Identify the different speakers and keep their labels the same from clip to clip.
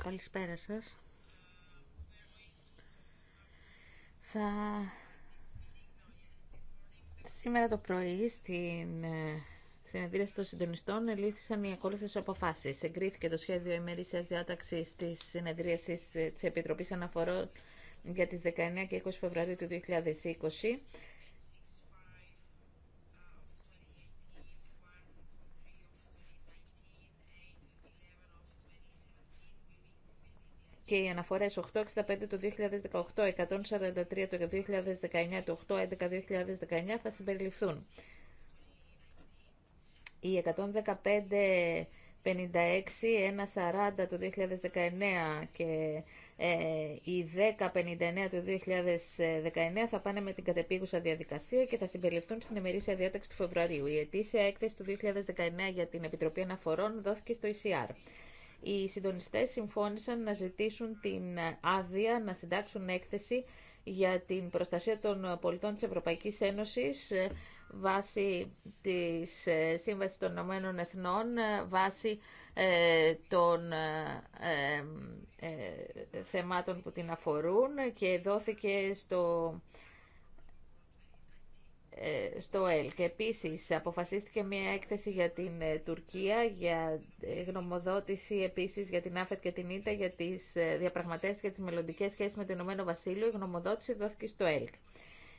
Speaker 1: Καλησπέρα σα. Θα... Σήμερα το πρωί στην ε, συνεδρίαση των συντονιστών ελήφθησαν οι ακόλουθε αποφάσει. Εγκρίθηκε το σχέδιο ημερήσια διάταξη τη συνεδρίασης ε, τη Επιτροπή Αναφορών για τις 19 και 20 Φεβρουαρίου του 2020 και οι αναφορές 865 το 2018, 143 το 2019, το 811 2019 θα συμπεριληφθούν. Οι 115 56, 1.40 το 2019 και ε, 10-59 το 2019 θα πάνε με την κατεπίγουσα διαδικασία και θα συμπεριληφθούν στην εμερήσια διάταξη του Φεβρουαρίου. Η ετήσια έκθεση του 2019 για την Επιτροπή Αναφορών δόθηκε στο ICR. E οι συντονιστές συμφώνησαν να ζητήσουν την άδεια να συντάξουν έκθεση για την προστασία των πολιτών της Ευρωπαϊκής Ένωσης ε, βάσει της ε, Σύμβασης των Ηνωμένων Εθνών, ε, βάσει των θεμάτων που την αφορούν και δόθηκε στο ε, στο ΕΛΚ. Επίσης, αποφασίστηκε μια έκθεση για την ε, Τουρκία, για ε, γνωμοδότηση επίσης για την ΑΦΕΤ και την ΙΤΑ, για τις διαπραγματεύσεις και τις μελλοντικές σχέσεις με το Ηνωμένο Βασίλειο. Η γνωμοδότηση δόθηκε στο ΕΛΚ.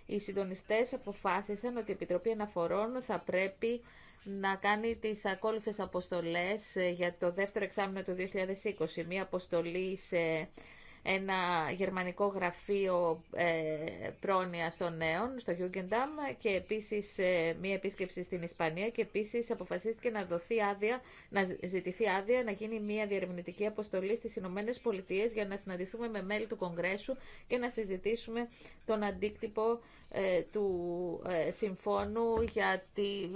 Speaker 1: Οι συντονιστές αποφάσισαν ότι η Επιτροπή Αναφορών θα πρέπει να κάνει τις ακόλουθες αποστολές για το δεύτερο εξάμεινο του 2020. Μία αποστολή σε ένα γερμανικό γραφείο ε, πρόνοια των νέων στο Γιούγκενταμ και επίσης ε, μία επίσκεψη στην Ισπανία και επίσης αποφασίστηκε να δοθεί άδεια, να ζητηθεί άδεια να γίνει μία διερευνητική αποστολή στις Ηνωμένε Πολιτείε για να συναντηθούμε με μέλη του Κογκρέσου και να συζητήσουμε τον αντίκτυπο ε, του συμφώνου για τη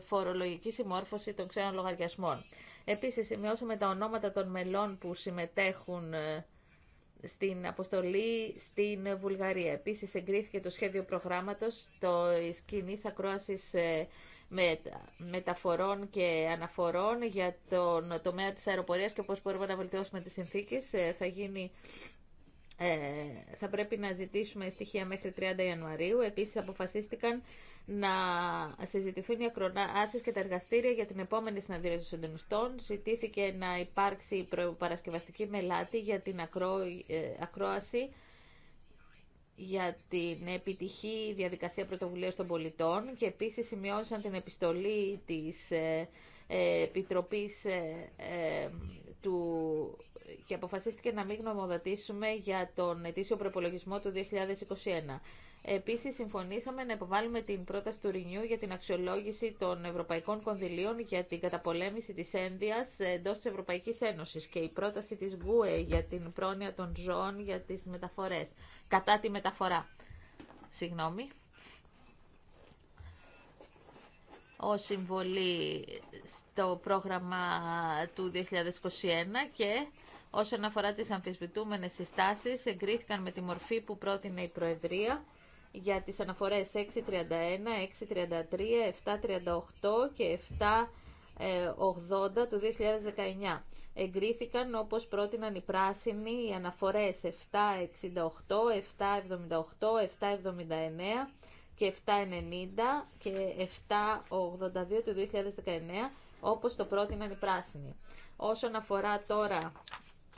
Speaker 1: φορολογική συμμόρφωση των ξένων λογαριασμών. Επίσης, σημειώσαμε τα ονόματα των μελών που συμμετέχουν στην αποστολή στην Βουλγαρία. Επίσης εγκρίθηκε το σχέδιο προγράμματος το κοινή ακρόαση ε, με, μεταφορών και αναφορών για τον τομέα της αεροπορίας και πώς μπορούμε να βελτιώσουμε τις συνθήκες. Ε, θα γίνει ε, θα πρέπει να ζητήσουμε στοιχεία μέχρι 30 Ιανουαρίου. Επίσης αποφασίστηκαν να συζητηθούν οι ακρονάσει και τα εργαστήρια για την επόμενη συναντήρια των συντονιστών. Ζητήθηκε να υπάρξει προπαρασκευαστική μελάτη για την ακρό, ε, ακρόαση για την επιτυχή διαδικασία πρωτοβουλίας των πολιτών και επίσης σημειώσαν την επιστολή της ε, ε Επιτροπής ε, του και αποφασίστηκε να μην γνωμοδοτήσουμε για τον ετήσιο προπολογισμό του 2021. Επίσης, συμφωνήσαμε να υποβάλουμε την πρόταση του Ρινιού για την αξιολόγηση των ευρωπαϊκών κονδυλίων για την καταπολέμηση της ένδυας εντός της Ευρωπαϊκής Ένωσης και η πρόταση της ΓΟΕ για την πρόνοια των ζώων για τις μεταφορές, κατά τη μεταφορά. Συγγνώμη. Ο συμβολή στο πρόγραμμα του 2021 και Όσον αφορά τις αμφισβητούμενες συστάσεις, εγκρίθηκαν με τη μορφή που πρότεινε η Προεδρία για τις αναφορές 631, 633, 738 και 780 ε, του 2019. Εγκρίθηκαν όπως πρότειναν οι πράσινοι οι αναφορές 768, 778, 779 και 790 και 782 του 2019 όπως το πρότειναν οι πράσινοι. Όσον αφορά τώρα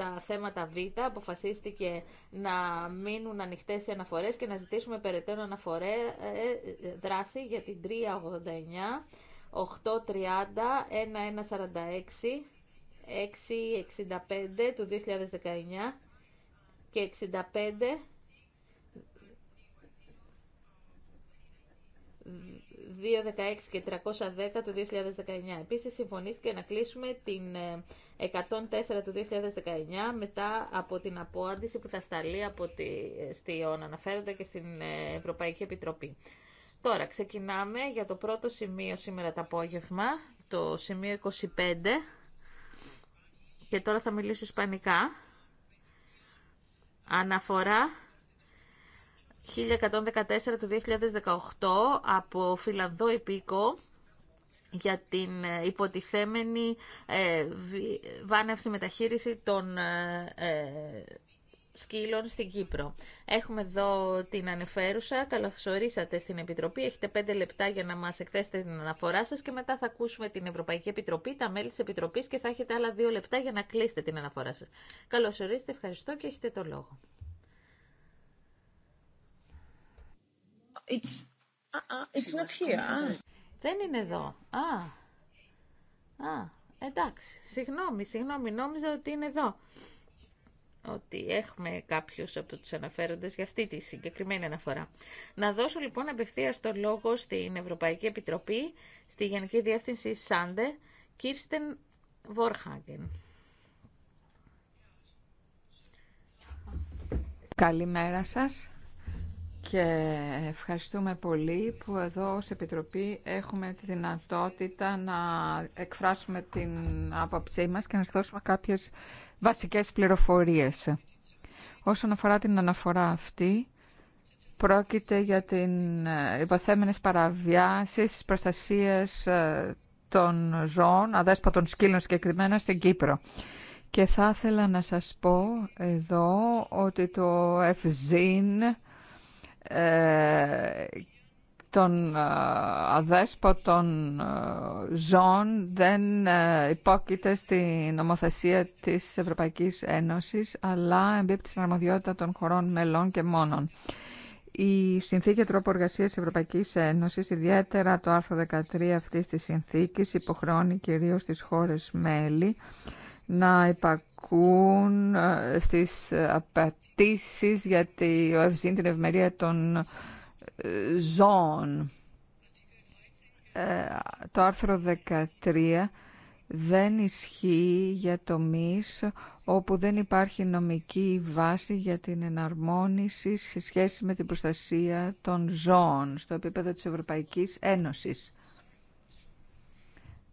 Speaker 1: τα θέματα Β, αποφασίστηκε να μείνουν ανοιχτέ οι αναφορές και να ζητήσουμε περαιτέρω αναφορέ, ε, δράση για την 389, 830, 1146, 665 του 2019 και 65 216 και 310 του 2019. Επίσης συμφωνήθηκε να κλείσουμε την ε, 104 του 2019 μετά από την απόαντηση που θα σταλεί από τη ΣΤΙΟΝ αναφέρονται και στην ε, Ευρωπαϊκή Επιτροπή. Τώρα ξεκινάμε για το πρώτο σημείο σήμερα το απόγευμα, το σημείο 25 και τώρα θα μιλήσω ισπανικά. Αναφορά 1114 του 2018 από Φιλανδό Επίκο για την ε, υποτιθέμενη ε, βάνευση μεταχείριση των ε, σκύλων στην Κύπρο. Έχουμε εδώ την ανεφέρουσα. Καλωσορίσατε στην Επιτροπή. Έχετε πέντε λεπτά για να μας εκθέσετε την αναφορά σας και μετά θα ακούσουμε την Ευρωπαϊκή Επιτροπή, τα μέλη της Επιτροπής και θα έχετε άλλα δύο λεπτά για να κλείσετε την αναφορά σας. Καλωσορίστε, ευχαριστώ και έχετε το λόγο. It's, uh, uh, it's not here. Δεν είναι εδώ. Α, α, εντάξει. Συγγνώμη, συγγνώμη. Νόμιζα ότι είναι εδώ. Ότι έχουμε κάποιους από τους αναφέροντες για αυτή τη συγκεκριμένη αναφορά. Να δώσω λοιπόν απευθείας τον λόγο στην Ευρωπαϊκή Επιτροπή, στη Γενική Διεύθυνση Σάντε, Κίρστεν Βόρχαγκεν.
Speaker 2: Καλημέρα σας. Και ευχαριστούμε πολύ που εδώ ως Επιτροπή έχουμε τη δυνατότητα να εκφράσουμε την άποψή μας και να σας δώσουμε κάποιες βασικές πληροφορίες. Όσον αφορά την αναφορά αυτή, πρόκειται για την ε, υποθέμενες παραβιάσεις προστασίας ε, των ζώων, αδέσποτων σκύλων συγκεκριμένα, στην Κύπρο. Και θα ήθελα να σας πω εδώ ότι το ΕΦΖΙΝ ε, των ε, αδέσποτων ε, ζώων δεν υπόκειται στην νομοθεσία της Ευρωπαϊκής Ένωσης αλλά εμπίπτει στην αρμοδιότητα των χωρών μελών και μόνον. Η συνθήκη τρόπο εργασία τη Ευρωπαϊκή Ένωση, ιδιαίτερα το άρθρο 13 αυτή τη συνθήκη, υποχρεώνει κυρίω τι χώρε μέλη να υπακούν ε, στις απαιτήσει για ο ευζήν την ευμερία των ε, ζώων. Ε, το άρθρο 13 δεν ισχύει για τομείς όπου δεν υπάρχει νομική βάση για την εναρμόνιση σε σχέση με την προστασία των ζώων στο επίπεδο της Ευρωπαϊκής Ένωσης.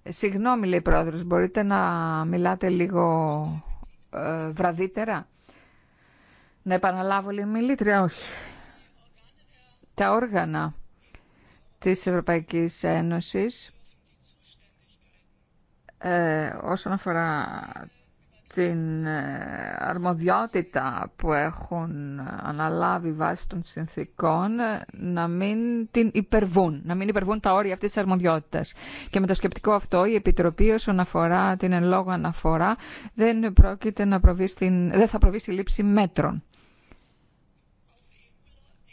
Speaker 2: Συγγνώμη, λέει η πρόεδρος, μπορείτε να μιλάτε λίγο ε, βραδύτερα. Να επαναλάβω λίγο μιλήτρια, όχι. Τα όργανα της Ευρωπαϊκής Ένωσης ε, όσον αφορά την ε, αρμοδιότητα που έχουν αναλάβει βάσει των συνθήκων ε, να μην την υπερβούν, να μην υπερβούν τα όρια αυτής της αρμοδιότητας. Και με το σκεπτικό αυτό η Επιτροπή όσον αφορά την εν λόγω αναφορά δεν, πρόκειται να προβεί στην, δεν θα προβεί στη λήψη μέτρων.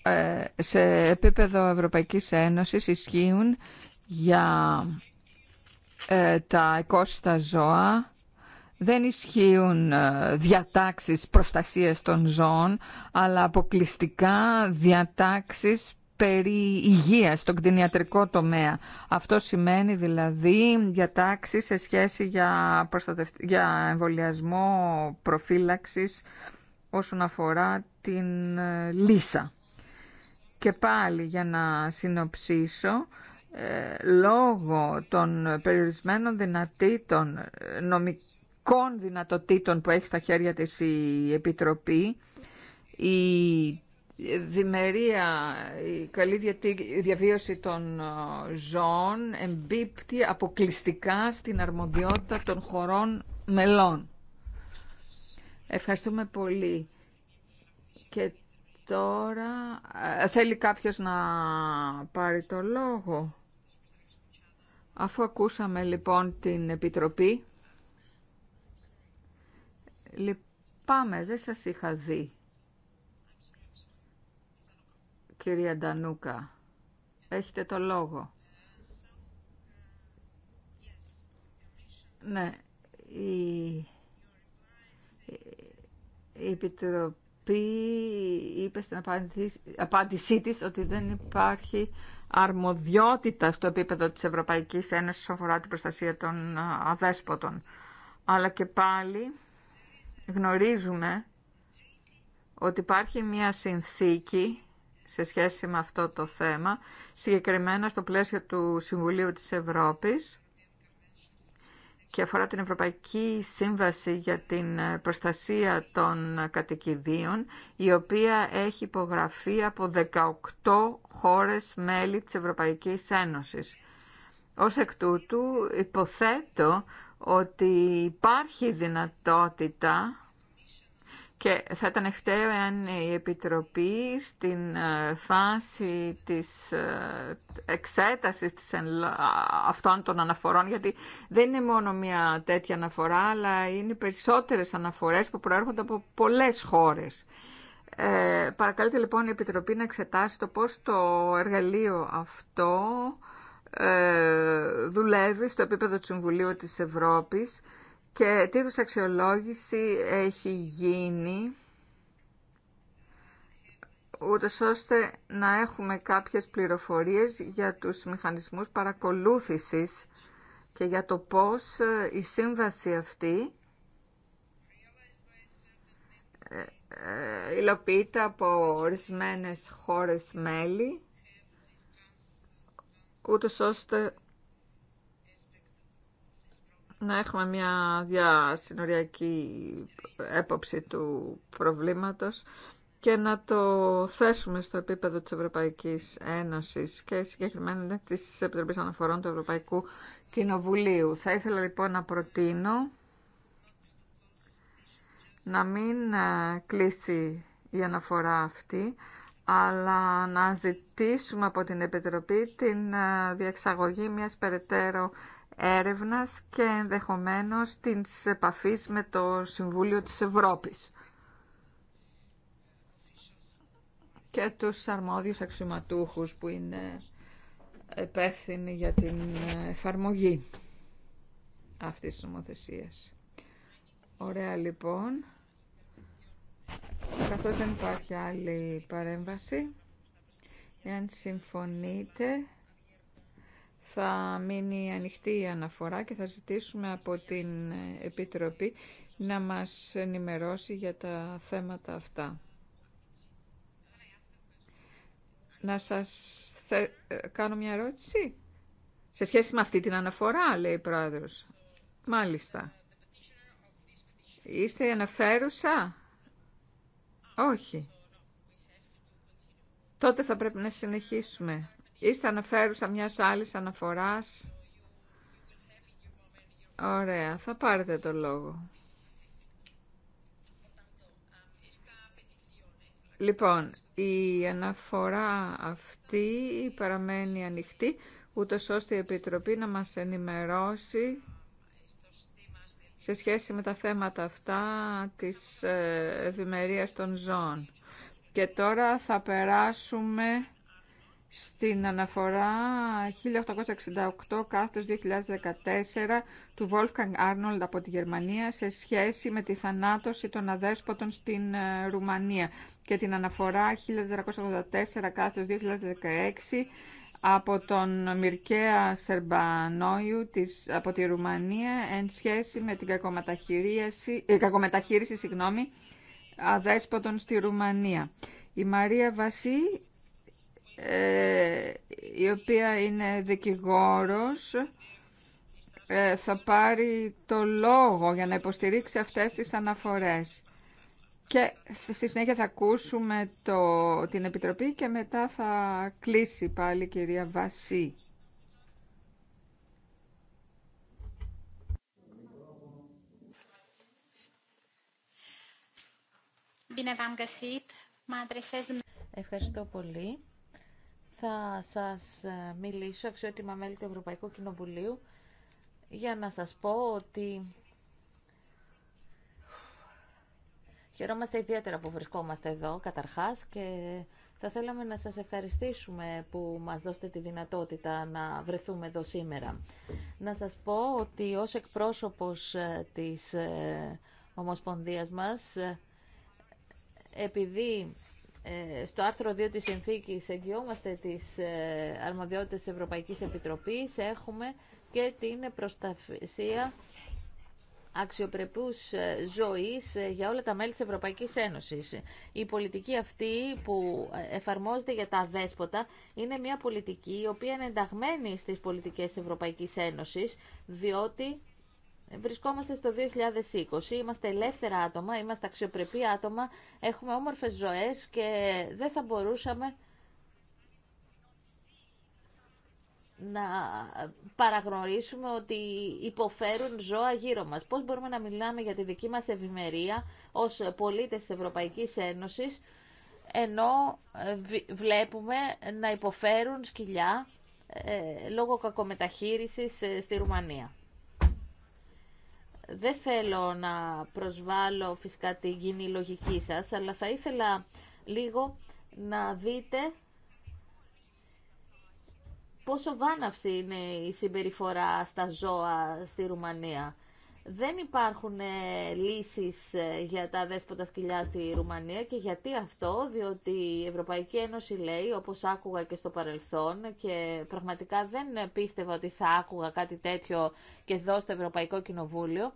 Speaker 2: Ε, σε επίπεδο Ευρωπαϊκής Ένωσης ισχύουν για ε, τα εκώστα ζώα δεν ισχύουν ε, διατάξεις προστασίας των ζώων, αλλά αποκλειστικά διατάξεις περί υγείας στον κτηνιατρικό τομέα. Αυτό σημαίνει δηλαδή διατάξει σε σχέση για, για εμβολιασμό προφύλαξης όσον αφορά την ε, λύσα. Και πάλι για να συνοψίσω, ε, λόγω των περιορισμένων δυνατήτων νομικών ειδικών δυνατοτήτων που έχει στα χέρια της η Επιτροπή, η δημερία, η καλή διαβίωση των ε, ζώων εμπίπτει αποκλειστικά στην αρμοδιότητα των χωρών μελών. Ευχαριστούμε πολύ. Και τώρα ε, θέλει κάποιος να πάρει το λόγο. Αφού ακούσαμε λοιπόν την Επιτροπή, Λυπάμαι, δεν σας είχα δει. Κυρία Ντανούκα, έχετε το λόγο. Ναι, η, Επιτροπή είπε στην απάντησή της ότι δεν υπάρχει αρμοδιότητα στο επίπεδο της Ευρωπαϊκής Ένωσης αφορά την προστασία των αδέσποτων. Αλλά και πάλι γνωρίζουμε ότι υπάρχει μια συνθήκη σε σχέση με αυτό το θέμα, συγκεκριμένα στο πλαίσιο του Συμβουλίου της Ευρώπης και αφορά την Ευρωπαϊκή Σύμβαση για την Προστασία των Κατοικιδίων, η οποία έχει υπογραφεί από 18 χώρες μέλη της Ευρωπαϊκής Ένωσης. Ως εκ τούτου υποθέτω ότι υπάρχει δυνατότητα και θα ήταν ευταίο εάν η Επιτροπή στην ε, φάση της ε, εξέτασης της αυτών των αναφορών, γιατί δεν είναι μόνο μια τέτοια αναφορά, αλλά είναι περισσότερες αναφορές που προέρχονται από πολλές χώρες. Ε, παρακαλείται λοιπόν η Επιτροπή να εξετάσει το πώς το εργαλείο αυτό ε, δουλεύει στο επίπεδο του Συμβουλίου της Ευρώπης και τι είδους αξιολόγηση έχει γίνει ούτε ώστε να έχουμε κάποιες πληροφορίες για τους μηχανισμούς παρακολούθησης και για το πώς ε, η σύμβαση αυτή ε, υλοποιείται από ορισμένες χώρες μέλη ούτως ώστε να έχουμε μια διασυνοριακή έποψη του προβλήματος και να το θέσουμε στο επίπεδο της Ευρωπαϊκής Ένωσης και συγκεκριμένα ναι, της Επιτροπής Αναφορών του Ευρωπαϊκού Κοινοβουλίου. Θα ήθελα λοιπόν να προτείνω να μην ε, κλείσει η αναφορά αυτή, αλλά να ζητήσουμε από την Επιτροπή την ε, διεξαγωγή μιας περαιτέρω έρευνας και ενδεχομένως την επαφή με το Συμβούλιο της Ευρώπης και τους αρμόδιους αξιωματούχους που είναι υπεύθυνοι για την ε, εφαρμογή αυτής της νομοθεσίας. Ωραία λοιπόν. Καθώς δεν υπάρχει άλλη παρέμβαση, εάν συμφωνείτε, θα μείνει ανοιχτή η αναφορά και θα ζητήσουμε από την Επιτροπή να μας ενημερώσει για τα θέματα αυτά. Να σας κάνω μια ερώτηση. Σε σχέση με αυτή την αναφορά, λέει η Πρόεδρος. Μάλιστα. Είστε αναφέρουσα. Όχι. Τότε θα πρέπει να συνεχίσουμε. Είστε αναφέρουσα μιας άλλης αναφοράς. Ωραία, θα πάρετε το λόγο. Λοιπόν, η αναφορά αυτή παραμένει ανοιχτή, ούτω ώστε η Επιτροπή να μας ενημερώσει σε σχέση με τα θέματα αυτά της ε, ευημερίας των ζώων. Και τώρα θα περάσουμε στην αναφορά 1868 κάθετος 2014 του Wolfgang Arnold από τη Γερμανία σε σχέση με τη θανάτωση των αδέσποτων στην ε, Ρουμανία και την αναφορά 1484 κάθετος 2016 από τον Μυρκέα Σερμπανόιου της, από τη Ρουμανία εν σχέση με την κακομεταχείριση, ε, κακομεταχείριση συγγνώμη, αδέσποτων στη Ρουμανία. Η Μαρία Βασί ε, η οποία είναι δικηγόρος ε, θα πάρει το λόγο για να υποστηρίξει αυτές τις αναφορές. Και στη συνέχεια θα ακούσουμε το, την Επιτροπή και μετά θα κλείσει πάλι η κυρία Βασί.
Speaker 1: Ευχαριστώ πολύ θα σας ε, μιλήσω, αξιότιμα μέλη του Ευρωπαϊκού Κοινοβουλίου, για να σας πω ότι χαιρόμαστε ιδιαίτερα που βρισκόμαστε εδώ, καταρχάς, και θα θέλαμε να σας ευχαριστήσουμε που μας δώσετε τη δυνατότητα να βρεθούμε εδώ σήμερα. Να σας πω ότι ως εκπρόσωπος ε, της ε, Ομοσπονδίας μας, επειδή ε, στο άρθρο 2 της Συνθήκης εγγυόμαστε τις ε, αρμοδιότητες της Ευρωπαϊκής Επιτροπής, έχουμε και την προστασία αξιοπρεπούς ε, ζωής για όλα τα μέλη της Ευρωπαϊκής Ένωσης. Η πολιτική αυτή που εφαρμόζεται για τα δέσποτα είναι μια πολιτική η οποία είναι ενταγμένη στις πολιτικές της Ευρωπαϊκής Ένωσης, διότι Βρισκόμαστε στο 2020, είμαστε ελεύθερα άτομα, είμαστε αξιοπρεπή άτομα, έχουμε όμορφες ζωές και δεν θα μπορούσαμε να παραγνωρίσουμε ότι υποφέρουν ζώα γύρω μας. Πώς μπορούμε να μιλάμε για τη δική μας ευημερία ως πολίτες της Ευρωπαϊκής Ένωσης, ενώ ε, βλέπουμε να υποφέρουν σκυλιά ε, λόγω κακομεταχείρισης ε, στη Ρουμανία. Δεν θέλω να προσβάλλω φυσικά την γίνει λογική σας, αλλά θα ήθελα λίγο να δείτε πόσο βάναυση είναι η συμπεριφορά στα ζώα στη Ρουμανία δεν υπάρχουν ε, λύσεις ε, για τα δέσποτα σκυλιά στη Ρουμανία και γιατί αυτό, διότι η Ευρωπαϊκή Ένωση λέει, όπως άκουγα και στο παρελθόν και πραγματικά δεν πίστευα ότι θα άκουγα κάτι τέτοιο και εδώ στο Ευρωπαϊκό Κοινοβούλιο,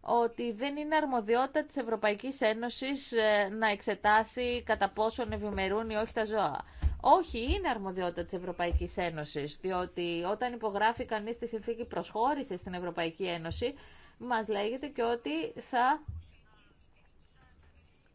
Speaker 1: ότι δεν είναι αρμοδιότητα της Ευρωπαϊκής Ένωσης ε, να εξετάσει κατά πόσον ευημερούν ή όχι τα ζώα. Όχι, είναι αρμοδιότητα της Ευρωπαϊκής Ένωσης, διότι όταν υπογράφει κανείς τη συνθήκη προσχώρησης στην Ευρωπαϊκή Ένωση, μας λέγεται και ότι θα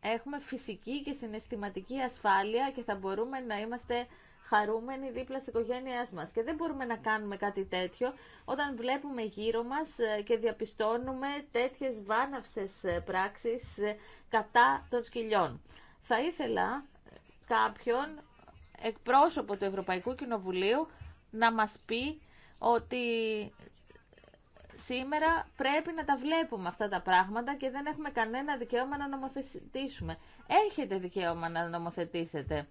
Speaker 1: έχουμε φυσική και συναισθηματική ασφάλεια και θα μπορούμε να είμαστε χαρούμενοι δίπλα στην οικογένειά μας. Και δεν μπορούμε να κάνουμε κάτι τέτοιο όταν βλέπουμε γύρω μας ε, και διαπιστώνουμε τέτοιες βάναυσες ε, πράξεις ε, κατά των σκυλιών. Θα ήθελα κάποιον εκπρόσωπο του Ευρωπαϊκού Κοινοβουλίου να μας πει ότι σήμερα πρέπει να τα βλέπουμε αυτά τα πράγματα και δεν έχουμε κανένα δικαίωμα να νομοθετήσουμε. Έχετε δικαίωμα να νομοθετήσετε.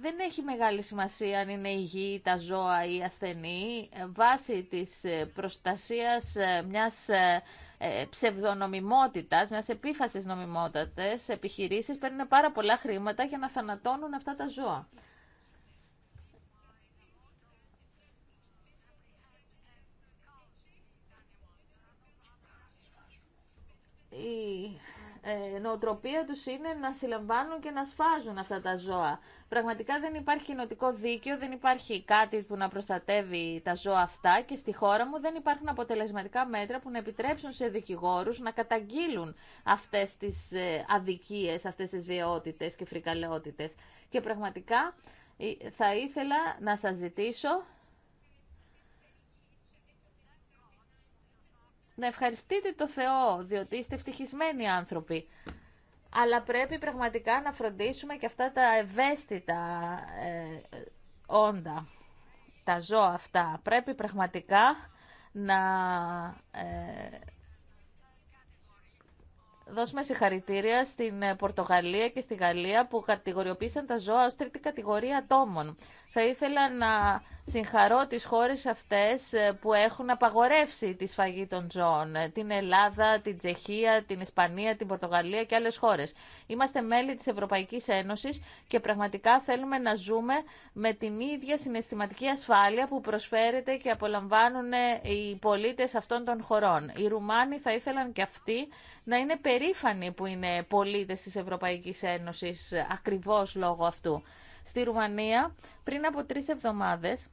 Speaker 1: Δεν έχει μεγάλη σημασία αν είναι υγιή τα ζώα ή ασθενή. Βάσει της ε, προστασίας ε, μιας ε, ψευδονομιμότητας, μιας επίφασης νομιμότητας, επιχειρήσεις παίρνουν πάρα πολλά χρήματα για να θανατώνουν αυτά τα ζώα. η ε, νοοτροπία τους είναι να συλλαμβάνουν και να σφάζουν αυτά τα ζώα. Πραγματικά δεν υπάρχει κοινοτικό δίκαιο, δεν υπάρχει κάτι που να προστατεύει τα ζώα αυτά και στη χώρα μου δεν υπάρχουν αποτελεσματικά μέτρα που να επιτρέψουν σε δικηγόρους να καταγγείλουν αυτές τις ε, αδικίες, αυτές τις βιαιότητες και φρικαλαιότητες. Και πραγματικά ε, θα ήθελα να σας ζητήσω να ευχαριστείτε το Θεό, διότι είστε ευτυχισμένοι άνθρωποι. Αλλά πρέπει πραγματικά να φροντίσουμε και αυτά τα ευαίσθητα ε, όντα, τα ζώα αυτά. Πρέπει πραγματικά να... Ε, δώσουμε συγχαρητήρια στην ε, Πορτογαλία και στη Γαλλία που κατηγοριοποίησαν τα ζώα ως τρίτη κατηγορία ατόμων. Θα ήθελα να συγχαρώ τις χώρες αυτές ε, που έχουν απαγορεύσει τη σφαγή των ζώων. Ε, την Ελλάδα, την Τσεχία, την Ισπανία, την Πορτογαλία και άλλες χώρες. Είμαστε μέλη της Ευρωπαϊκής Ένωσης και πραγματικά θέλουμε να ζούμε με την ίδια συναισθηματική ασφάλεια που προσφέρεται και απολαμβάνουν οι πολίτες αυτών των χωρών. Οι Ρουμάνοι θα ήθελαν και αυτοί να είναι περήφανοι που είναι πολίτες της Ευρωπαϊκής Ένωσης ακριβώς λόγω αυτού. Στη Ρουμανία πριν από τρεις εβδομάδες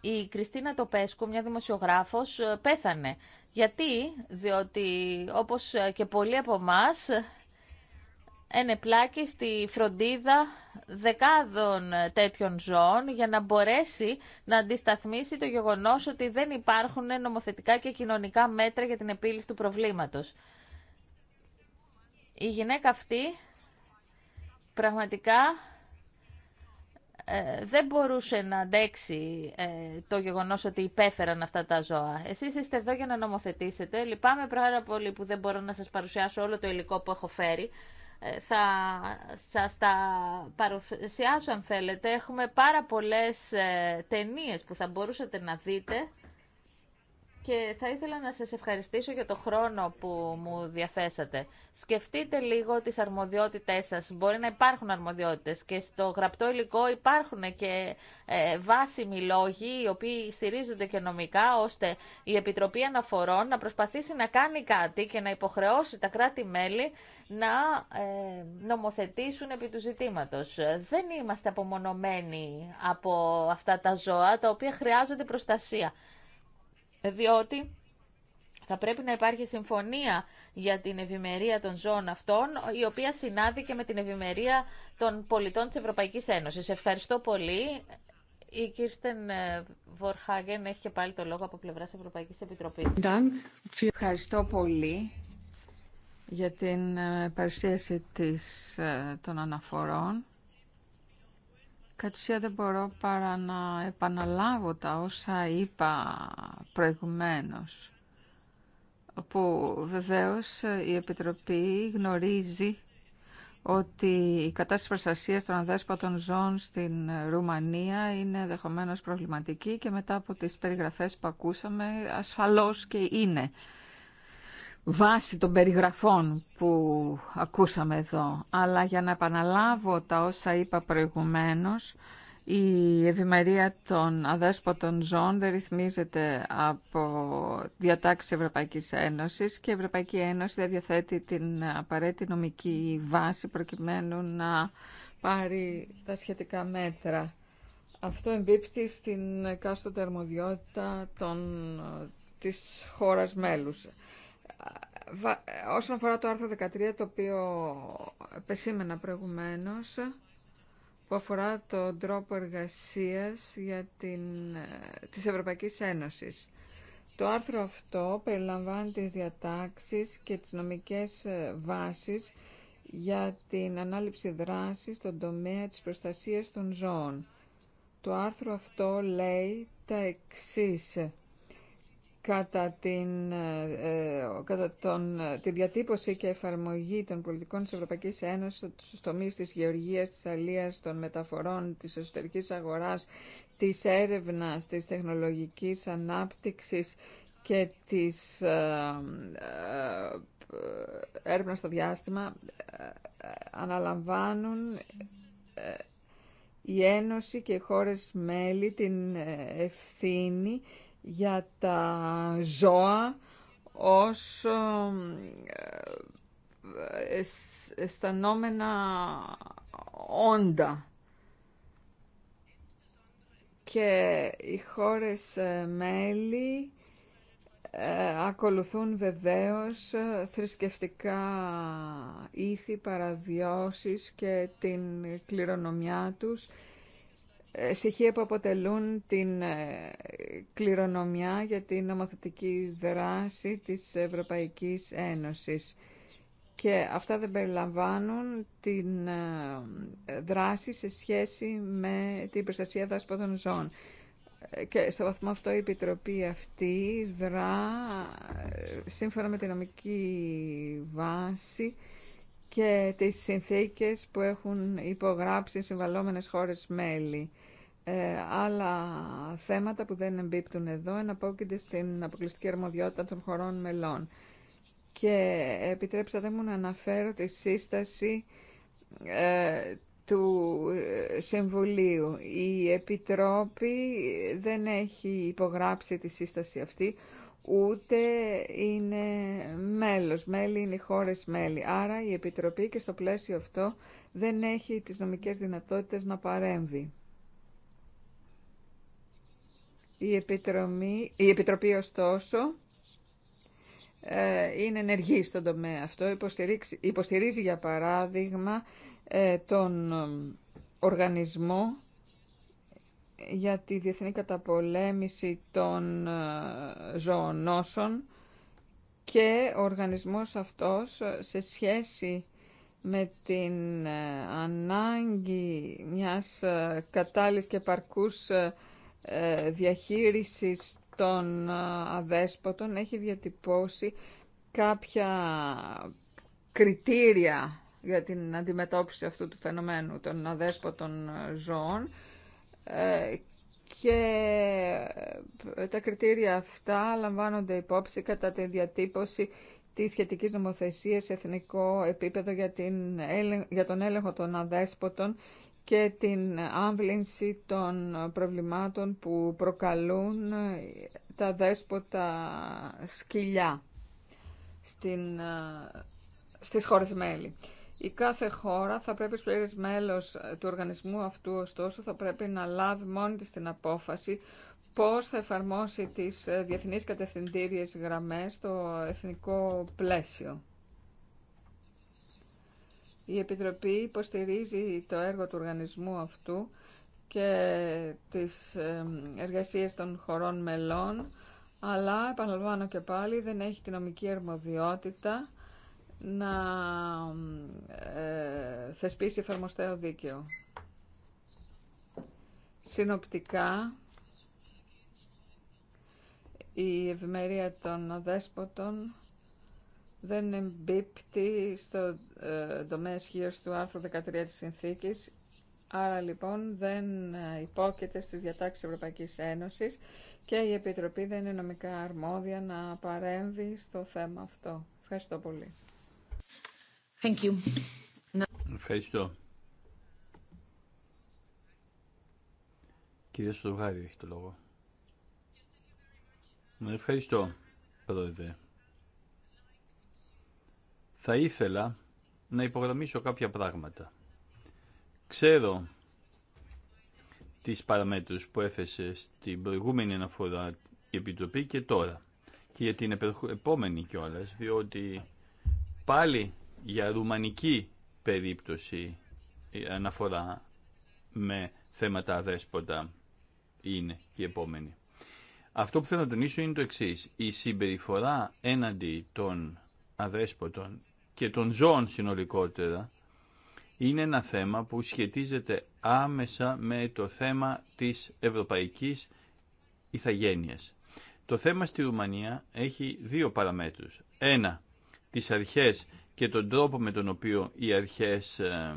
Speaker 1: η Κριστίνα Τοπέσκου, μια δημοσιογράφος, πέθανε. Γιατί, διότι όπως και πολλοί από εμά ενεπλάκει στη φροντίδα δεκάδων τέτοιων ζώων για να μπορέσει να αντισταθμίσει το γεγονός ότι δεν υπάρχουν νομοθετικά και κοινωνικά μέτρα για την επίλυση του προβλήματος. Η γυναίκα αυτή πραγματικά ε, δεν μπορούσε να αντέξει ε, το γεγονός ότι υπέφεραν αυτά τα ζώα. Εσείς είστε εδώ για να νομοθετήσετε. Λυπάμαι πάρα πολύ που δεν μπορώ να σας παρουσιάσω όλο το υλικό που έχω φέρει θα σας τα παρουσιάσω αν θέλετε. Έχουμε πάρα πολλές ε, ταινίες που θα μπορούσατε να δείτε και θα ήθελα να σας ευχαριστήσω για το χρόνο που μου διαθέσατε. Σκεφτείτε λίγο τις αρμοδιότητές σας. Μπορεί να υπάρχουν αρμοδιότητες και στο γραπτό υλικό υπάρχουν και ε, βάσιμοι λόγοι οι οποίοι στηρίζονται και νομικά ώστε η Επιτροπή Αναφορών να προσπαθήσει να κάνει κάτι και να υποχρεώσει τα κράτη-μέλη να ε, νομοθετήσουν επί του ζητήματος. Δεν είμαστε απομονωμένοι από αυτά τα ζώα τα οποία χρειάζονται προστασία διότι θα πρέπει να υπάρχει συμφωνία για την ευημερία των ζώων αυτών, η οποία συνάδει και με την ευημερία των πολιτών της Ευρωπαϊκής Ένωσης. Ευχαριστώ πολύ. Η Κίρστεν ε, Βορχάγεν έχει και πάλι το λόγο από πλευράς Ευρωπαϊκής Επιτροπής.
Speaker 2: Ευχαριστώ πολύ για την ε, παρουσίαση της, ε, των αναφορών. Κατ' ουσία δεν μπορώ παρά να επαναλάβω τα όσα είπα προηγουμένως, που βεβαίως η Επιτροπή γνωρίζει ότι η κατάσταση προστασία των αδέσποτων ζώων στην Ρουμανία είναι ενδεχομένω προβληματική και μετά από τις περιγραφές που ακούσαμε ασφαλώς και είναι βάση των περιγραφών που ακούσαμε εδώ. Αλλά για να επαναλάβω τα όσα είπα προηγουμένως, η ευημερία των αδέσποτων ζώων δεν ρυθμίζεται από διατάξεις Ευρωπαϊκής Ένωσης και η Ευρωπαϊκή Ένωση δεν διαθέτει την απαραίτητη νομική βάση προκειμένου να πάρει τα σχετικά μέτρα. Αυτό εμπίπτει στην κάστο αρμοδιότητα των, της χώρας μέλους. Όσον αφορά το άρθρο 13, το οποίο επεσήμενα προηγουμένως, που αφορά τον τρόπο εργασίας για την, ε, της Ευρωπαϊκής Ένωσης. Το άρθρο αυτό περιλαμβάνει τις διατάξεις και τις νομικές ε, βάσεις για την ανάληψη δράσης στον τομέα της προστασίας των ζώων. Το άρθρο αυτό λέει τα εξής κατά, την, ε, ε, κατά τον, ε, τη διατύπωση και εφαρμογή των πολιτικών της Ευρωπαϊκής Ένωσης στους τομείς της γεωργίας, της αλίας, των μεταφορών, της εσωτερικής αγοράς, της έρευνας, της τεχνολογικής ανάπτυξης και της έρευνας στο διάστημα αναλαμβάνουν η Ένωση και οι χώρες μέλη την ευθύνη για τα ζώα ως ε, ε, αισθανόμενα όντα. Και οι χώρες ε, μέλη ακολουθούν βεβαίως θρησκευτικά ήθη, παραδιώσεις και την κληρονομιά τους ε, στοιχεία που αποτελούν την ε, κληρονομιά για την νομοθετική δράση της Ευρωπαϊκής Ένωσης. Και αυτά δεν περιλαμβάνουν την ε, δράση σε σχέση με την προστασία δάσποτων ζώων. Και στο βαθμό αυτό η Επιτροπή αυτή δρά σύμφωνα με τη νομική βάση και τις συνθήκες που έχουν υπογράψει συμβαλόμενες χώρες μέλη. Ε, άλλα θέματα που δεν εμπίπτουν εδώ εναπόκειται στην αποκλειστική αρμοδιότητα των χωρών μελών. Και επιτρέψατε μου να αναφέρω τη σύσταση ε, του Συμβουλίου. Η Επιτρόπη δεν έχει υπογράψει τη σύσταση αυτή, ούτε είναι μέλος. Μέλη είναι χώρες μέλη. Άρα η Επιτροπή και στο πλαίσιο αυτό δεν έχει τις νομικές δυνατότητες να παρέμβει. Η Επιτροπή, η Επιτροπή ωστόσο ε, είναι ενεργή στον τομέα αυτό. Υποστηρίζει για παράδειγμα ε, τον ε, οργανισμό για τη διεθνή καταπολέμηση των ε, ζωονόσων και ο οργανισμός αυτός ε, σε σχέση με την ε, ανάγκη μιας κατάλληλης και παρκούς διαχείρισης των αδέσποτων έχει διατυπώσει κάποια κριτήρια για την αντιμετώπιση αυτού του φαινομένου των αδέσποτων ζώων ε, και ε, τα κριτήρια αυτά λαμβάνονται υπόψη κατά τη διατύπωση της σχετικής νομοθεσίας σε εθνικό επίπεδο για, την, για τον έλεγχο των αδέσποτων και την άμβλυνση των προβλημάτων που προκαλούν τα δέσποτα σκυλιά στην, ε, στις χώρες μέλη. Η κάθε χώρα θα πρέπει ως πλήρες μέλος ε, του οργανισμού αυτού, ωστόσο, θα πρέπει να λάβει μόνη της την απόφαση πώς θα εφαρμόσει τις ε, διεθνείς κατευθυντήριες γραμμές στο εθνικό πλαίσιο. Η Επιτροπή υποστηρίζει το έργο του οργανισμού αυτού και τις ε, εργασίες των χωρών μελών, αλλά, επαναλαμβάνω και πάλι, δεν έχει την νομική αρμοδιότητα να ε, θεσπίσει εφαρμοστέο δίκαιο. Συνοπτικά, η ευημερία των αδέσποτων δεν εμπίπτει στο ε, τομέα του άρθρου 13 της Συνθήκης, άρα λοιπόν δεν ε, υπόκειται στις διατάξεις Ευρωπαϊκής Ένωσης και η Επιτροπή δεν είναι νομικά αρμόδια να παρέμβει στο θέμα αυτό. Ευχαριστώ πολύ.
Speaker 3: Thank you. Ευχαριστώ. Κύριε Στοργάρη έχει το λόγο. Ναι, ευχαριστώ, Πρόεδρε. Θα ήθελα να υπογραμμίσω κάποια πράγματα. Ξέρω τις παραμέτρους που έθεσε στην προηγούμενη αναφορά η Επιτροπή και τώρα και για την επόμενη κιόλας, διότι πάλι για ρουμανική περίπτωση αναφορά με θέματα αδέσποτα είναι η επόμενη. Αυτό που θέλω να τονίσω είναι το εξής. Η συμπεριφορά έναντι των αδέσποτων και των ζώων συνολικότερα είναι ένα θέμα που σχετίζεται άμεσα με το θέμα της ευρωπαϊκής ηθαγένειας. Το θέμα στη Ρουμανία έχει δύο παραμέτρους. Ένα, τις αρχές και τον τρόπο με τον οποίο οι αρχές ε,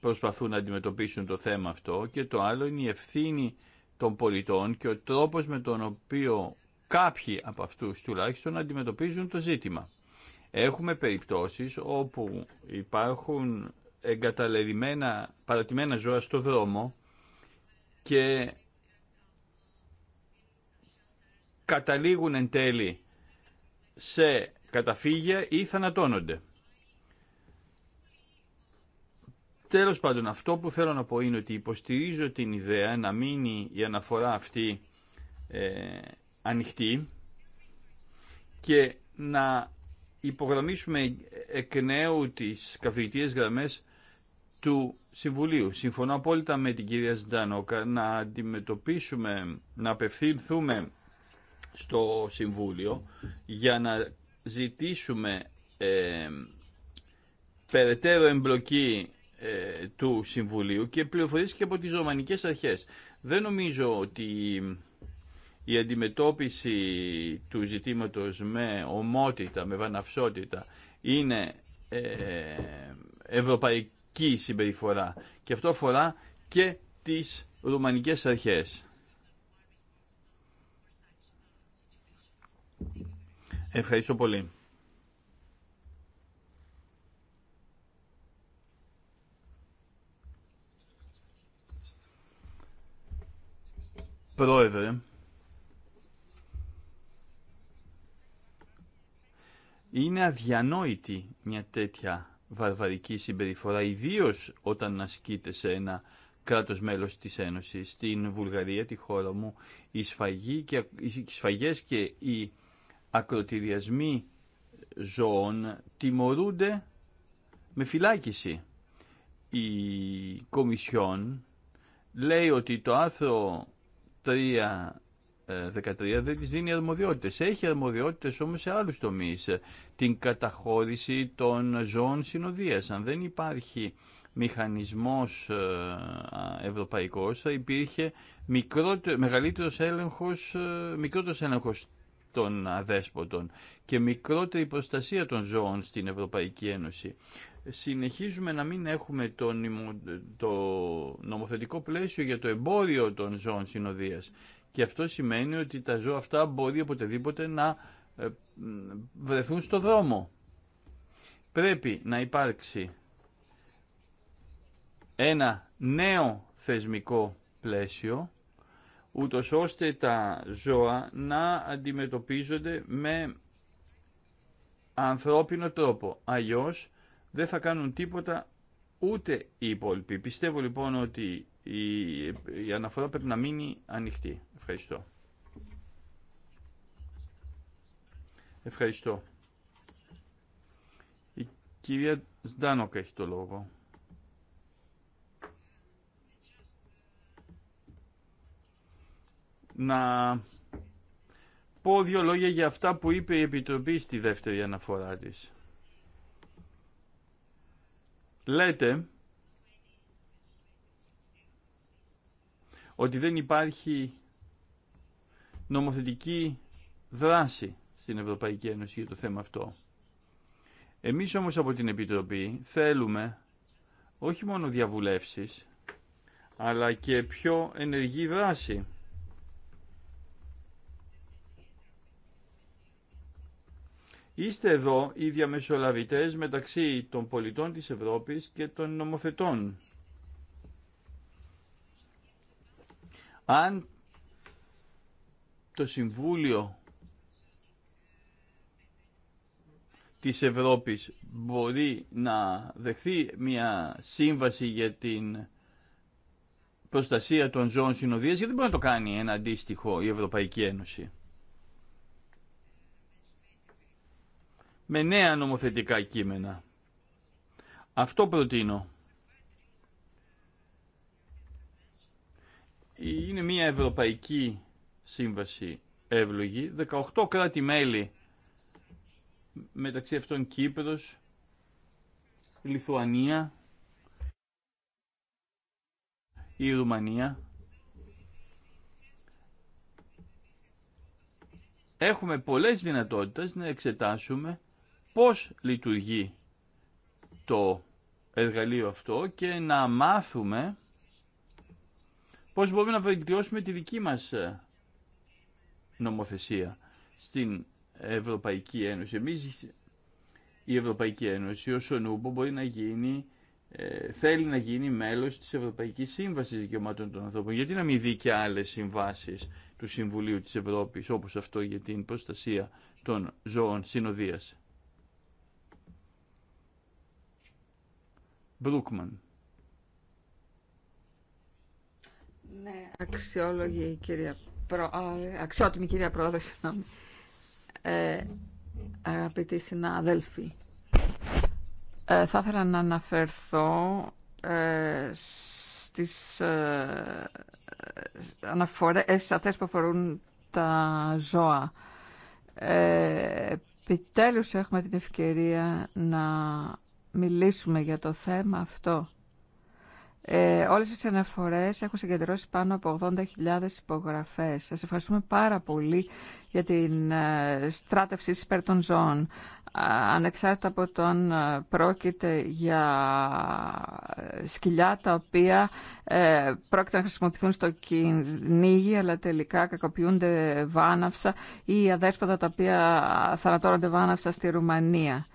Speaker 3: προσπαθούν να αντιμετωπίσουν το θέμα αυτό και το άλλο είναι η ευθύνη των πολιτών και ο τρόπος με τον οποίο κάποιοι από αυτούς τουλάχιστον αντιμετωπίζουν το ζήτημα. Έχουμε περιπτώσεις όπου υπάρχουν εγκαταλελειμμένα, παρατημένα ζώα στο δρόμο και καταλήγουν εν τέλει σε καταφύγια ή θανατώνονται. Τέλος πάντων, αυτό που θέλω να πω είναι ότι υποστηρίζω την ιδέα να μείνει η αναφορά αυτή ε, ανοιχτή και να υπογραμμίσουμε εκ νέου τις καθηγητές γραμμές του Συμβουλίου. Συμφωνώ απόλυτα με την κυρία Ζντάνοκα να αντιμετωπίσουμε, να απευθυνθούμε στο Συμβούλιο για να ζητήσουμε ε, περαιτέρω εμπλοκή ε, του Συμβουλίου και πληροφορίες και από τις Ρωμανικές Αρχές. Δεν νομίζω ότι η αντιμετώπιση του ζητήματος με ομότητα, με βαναυσότητα είναι ε, ευρωπαϊκή συμπεριφορά και αυτό αφορά και τις Ρουμανικές Αρχές. Ευχαριστώ πολύ. Πρόεδρε, είναι αδιανόητη μια τέτοια βαρβαρική συμπεριφορά, ιδίω όταν ασκείται σε ένα κράτος μέλος της Ένωσης. Στην Βουλγαρία, τη χώρα μου, οι, σφαγή και, οι σφαγές και οι ακροτηριασμοί ζώων τιμωρούνται με φυλάκιση. Η Κομισιόν λέει ότι το άρθρο 3.13 ε, δεν της δίνει αρμοδιότητες. Έχει αρμοδιότητες όμως σε άλλους τομείς. Την καταχώρηση των ζώων συνοδείας. Αν δεν υπάρχει μηχανισμός ε, ευρωπαϊκός θα υπήρχε μικρότερο, μεγαλύτερος έλεγχος, ε, μικρότερος έλεγχος των αδέσποτων και μικρότερη προστασία των ζώων στην Ευρωπαϊκή Ένωση. Συνεχίζουμε να μην έχουμε το, το νομοθετικό πλαίσιο για το εμπόριο των ζώων συνοδείας και αυτό σημαίνει ότι τα ζώα αυτά μπορεί οποτεδήποτε να ε, βρεθούν στο δρόμο. Πρέπει να υπάρξει ένα νέο θεσμικό πλαίσιο ούτω ώστε τα ζώα να αντιμετωπίζονται με ανθρώπινο τρόπο. Αλλιώς δεν θα κάνουν τίποτα ούτε οι υπόλοιποι. Πιστεύω λοιπόν ότι η, αναφορά πρέπει να μείνει ανοιχτή. Ευχαριστώ. Ευχαριστώ. Η κυρία Σντάνοκ έχει το λόγο. να πω δύο λόγια για αυτά που είπε η Επιτροπή στη δεύτερη αναφορά της. Λέτε ότι δεν υπάρχει νομοθετική δράση στην Ευρωπαϊκή Ένωση για το θέμα αυτό. Εμείς όμως από την Επιτροπή θέλουμε όχι μόνο διαβουλεύσεις, αλλά και πιο ενεργή δράση. Είστε εδώ οι διαμεσολαβητές μεταξύ των πολιτών της Ευρώπης και των νομοθετών. Αν το Συμβούλιο της Ευρώπης μπορεί να δεχθεί μια σύμβαση για την προστασία των ζώων συνοδείας, γιατί δεν μπορεί να το κάνει ένα αντίστοιχο η Ευρωπαϊκή Ένωση. με νέα νομοθετικά κείμενα. Αυτό προτείνω. Είναι μια ευρωπαϊκή σύμβαση εύλογη, 18 κράτη-μέλη, μεταξύ αυτών Κύπρος, Λιθουανία, η Ρουμανία. Έχουμε πολλές δυνατότητες να εξετάσουμε πώς λειτουργεί το εργαλείο αυτό και να μάθουμε πώς μπορούμε να βελτιώσουμε τη δική μας ε, νομοθεσία στην Ευρωπαϊκή Ένωση. Εμείς η Ευρωπαϊκή Ένωση ως ο Νούμπο μπορεί να γίνει, ε, θέλει να γίνει μέλος της Ευρωπαϊκής Σύμβασης Δικαιωμάτων των Ανθρώπων. Γιατί να μην δει και άλλες συμβάσεις του Συμβουλίου της Ευρώπης όπως αυτό για την προστασία των ζώων συνοδείας. Ναι,
Speaker 2: αξιόλογη κυρία Προ... αξιότιμη κυρία Πρόεδρε, συγγνώμη. Ε, αγαπητοί συνάδελφοι, ε, θα ήθελα να αναφερθώ ε, στις ε, αναφορές ε, αυτές που αφορούν τα ζώα. Ε, επιτέλους έχουμε την ευκαιρία να μιλήσουμε για το θέμα αυτό. Ε, όλες τις αναφορές έχουν συγκεντρώσει πάνω από 80.000 υπογραφές. Σας ευχαριστούμε πάρα πολύ για την ε, στράτευση υπέρ των ζώων. Ανεξάρτητα από το αν ε, πρόκειται για ε, σκυλιά τα οποία ε, πρόκειται να χρησιμοποιηθούν στο κυνήγι αλλά τελικά κακοποιούνται βάναυσα ή αδέσποτα τα οποία θανατώνονται βάναυσα στη Ρουμανία.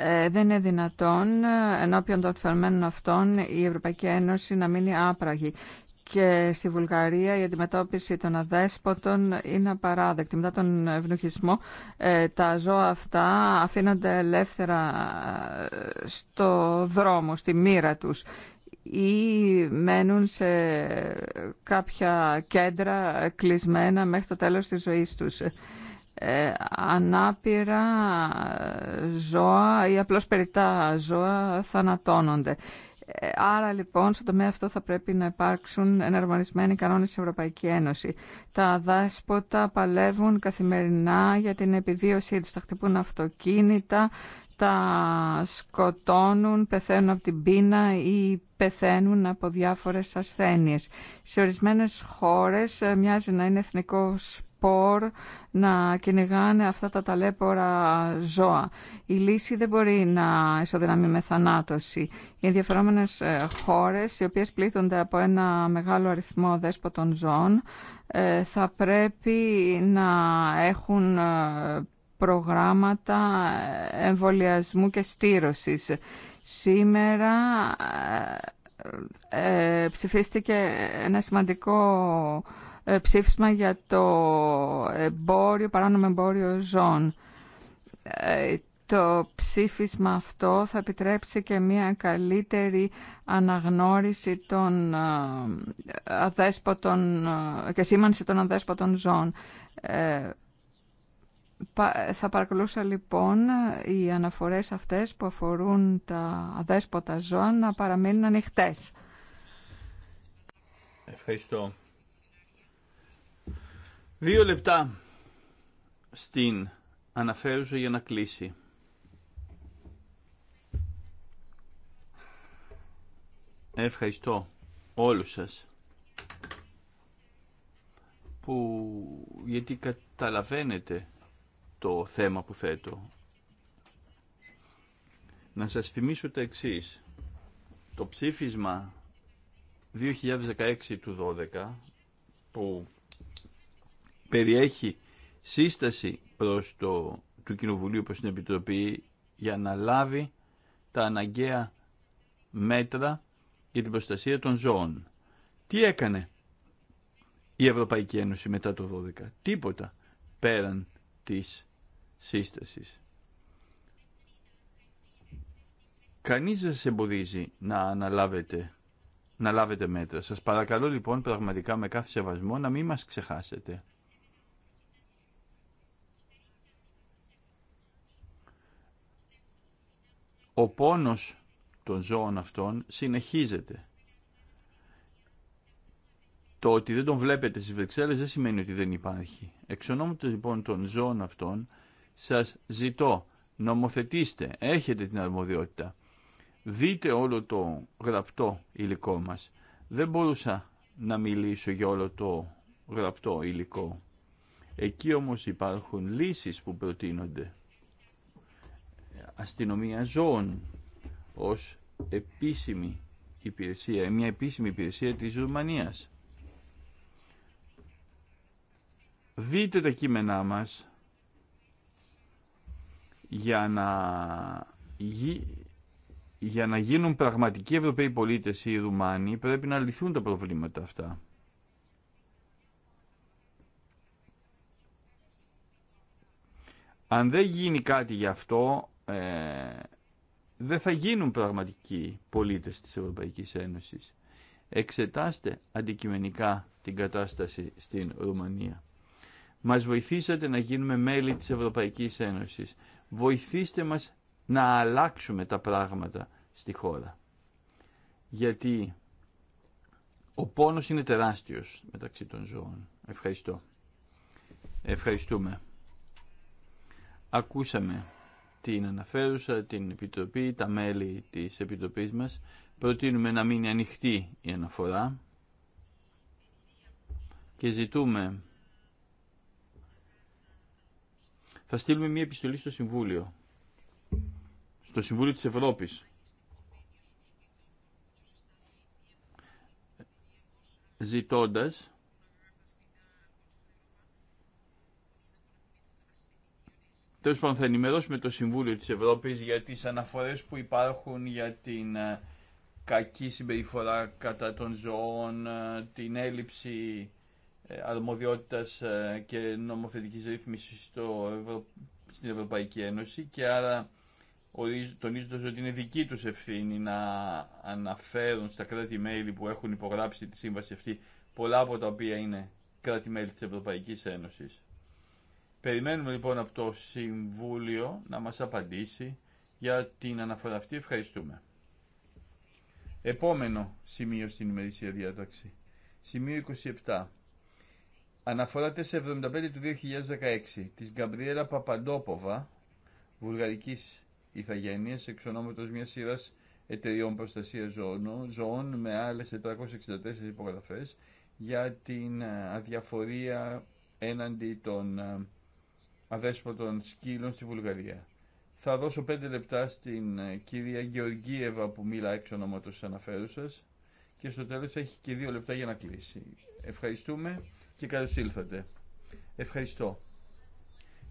Speaker 2: Ε, δεν είναι δυνατόν ε, ενώπιον των φερμένων αυτών η Ευρωπαϊκή Ένωση να μείνει άπραγη. Και στη Βουλγαρία η αντιμετώπιση των αδέσποτων είναι απαράδεκτη. Μετά τον ευνοχισμό ε, τα ζώα αυτά αφήνονται ελεύθερα στο δρόμο, στη μοίρα τους ή μένουν σε κάποια κέντρα κλεισμένα μέχρι το τέλος της ζωής τους ε, ανάπηρα ε, ζώα ή απλώς περιτά ζώα θανατώνονται. Ε, άρα λοιπόν στο τομέα αυτό θα πρέπει να υπάρξουν εναρμονισμένοι κανόνες στην Ευρωπαϊκή Ένωση. Τα δάσποτα παλεύουν καθημερινά για την επιβίωσή τους. Τα χτυπούν αυτοκίνητα, τα σκοτώνουν, πεθαίνουν από την πείνα ή πεθαίνουν από διάφορες ασθένειες. Σε ορισμένες χώρες ε, μοιάζει να είναι εθνικό σπορ να κυνηγάνε αυτά τα ταλέπορα ζώα. Η λύση δεν μπορεί να ισοδυναμεί με θανάτωση. Οι ενδιαφερόμενες ε, χώρες, οι οποίες πλήττονται από ένα μεγάλο αριθμό δέσποτων ζώων, ε, θα πρέπει να έχουν ε, προγράμματα εμβολιασμού και στήρωσης. Σήμερα ψηφίστηκε ένα σημαντικό ε, ψήφισμα για το εμπόριο, παράνομο εμπόριο ζών. Ε, το ψήφισμα αυτό θα επιτρέψει και μια καλύτερη αναγνώριση των ε, αδέσποτων και σήμανση των αδέσποτων ζών. Θα παρακολούσα λοιπόν οι αναφορές αυτές που αφορούν τα αδέσποτα ζώα να παραμείνουν ανοιχτές.
Speaker 3: Ευχαριστώ. Δύο λεπτά στην αναφέρουσα για να κλείσει. Ευχαριστώ όλους σας που γιατί καταλαβαίνετε το θέμα που θέτω. Να σας θυμίσω τα εξής. Το ψήφισμα 2016 του 12 που περιέχει σύσταση προς το, του Κοινοβουλίου προς την Επιτροπή για να λάβει τα αναγκαία μέτρα για την προστασία των ζώων. Τι έκανε η Ευρωπαϊκή Ένωση μετά το 12. Τίποτα πέραν της σύστασης. Κανείς δεν σε εμποδίζει να αναλάβετε να λάβετε μέτρα. Σας παρακαλώ λοιπόν πραγματικά με κάθε σεβασμό να μην μας ξεχάσετε. Ο πόνος των ζώων αυτών συνεχίζεται. Το ότι δεν τον βλέπετε στις Βρυξέλλες δεν σημαίνει ότι δεν υπάρχει. Εξ ονόματος λοιπόν των ζώων αυτών σας ζητώ νομοθετήστε, έχετε την αρμοδιότητα. Δείτε όλο το γραπτό υλικό μας. Δεν μπορούσα να μιλήσω για όλο το γραπτό υλικό. Εκεί όμως υπάρχουν λύσεις που προτείνονται αστυνομία ζώων ως επίσημη υπηρεσία, μια επίσημη υπηρεσία της Ρουμανίας. Δείτε τα κείμενά μας για να, για να γίνουν πραγματικοί Ευρωπαίοι πολίτες ή Ρουμάνοι πρέπει να λυθούν τα προβλήματα αυτά. Αν δεν γίνει κάτι γι' αυτό, ε, δεν θα γίνουν πραγματικοί πολίτες της Ευρωπαϊκής Ένωσης. Εξετάστε αντικειμενικά την κατάσταση στην Ρουμανία. Μας βοηθήσατε να γίνουμε μέλη της Ευρωπαϊκής Ένωσης. Βοηθήστε μας να αλλάξουμε τα πράγματα στη χώρα. Γιατί ο πόνος είναι τεράστιος μεταξύ των ζώων. Ευχαριστώ. Ευχαριστούμε. Ακούσαμε την αναφέρουσα, την Επιτροπή, τα μέλη της Επιτροπής μας. Προτείνουμε να μείνει ανοιχτή η αναφορά και ζητούμε θα στείλουμε μια επιστολή στο Συμβούλιο στο Συμβούλιο της Ευρώπης ζητώντας Τέλο πάντων, θα ενημερώσουμε το Συμβούλιο τη Ευρώπη για τι αναφορέ που υπάρχουν για την ε, κακή συμπεριφορά κατά των ζωών, ε, την έλλειψη ε, αρμοδιότητας και νομοθετικής ρύθμισης στο στην Ευρωπαϊκή Ένωση και άρα τονίζοντας ότι είναι δική τους ευθύνη να αναφέρουν στα κράτη-μέλη που έχουν υπογράψει τη σύμβαση αυτή πολλά από τα οποία είναι κράτη-μέλη της Ευρωπαϊκής Ένωσης. Περιμένουμε λοιπόν από το Συμβούλιο να μας απαντήσει για την αναφορά αυτή. Ευχαριστούμε. Επόμενο σημείο στην ημερήσια διάταξη. Σημείο 27. Αναφορά 475 του 2016 της Γκαμπριέλα Παπαντόποβα, βουλγαρικής ηθαγένειας, εξ ονόματος μιας σειράς εταιριών προστασίας ζώων, ζώων με άλλες 464 υπογραφές για την ε, αδιαφορία έναντι των ε, αδέσποτων σκύλων στη Βουλγαρία. Θα δώσω πέντε λεπτά στην ε, κυρία Γεωργίευα που μίλα εξ ονόματος αναφέρουσας και στο τέλος έχει και δύο λεπτά για να κλείσει. Ευχαριστούμε και καλώς ήλθατε. Ευχαριστώ.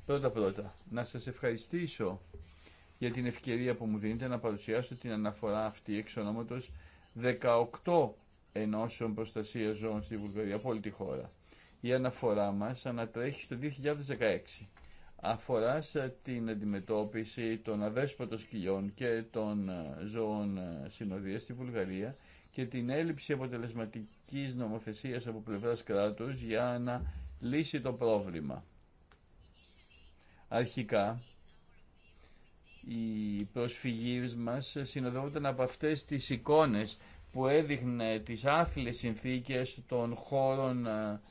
Speaker 3: Πρώτα πρώτα, να σας ευχαριστήσω για την ευκαιρία που μου δίνετε να παρουσιάσω την αναφορά αυτή εξ ονόματος 18 ενώσεων προστασία ζώων στη Βουλγαρία, από όλη τη χώρα. Η αναφορά μας ανατρέχει στο 2016 αφορά την αντιμετώπιση των αδέσποτων σκυλιών και των ε, ζώων ε, συνοδείας στη Βουλγαρία και την έλλειψη αποτελεσματικής νομοθεσίας από πλευράς κράτους για να λύσει το πρόβλημα. Αρχικά, οι προσφυγίες μας συνοδεύονταν από αυτές τις εικόνες που έδειχνε τις άθλιες συνθήκες των χώρων ε,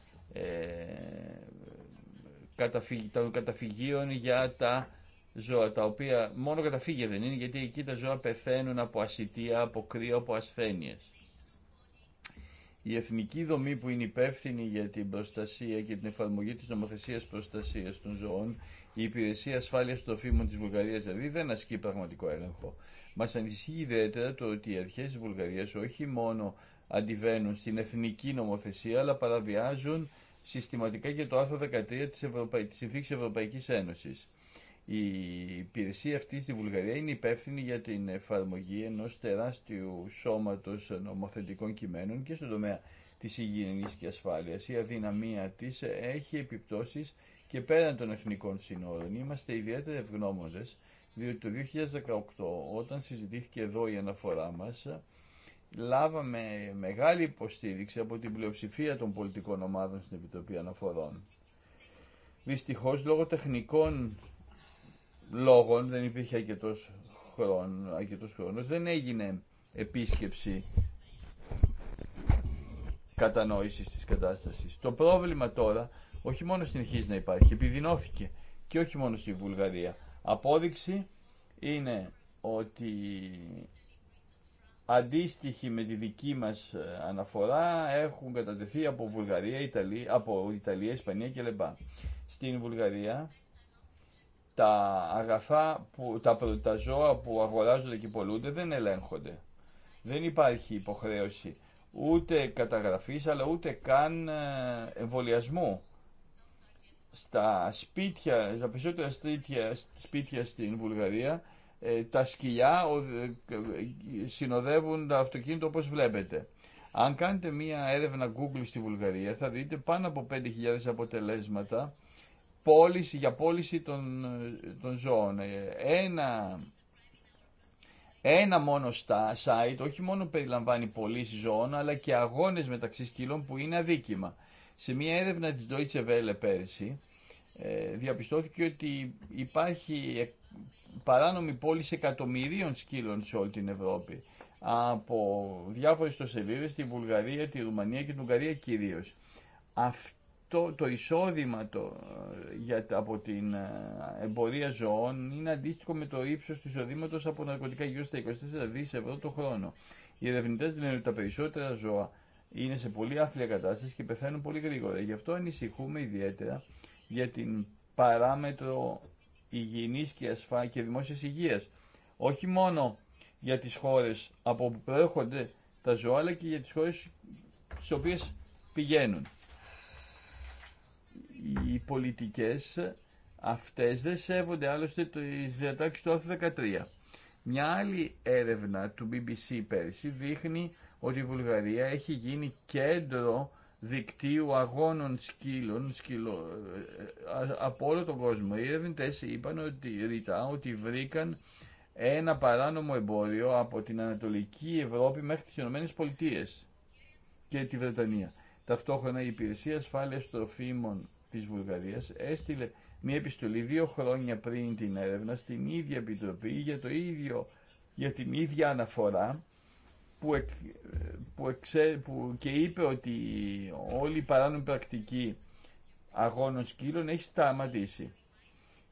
Speaker 3: των καταφυγίων για τα ζώα, τα οποία μόνο καταφύγια δεν είναι, γιατί εκεί τα ζώα πεθαίνουν από ασυτεία, από κρύο, από ασθένειες. Η εθνική δομή που είναι υπεύθυνη για την προστασία και την εφαρμογή της νομοθεσίας προστασίας των ζώων, η Υπηρεσία Ασφάλειας των Τροφίμων της Βουλγαρίας δηλαδή δεν ασκεί πραγματικό έλεγχο. Μας ανησυχεί ιδιαίτερα το ότι οι αρχές της Βουλγαρίας όχι μόνο αντιβαίνουν στην εθνική νομοθεσία, αλλά παραβιάζουν συστηματικά και το άρθρο 13 της, Ευρωπα... της Συνθήκης Ευρωπαϊκής Ένωσης. Η υπηρεσία αυτή στη Βουλγαρία είναι υπεύθυνη για την εφαρμογή ενός τεράστιου σώματος νομοθετικών κειμένων και στον τομέα της υγιεινής και ασφάλειας. Η αδυναμία της έχει επιπτώσεις και πέραν των εθνικών συνόρων. Είμαστε ιδιαίτερα ευγνώμονες, διότι το 2018 όταν συζητήθηκε εδώ η αναφορά μας, λάβαμε μεγάλη υποστήριξη από την πλειοψηφία των πολιτικών ομάδων στην Επιτροπή Αναφορών. Δυστυχώς λόγω τεχνικών λόγων δεν υπήρχε αρκετός, χρόνο, χρόνος, δεν έγινε επίσκεψη κατανόησης της κατάστασης. Το πρόβλημα τώρα όχι μόνο συνεχίζει να υπάρχει, επιδεινώθηκε και όχι μόνο στη Βουλγαρία. Απόδειξη είναι ότι αντίστοιχη με τη δική μας ε, αναφορά έχουν κατατεθεί από Βουλγαρία, Ιταλία, από Ιταλία, Ισπανία κλπ. Στην Βουλγαρία τα αγαθά, που, τα, τα ζώα που αγοράζονται και πολλούνται δεν ελέγχονται. Δεν υπάρχει υποχρέωση ούτε καταγραφής αλλά ούτε καν ε, εμβολιασμού. Στα σπίτια, στα περισσότερα σπίτια, σπίτια στην Βουλγαρία ε, τα σκυλιά ε, ε, συνοδεύουν τα αυτοκίνητα όπως βλέπετε. Αν κάνετε μία έρευνα Google στη Βουλγαρία θα δείτε πάνω από 5.000 αποτελέσματα πώληση, για πώληση των, των ζώων. Ένα, ένα μόνο site όχι μόνο περιλαμβάνει πωλήσει ζώων αλλά και αγώνες μεταξύ σκύλων που είναι αδίκημα. Σε μία έρευνα της Deutsche Welle πέρσι ε, διαπιστώθηκε ότι υπάρχει ε, παράνομη πώληση εκατομμυρίων σκύλων σε όλη την Ευρώπη από διάφορες τοσεβίδε τη Βουλγαρία, τη Ρουμανία και την Ουγγαρία κυρίως. Αυτό το εισόδημα το, ε, για, από την εμπορία ζωών είναι αντίστοιχο με το ύψος του εισοδήματος από ναρκωτικά γύρω στα 24 δις ευρώ το χρόνο. Οι ερευνητέ λένε ότι τα περισσότερα ζώα είναι σε πολύ άθλια κατάσταση και πεθαίνουν πολύ γρήγορα. Γι' αυτό ανησυχούμε ιδιαίτερα για την παράμετρο υγιεινής και ασφάλεια και δημόσιας υγείας. Όχι μόνο για τις χώρες από όπου προέρχονται τα ζώα, αλλά και για τις χώρες στις οποίες πηγαίνουν. Οι πολιτικές αυτές δεν σέβονται άλλωστε το διατάξεις του άρθρου 13. Μια άλλη έρευνα του BBC πέρσι δείχνει ότι η Βουλγαρία έχει γίνει κέντρο δικτύου αγώνων σκύλων σκυλό, ε, ε, από όλο τον κόσμο. Οι ερευνητέ είπαν ότι, ρητά, ότι βρήκαν ένα παράνομο εμπόριο από την Ανατολική Ευρώπη μέχρι τις Ηνωμένες Πολιτείες και τη Βρετανία. Ταυτόχρονα η Υπηρεσία Ασφάλειας Τροφίμων της Βουλγαρίας έστειλε μια επιστολή δύο χρόνια πριν την έρευνα στην ίδια επιτροπή το ίδιο, για την ίδια αναφορά που, εξε, που και είπε ότι όλη η παράνομη πρακτική αγώνων σκύλων έχει σταματήσει.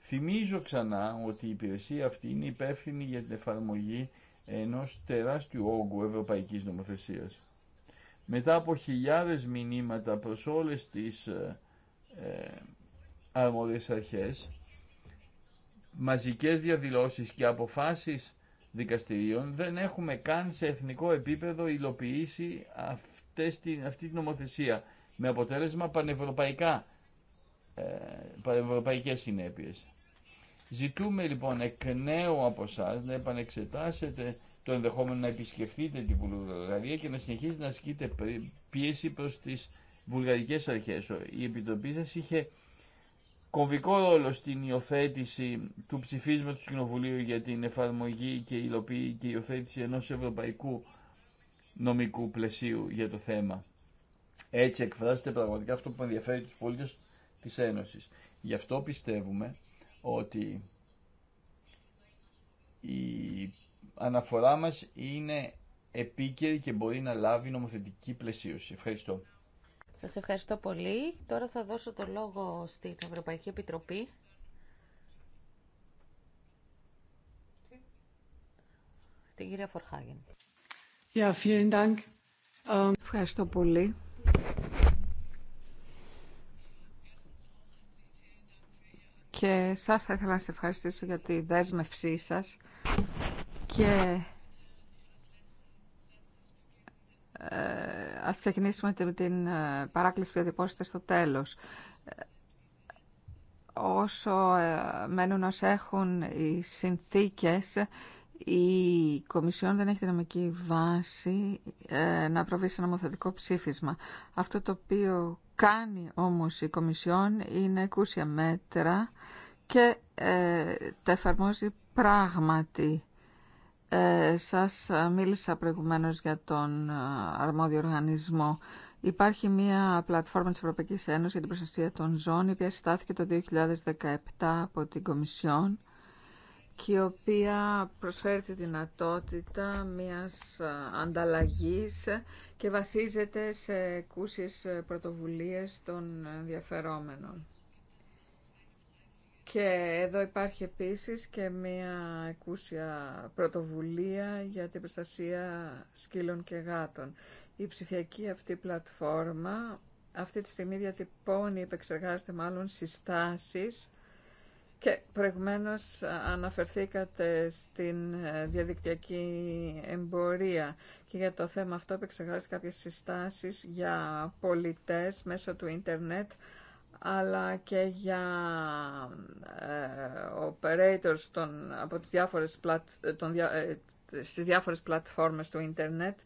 Speaker 3: Θυμίζω ξανά ότι η υπηρεσία αυτή είναι υπεύθυνη για την εφαρμογή ενός τεράστιου όγκου ευρωπαϊκής νομοθεσίας. Μετά από χιλιάδες μηνύματα προς όλες τις ε, ε, αρμόδιες αρχές, μαζικές διαδηλώσεις και αποφάσεις δικαστηρίων δεν έχουμε καν σε εθνικό επίπεδο υλοποιήσει αυτές την, αυτή την νομοθεσία με αποτέλεσμα πανευρωπαϊκά ε, πανευρωπαϊκές συνέπειες. Ζητούμε λοιπόν εκ νέου από εσά να επανεξετάσετε το ενδεχόμενο να επισκεφθείτε την Βουλγαρία και να συνεχίσετε να ασκείτε πίεση προς τις βουλγαρικές αρχές. Η Επιτροπή είχε κομβικό ρόλο στην υιοθέτηση του ψηφίσματος του Κοινοβουλίου για την εφαρμογή και υλοποίηση και υιοθέτηση ενός ευρωπαϊκού νομικού πλαισίου για το θέμα. Έτσι εκφράζεται πραγματικά αυτό που ενδιαφέρει τους πολίτες της Ένωσης. Γι' αυτό πιστεύουμε ότι η αναφορά μας είναι επίκαιρη και μπορεί να λάβει νομοθετική πλαισίωση. Ευχαριστώ.
Speaker 1: Σας ευχαριστώ πολύ. Τώρα θα δώσω το λόγο στην Ευρωπαϊκή Επιτροπή. Την κυρία Φορχάγεν.
Speaker 3: Um,
Speaker 2: ευχαριστώ πολύ. Και σας θα ήθελα να σας ευχαριστήσω για τη δέσμευσή σας και ε, ας ξεκινήσουμε με την ε, παράκληση που διατυπώσετε στο τέλος. Όσο ε, μένουν ως έχουν οι συνθήκες, η Κομισιόν δεν έχει δυναμική βάση ε, να προβεί σε νομοθετικό ψήφισμα. Αυτό το οποίο κάνει όμως η Κομισιόν είναι εκούσια μέτρα και τα εφαρμόζει πράγματι ε, σας ε, μίλησα προηγουμένως για τον ε, αρμόδιο οργανισμό. Υπάρχει μια πλατφόρμα της Ευρωπαϊκής Ένωσης για την προστασία των ζώων, η οποία συστάθηκε το 2017 από την Κομισιόν και η οποία προσφέρει τη δυνατότητα μιας ε, ανταλλαγής και βασίζεται σε κούσιες πρωτοβουλίες των ενδιαφερόμενων. Και εδώ υπάρχει επίσης και μια εκούσια πρωτοβουλία για την προστασία σκύλων και γάτων. Η ψηφιακή αυτή πλατφόρμα αυτή τη στιγμή διατυπώνει, επεξεργάζεται μάλλον συστάσεις και προηγουμένως αναφερθήκατε στην ε, διαδικτυακή εμπορία και για το θέμα αυτό επεξεργάζεται κάποιες συστάσεις για πολιτές μέσω του ίντερνετ αλλά και για ε, operators των, από τις διάφορες πλατ, ε, των, ε, στις διάφορες πλατφόρμες του ίντερνετ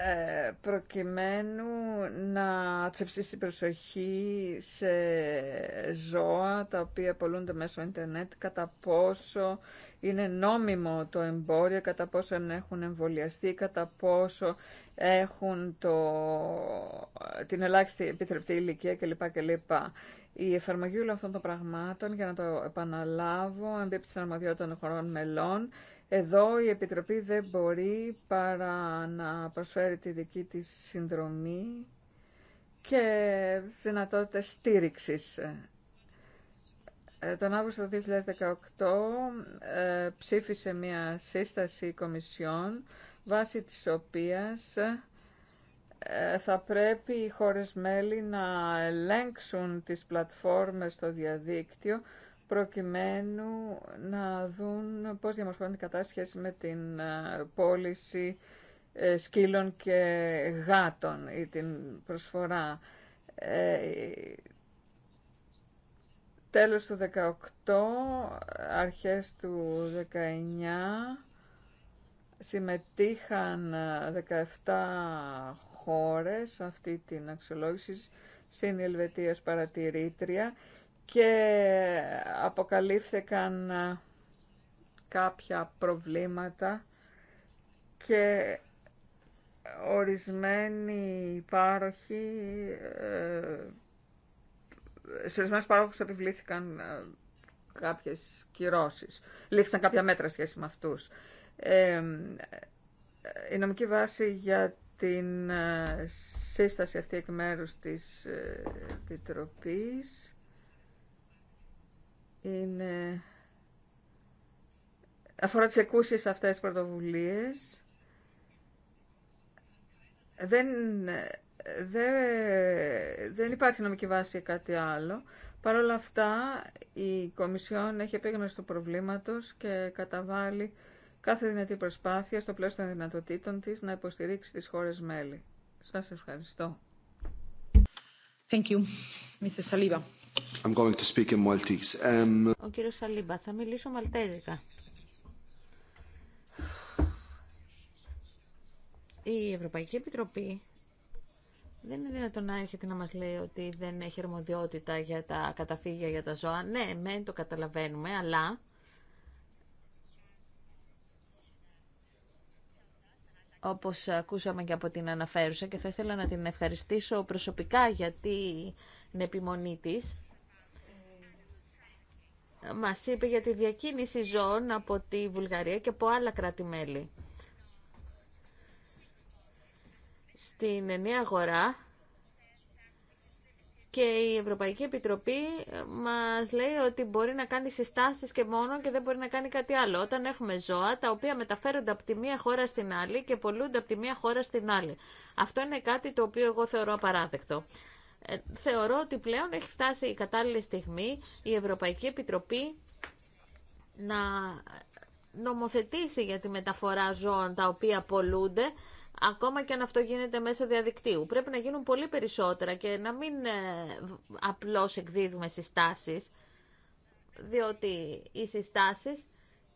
Speaker 2: ε, προκειμένου να τους την προσοχή σε ζώα τα οποία πολλούνται μέσω ίντερνετ, κατά πόσο είναι νόμιμο το εμπόριο, κατά πόσο έχουν εμβολιαστεί, κατά πόσο έχουν το, την ελάχιστη επιθρεπτή ηλικία κλπ. κλπ. Η εφαρμογή όλων αυτών των πραγμάτων, για να το επαναλάβω, εμπίπτει στην αρμοδιότητα των χωρών μελών εδώ η Επιτροπή δεν μπορεί παρά να προσφέρει τη δική της συνδρομή και δυνατότητες στήριξης. Ε, τον Αύγουστο 2018 ε, ψήφισε μια σύσταση κομισιών βάσει της οποίας ε, θα πρέπει οι χώρες μέλη να ελέγξουν τις πλατφόρμες στο διαδίκτυο προκειμένου να δουν πώς διαμορφώνεται η κατάσταση με την ε, πώληση ε, σκύλων και γάτων ή την προσφορά. Ε, τέλος του 18, αρχές του 19, συμμετείχαν 17 χώρες αυτή την αξιολόγηση, συν Ελβετίας παρατηρήτρια και αποκαλύφθηκαν ε, κάποια προβλήματα και ορισμένοι πάροχοι ε, σε ορισμένες πάροχους επιβλήθηκαν ε, κάποιες κυρώσεις. Λήφθησαν κάποια μέτρα σχέση με αυτούς. η νομική βάση για την σύσταση αυτή εκ μέρους της Επιτροπής είναι... αφορά τις εκούσιες αυτές πρωτοβουλίες. Δεν, δε δεν υπάρχει νομική βάση ή κάτι άλλο. Παρ' όλα αυτά, για Κομισιόν έχει επίγνωση του προβλήματος και καταβάλει κάθε δυνατή προσπάθεια στο πλαίσιο των δυνατοτήτων της να υποστηρίξει τις χώρες μέλη. Σας ευχαριστώ. Thank you, Mr.
Speaker 3: I'm going to speak in Maltese. Um...
Speaker 1: Ο κύριος Σαλίμπα, θα μιλήσω μαλτέζικα. Η Ευρωπαϊκή Επιτροπή δεν είναι δυνατόν να έρχεται να μας λέει ότι δεν έχει αρμοδιότητα για τα καταφύγια για τα ζώα. Ναι, μεν το καταλαβαίνουμε, αλλά όπως ακούσαμε και από την αναφέρουσα και θα ήθελα να την ευχαριστήσω προσωπικά για την επιμονή της μας είπε για τη διακίνηση ζώων από τη Βουλγαρία και από άλλα κράτη-μέλη. Στην ενιαία αγορά και η Ευρωπαϊκή Επιτροπή μας λέει ότι μπορεί να κάνει συστάσεις και μόνο και δεν μπορεί να κάνει κάτι άλλο. Όταν έχουμε ζώα τα οποία μεταφέρονται από τη μία χώρα στην άλλη και πολλούνται από τη μία χώρα στην άλλη. Αυτό είναι κάτι το οποίο εγώ θεωρώ απαράδεκτο. Ε, θεωρώ ότι πλέον έχει φτάσει η κατάλληλη στιγμή η Ευρωπαϊκή Επιτροπή να νομοθετήσει για τη μεταφορά ζώων τα οποία πολλούνται, ακόμα και αν αυτό γίνεται μέσω διαδικτύου. Πρέπει να γίνουν πολύ περισσότερα και να μην ε, απλώς εκδίδουμε συστάσεις, διότι οι συστάσεις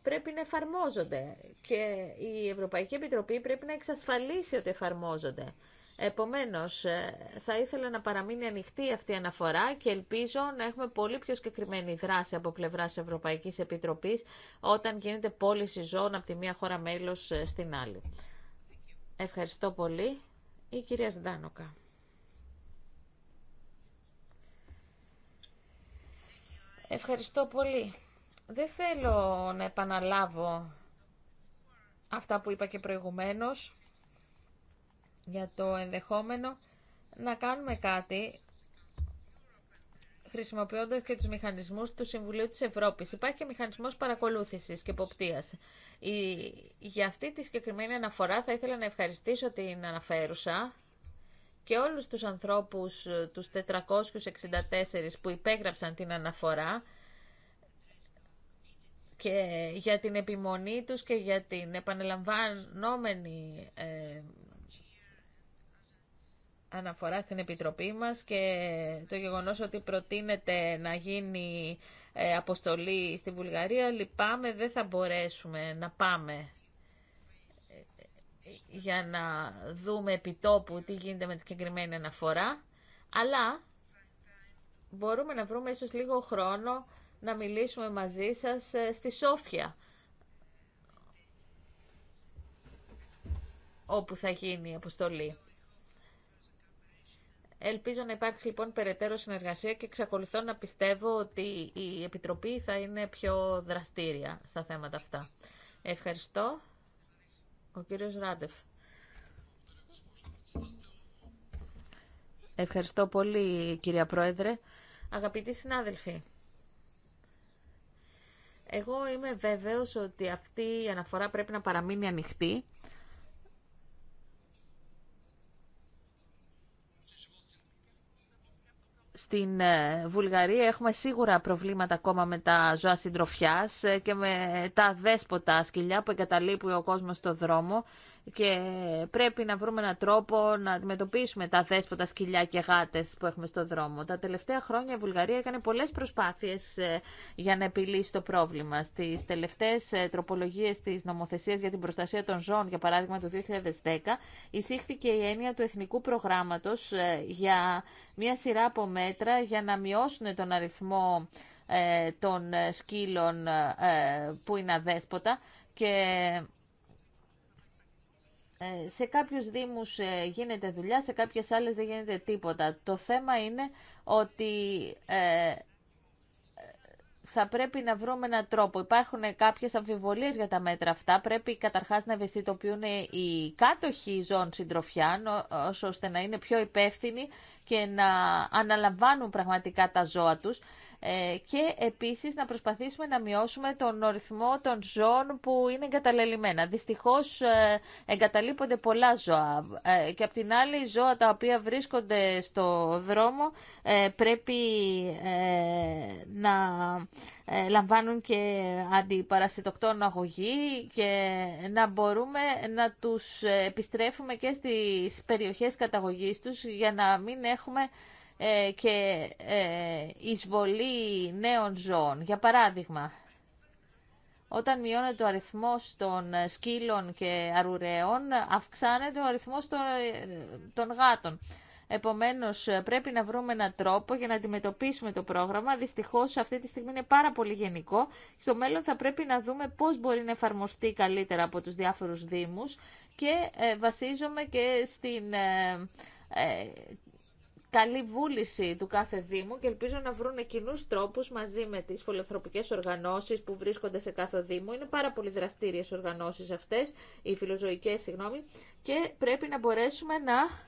Speaker 1: πρέπει να εφαρμόζονται και η Ευρωπαϊκή Επιτροπή πρέπει να εξασφαλίσει ότι εφαρμόζονται. Επομένως, ε, θα ήθελα να παραμείνει ανοιχτή αυτή η αναφορά και ελπίζω να έχουμε πολύ πιο συγκεκριμένη δράση από πλευράς Ευρωπαϊκής Επιτροπής όταν γίνεται πώληση ζώων από τη μία χώρα μέλος ε, στην άλλη. Ευχαριστώ πολύ. Η κυρία Σντάνοκα. Ευχαριστώ πολύ. Δεν θέλω να επαναλάβω αυτά που είπα και προηγουμένως για το ενδεχόμενο να κάνουμε κάτι χρησιμοποιώντας και τους μηχανισμούς του Συμβουλίου της Ευρώπης. Υπάρχει και μηχανισμός παρακολούθησης και εποπτείας. Για αυτή τη συγκεκριμένη αναφορά θα ήθελα να ευχαριστήσω την αναφέρουσα και όλους τους ανθρώπους, τους 464 που υπέγραψαν την αναφορά και για την επιμονή τους και για την επαναλαμβανόμενη ε, αναφορά στην Επιτροπή μας και το γεγονός ότι προτείνεται να γίνει ε, αποστολή στη Βουλγαρία. Λυπάμαι, δεν θα μπορέσουμε να πάμε ε, ε, για να δούμε επιτόπου τι γίνεται με τη συγκεκριμένη αναφορά, αλλά μπορούμε να βρούμε ίσως λίγο χρόνο να μιλήσουμε μαζί σας στη Σόφια, όπου θα γίνει η αποστολή. Ελπίζω να υπάρξει λοιπόν περαιτέρω συνεργασία και εξακολουθώ να πιστεύω ότι η Επιτροπή θα είναι πιο δραστήρια στα θέματα αυτά. Ευχαριστώ. Ο κύριος Ράντεφ. Ευχαριστώ πολύ κυρία Πρόεδρε. Αγαπητοί συνάδελφοι, εγώ είμαι βέβαιος ότι αυτή η αναφορά πρέπει να παραμείνει ανοιχτή Στην ε, Βουλγαρία έχουμε σίγουρα προβλήματα ακόμα με τα ζώα συντροφιά ε, και με τα δέσποτα σκυλιά που εγκαταλείπουν ο κόσμο στο δρόμο και πρέπει να βρούμε έναν τρόπο να αντιμετωπίσουμε τα δέσποτα σκυλιά και γάτες που έχουμε στο δρόμο. Τα τελευταία χρόνια η Βουλγαρία έκανε πολλές προσπάθειες ε, για να επιλύσει το πρόβλημα. Στι τελευταίες ε, τροπολογίες τη νομοθεσία για την προστασία των ζώων, για παράδειγμα το 2010, εισήχθηκε η έννοια του Εθνικού προγράμματο ε, για μια σειρά από μέτρα για να μειώσουν τον αριθμό των σκύλων που είναι αδέσποτα και ε, σε κάποιους δήμους ε, γίνεται δουλειά, σε κάποιες άλλες δεν γίνεται τίποτα. Το θέμα είναι ότι ε, θα πρέπει να βρούμε έναν τρόπο. Υπάρχουν κάποιες αμφιβολίες για τα μέτρα αυτά. Πρέπει καταρχάς να ευαισθητοποιούν οι κάτοχοι ζών συντροφιά, ώστε να είναι πιο υπεύθυνοι και να αναλαμβάνουν πραγματικά τα ζώα τους. Ε, και επίσης να προσπαθήσουμε να μειώσουμε τον οριθμό των ζώων που είναι εγκαταλελειμμένα. Δυστυχώς ε, εγκαταλείπονται πολλά ζώα ε, και από την άλλη ζώα τα οποία βρίσκονται στο δρόμο πρέπει να λαμβάνουν και αντιπαρασιτοκτόνο αγωγή και να μπορούμε να τους επιστρέφουμε και στις περιοχές καταγωγής τους για να μην έχουμε ε, και ε, εισβολή νέων ζώων. Για παράδειγμα, όταν μειώνεται ο αριθμός των ε, σκύλων και αρουραίων, αυξάνεται ο αριθμός των γάτων. Επομένως, πρέπει να βρούμε έναν τρόπο για να αντιμετωπίσουμε το πρόγραμμα. Δυστυχώς, αυτή τη στιγμή είναι πάρα πολύ γενικό. Στο μέλλον θα πρέπει να δούμε πώς μπορεί να εφαρμοστεί καλύτερα από τους διάφορους δήμους και βασίζομαι και στην καλή βούληση του κάθε Δήμου και ελπίζω να βρουν κοινού τρόπου μαζί με τι φιλοθροπικέ οργανώσει που βρίσκονται σε κάθε Δήμο. Είναι πάρα πολύ δραστήριε οργανώσει αυτέ, οι φιλοζωικέ, συγγνώμη, και πρέπει να μπορέσουμε να.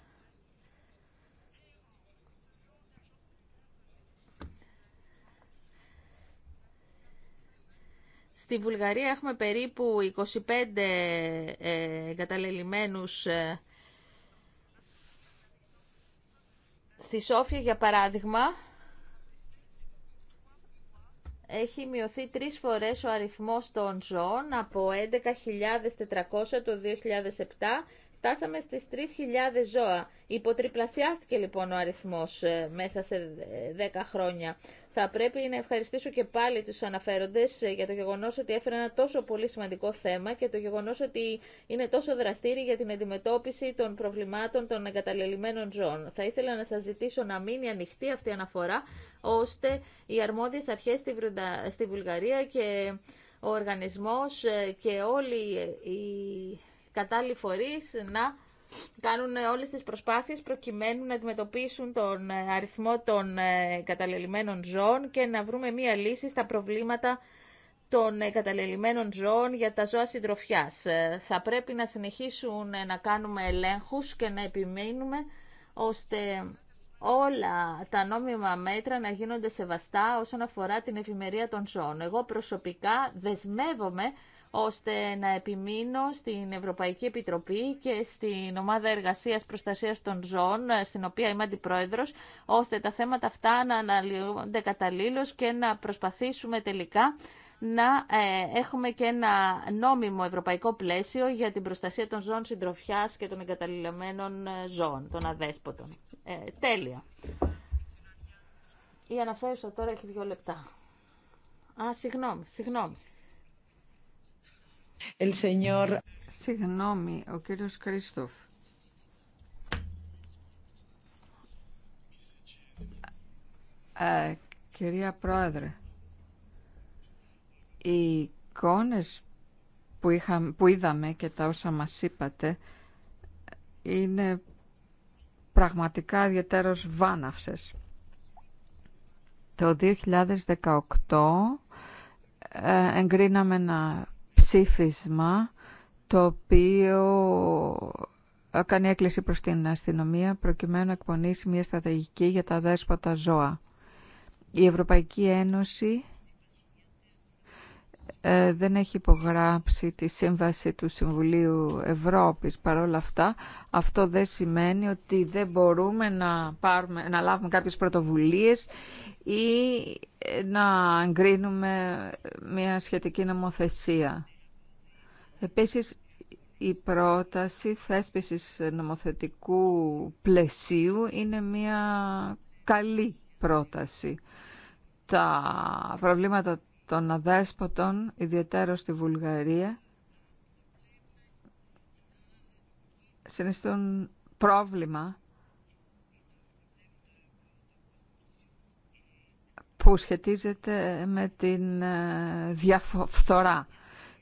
Speaker 1: Στη Βουλγαρία έχουμε περίπου 25 ε, εγκαταλελειμμένους ε, Στη Σόφια, για παράδειγμα, έχει μειωθεί τρεις φορές ο αριθμός των ζώων από 11.400 το 2007 Φτάσαμε στις 3.000 ζώα. Υποτριπλασιάστηκε λοιπόν ο αριθμός ε, μέσα σε 10 χρόνια. Θα πρέπει να ευχαριστήσω και πάλι τους αναφέροντες ε, για το γεγονός ότι έφεραν ένα τόσο πολύ σημαντικό θέμα και το γεγονός ότι είναι τόσο δραστήριοι για την αντιμετώπιση των προβλημάτων των εγκαταλελειμμένων ζώων. Θα ήθελα να σας ζητήσω να μείνει ανοιχτή αυτή η αναφορά, ώστε οι αρμόδιες αρχές στη Βουλγαρία και ο οργανισμός ε, και όλοι οι κατάλληλοι φορείς να κάνουν όλες τις προσπάθειες προκειμένου να αντιμετωπίσουν τον ε, αριθμό των ε, καταλελειμμένων ζώων και να βρούμε μία λύση στα προβλήματα των ε, καταλελειμμένων ζώων για τα ζώα συντροφιάς. Θα πρέπει να συνεχίσουν να κάνουμε ελέγχους και να επιμείνουμε ώστε όλα τα νόμιμα μέτρα να γίνονται σεβαστά όσον αφορά την ευημερία των ζώων. Εγώ προσωπικά δεσμεύομαι ώστε να επιμείνω στην Ευρωπαϊκή Επιτροπή και στην Ομάδα Εργασίας Προστασίας των Ζώων, στην οποία είμαι αντιπρόεδρος, ώστε τα θέματα αυτά να αναλύονται καταλήλως και να προσπαθήσουμε τελικά να ε, έχουμε και ένα νόμιμο ευρωπαϊκό πλαίσιο για την προστασία των ζώων συντροφιάς και των εγκαταλειμμένων ε, ζώων, των αδέσποτων. Ε, τέλεια. Η αναφέρουσα τώρα έχει δύο λεπτά. Α, συγγνώμη, συγγνώμη.
Speaker 2: El señor... Συγγνώμη, ο κύριος Κρίστοφ. Ε, κυρία Πρόεδρε, οι εικόνε που, που είδαμε και τα όσα μα είπατε είναι πραγματικά ιδιαίτερος βάναυσε. Το 2018 ε, εγκρίναμε ένα ψήφισμα το οποίο ε, κάνει έκκληση προς την αστυνομία προκειμένου να εκπονήσει μια στρατηγική για τα δέσποτα ζώα. Η Ευρωπαϊκή Ένωση ε, δεν έχει υπογράψει τη σύμβαση του Συμβουλίου Ευρώπης. Παρ' αυτά, αυτό δεν σημαίνει ότι δεν μπορούμε να, πάρουμε, να λάβουμε κάποιες πρωτοβουλίες ή ε, να εγκρίνουμε μια σχετική νομοθεσία. Επίσης, η πρόταση θέσπισης νομοθετικού πλαισίου είναι μια καλή πρόταση. Τα προβλήματα των αδέσποτων, ιδιαίτερα στη Βουλγαρία, συνιστούν πρόβλημα που σχετίζεται με την ε, διαφθορά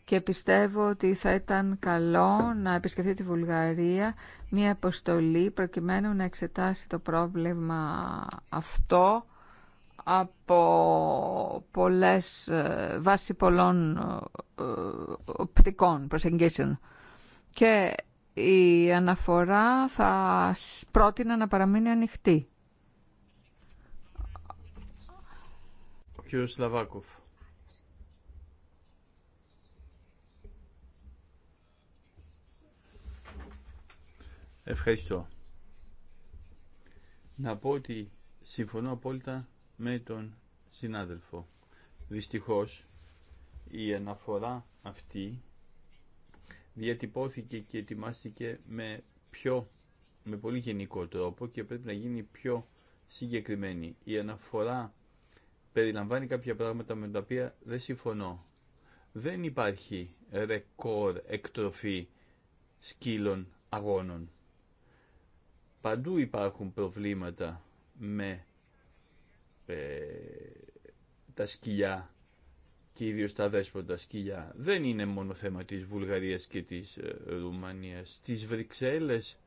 Speaker 2: και πιστεύω ότι θα ήταν καλό να επισκεφθεί τη Βουλγαρία μια αποστολή προκειμένου να εξετάσει το πρόβλημα αυτό από πολλές, ε, βάσει πολλών ε, οπτικών προσεγγίσεων. Και η αναφορά θα πρότεινα να παραμείνει ανοιχτή.
Speaker 3: Ο κύριος Λαβάκοφ. Ευχαριστώ. Να πω ότι συμφωνώ απόλυτα με τον συνάδελφο. Δυστυχώς η αναφορά αυτή διατυπώθηκε και ετοιμάστηκε με, πιο, με πολύ γενικό τρόπο και πρέπει να γίνει πιο συγκεκριμένη. Η αναφορά περιλαμβάνει κάποια πράγματα με τα οποία δεν συμφωνώ. Δεν υπάρχει ρεκόρ εκτροφή σκύλων αγώνων. Παντού υπάρχουν προβλήματα με ε, τα σκυλιά και ιδίω τα δέσποτα σκυλιά. Δεν είναι μόνο θέμα της Βουλγαρίας και της ε, Ρουμανίας. Στις Βρυξέλλες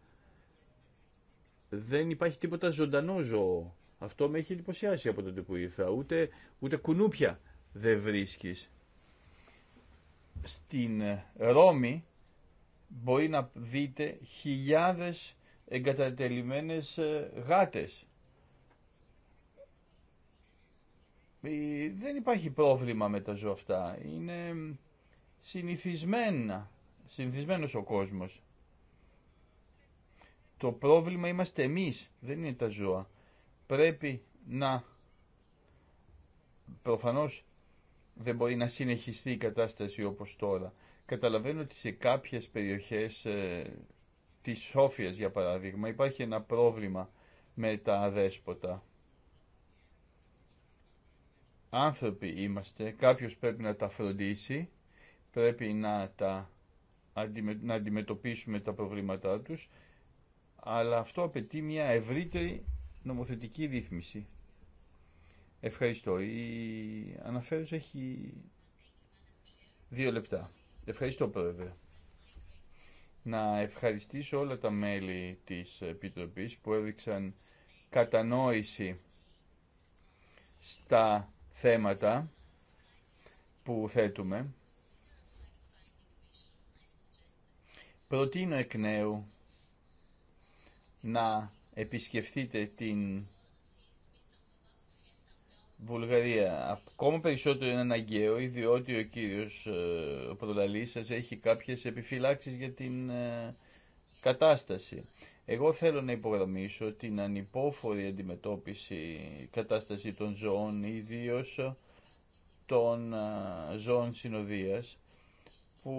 Speaker 3: δεν υπάρχει τίποτα ζωντανό ζώο. Αυτό με έχει εντυπωσιάσει από τότε που ήρθα. Ούτε, ούτε κουνούπια δεν βρίσκεις. Στην ε, Ρώμη μπορεί να δείτε χιλιάδες εγκατατελειμμένες ε, γάτες. Ε, δεν υπάρχει πρόβλημα με τα ζώα αυτά. Είναι συνηθισμένα, συνηθισμένος ο κόσμος. Το πρόβλημα είμαστε εμείς, δεν είναι τα ζώα. Πρέπει να... Προφανώς δεν μπορεί να συνεχιστεί η κατάσταση όπως τώρα. Καταλαβαίνω ότι σε κάποιες περιοχές ε, της Σόφιας για παράδειγμα υπάρχει ένα πρόβλημα με τα αδέσποτα. Άνθρωποι είμαστε, κάποιος πρέπει να τα φροντίσει, πρέπει να, τα, να αντιμετωπίσουμε τα προβλήματά τους, αλλά αυτό απαιτεί μια ευρύτερη νομοθετική ρύθμιση. Ευχαριστώ. Η αναφέρουσα έχει δύο λεπτά. Ευχαριστώ πρόεδρε να ευχαριστήσω όλα τα μέλη της Επιτροπής που έδειξαν κατανόηση στα θέματα που θέτουμε. Προτείνω εκ νέου να επισκεφθείτε την Βουλγαρία. Ακόμα περισσότερο είναι αναγκαίο, διότι ο κύριος ε, ο έχει κάποιες επιφυλάξεις για την ε, κατάσταση. Εγώ θέλω να υπογραμμίσω την ανυπόφορη αντιμετώπιση κατάσταση των ζώων, ιδίω των ε, ζώων συνοδείας, που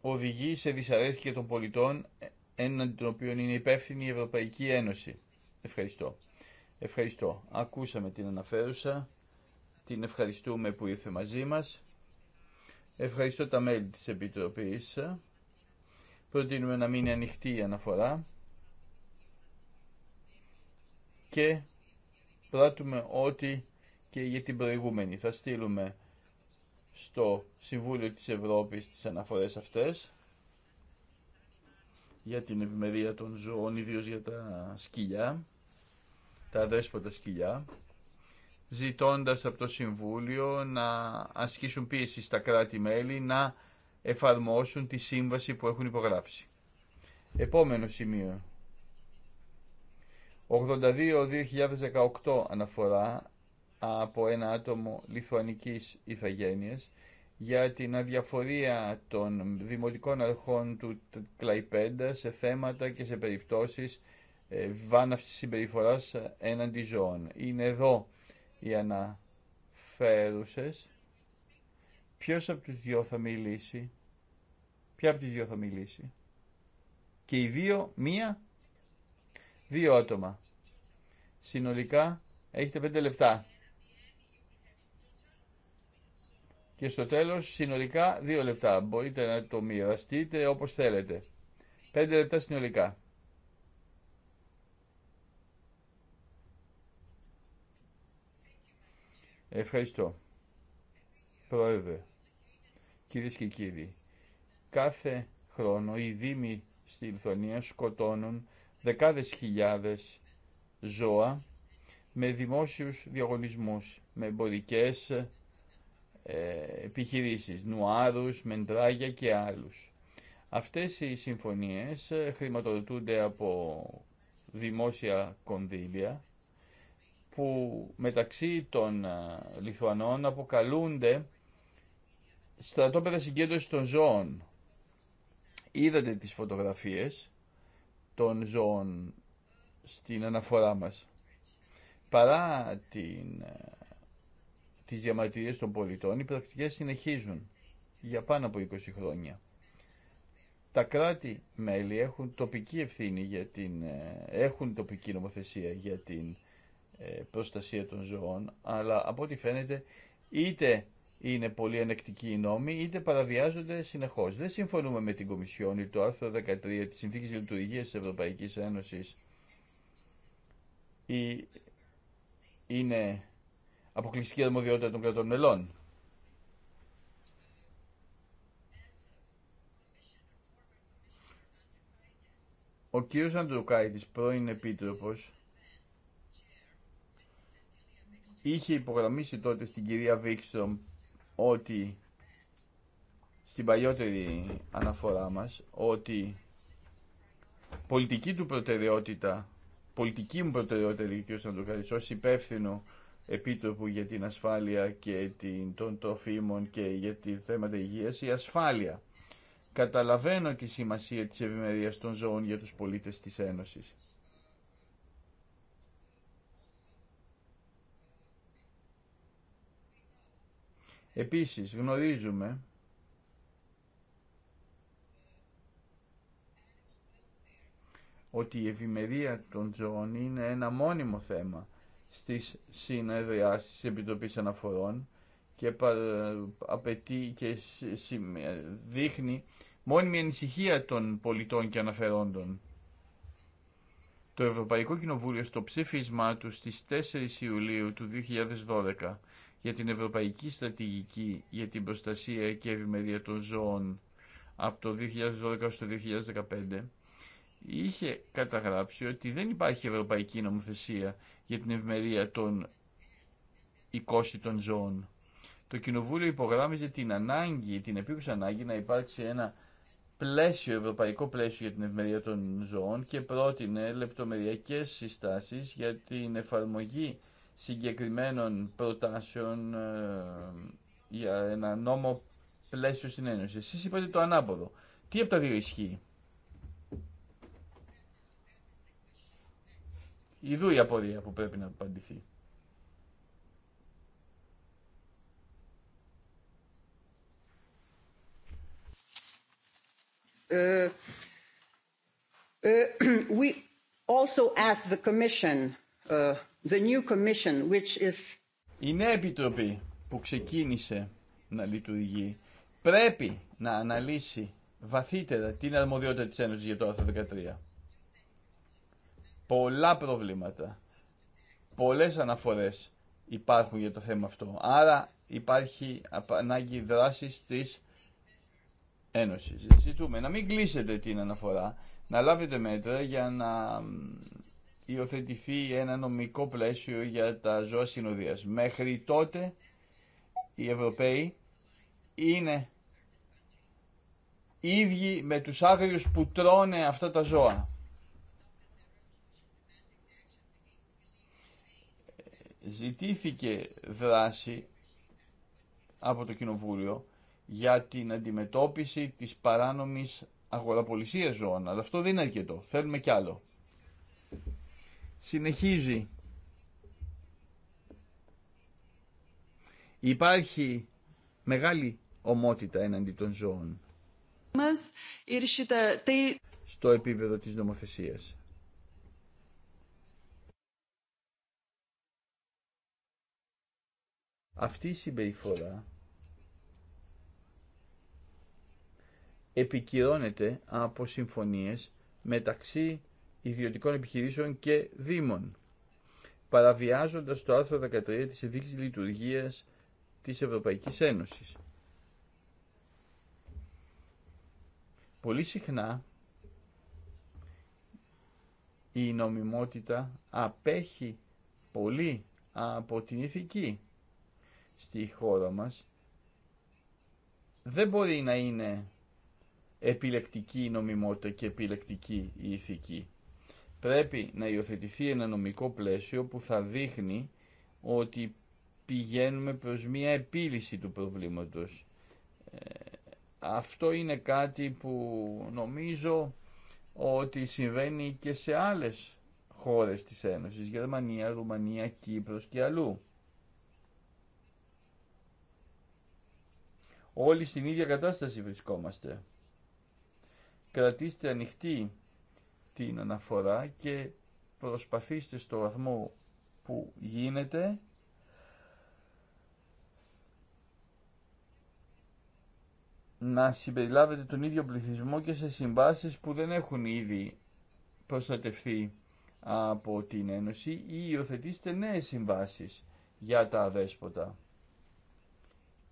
Speaker 3: οδηγεί σε δυσαρέσκεια των πολιτών έναντι των οποίων είναι υπεύθυνη η Ευρωπαϊκή Ένωση. Ευχαριστώ. Ευχαριστώ. Ακούσαμε την αναφέρουσα. Την ευχαριστούμε που ήρθε μαζί μας. Ευχαριστώ τα μέλη της Επιτροπής. Προτείνουμε να μείνει ανοιχτή η αναφορά. Και πράττουμε ό,τι και για την προηγούμενη. Θα στείλουμε στο Συμβούλιο της Ευρώπης τις αναφορές αυτές για την ευημερία των ζώων, ιδίως για τα σκυλιά τα δέσποτα σκυλιά, ζητώντας από το Συμβούλιο να ασκήσουν πίεση στα κράτη-μέλη να εφαρμόσουν τη σύμβαση που έχουν υπογράψει. Επόμενο σημείο. 82-2018 αναφορά από ένα άτομο λιθουανικής ηθαγένειας για την αδιαφορία των δημοτικών αρχών του Κλαϊπέντα σε θέματα και σε περιπτώσεις ε, βάναυση συμπεριφοράς ε, έναντι ζώων. Είναι εδώ οι αναφέρουσες. Ποιος από τους δυο θα μιλήσει. Ποια από τις δυο θα μιλήσει. Και οι δύο, μία, δύο άτομα. Συνολικά έχετε πέντε λεπτά. Και στο τέλος συνολικά δύο λεπτά. Μπορείτε να το μοιραστείτε όπως θέλετε. Πέντε λεπτά συνολικά. Ευχαριστώ. Πρόεδρε, κυρίε και κύριοι, κάθε χρόνο οι δήμοι στη Λιθουανία σκοτώνουν δεκάδες χιλιάδες ζώα με δημόσιους διαγωνισμούς, με εμπορικέ ε, επιχειρήσεις, νουάρους, μεντράγια και άλλους. Αυτές οι συμφωνίες ε, χρηματοδοτούνται από δημόσια κονδύλια που μεταξύ των ε, Λιθουανών αποκαλούνται στρατόπεδα συγκέντρωσης των ζώων. Είδατε τις φωτογραφίες των ζώων στην αναφορά μας. Παρά την, ε, τις διαμαρτυρίες των πολιτών, οι πρακτικές συνεχίζουν για πάνω από 20 χρόνια. Τα κράτη-μέλη έχουν τοπική ευθύνη για την, ε, έχουν τοπική νομοθεσία για την ε, προστασία των ζωών, αλλά από ό,τι φαίνεται είτε είναι πολύ ανεκτικοί οι νόμοι, είτε παραβιάζονται συνεχώς. Δεν συμφωνούμε με την Κομισιόν ή το άρθρο 13 τη Συνθήκη λειτουργία τη Ευρωπαϊκής Ένωσης ή είναι αποκλειστική αρμοδιότητα των κρατών μελών. Ο κύριος Αντρουκάητης, πρώην Επίτροπος, είχε υπογραμμίσει τότε στην κυρία Βίξτρομ ότι στην παλιότερη αναφορά μας ότι πολιτική του προτεραιότητα, πολιτική μου προτεραιότητα το Σαντοκαρής ως υπεύθυνο επίτροπο για την ασφάλεια και την, των τροφίμων και για τη θέματα υγείας, η ασφάλεια. Καταλαβαίνω τη σημασία της ευημερία των ζώων για τους πολίτες της Ένωσης. Επίσης γνωρίζουμε ότι η ευημερία των ζώων είναι ένα μόνιμο θέμα στις συνεδριάσεις της Επιτροπής Αναφορών και απαιτεί και δείχνει μόνιμη ανησυχία των πολιτών και αναφερόντων. Το Ευρωπαϊκό Κοινοβούλιο στο ψήφισμά του στις 4 Ιουλίου του 2012 για την Ευρωπαϊκή Στρατηγική για την Προστασία και Ευημερία των Ζώων από το 2012 στο 2015 είχε καταγράψει ότι δεν υπάρχει ευρωπαϊκή νομοθεσία για την ευημερία των οικόσιτων ζώων. Το Κοινοβούλιο υπογράμμιζε την ανάγκη, την επίκουσα ανάγκη να υπάρξει ένα πλαίσιο, ευρωπαϊκό πλαίσιο για την ευημερία των ζώων και πρότεινε λεπτομεριακές συστάσεις για την εφαρμογή συγκεκριμένων προτάσεων ε, για ένα νόμο πλαίσιο συνένωση. Εσείς είπατε το ανάποδο. Τι από τα δύο ισχύει. Ιδού η απορία που πρέπει να απαντηθεί.
Speaker 2: Uh, uh, we also ask the Commission
Speaker 3: The new Η νέα επιτροπή που ξεκίνησε να λειτουργεί πρέπει να αναλύσει βαθύτερα την αρμοδιότητα της Ένωσης για το άρθρο 13. Πολλά προβλήματα, πολλές αναφορές υπάρχουν για το θέμα αυτό. Άρα υπάρχει ανάγκη δράσης της Ένωσης. Ζητούμε να μην κλείσετε την αναφορά, να λάβετε μέτρα για να υιοθετηθεί ένα νομικό πλαίσιο για τα ζώα συνοδείας. Μέχρι τότε οι Ευρωπαίοι είναι ίδιοι με τους άγριους που τρώνε αυτά τα ζώα. Ζητήθηκε δράση από το Κοινοβούλιο για την αντιμετώπιση της παράνομης αγοραπολισίας ζώων, αλλά αυτό δεν είναι αρκετό, θέλουμε κι άλλο συνεχίζει. Υπάρχει μεγάλη ομότητα έναντι των ζώων στο επίπεδο της νομοθεσίας. Αυτή η συμπεριφορά επικυρώνεται από συμφωνίες μεταξύ ιδιωτικών επιχειρήσεων και δήμων, παραβιάζοντας το άρθρο 13 της Ειδικής Λειτουργίας της Ευρωπαϊκής Ένωσης. Πολύ συχνά η νομιμότητα απέχει πολύ από την ηθική στη χώρα μας. Δεν μπορεί να είναι επιλεκτική η νομιμότητα και επιλεκτική η ηθική πρέπει να υιοθετηθεί ένα νομικό πλαίσιο που θα δείχνει ότι πηγαίνουμε προς μία επίλυση του προβλήματος. Ε, αυτό είναι κάτι που νομίζω ότι συμβαίνει και σε άλλες χώρες της Ένωσης, Γερμανία, Ρουμανία, Κύπρος και αλλού. Όλοι στην ίδια κατάσταση βρισκόμαστε. Κρατήστε ανοιχτή την αναφορά και προσπαθήστε στο βαθμό που γίνεται να συμπεριλάβετε τον ίδιο πληθυσμό και σε συμβάσεις που δεν έχουν ήδη προστατευτεί από την Ένωση ή υιοθετήστε νέες συμβάσεις για τα αδέσποτα.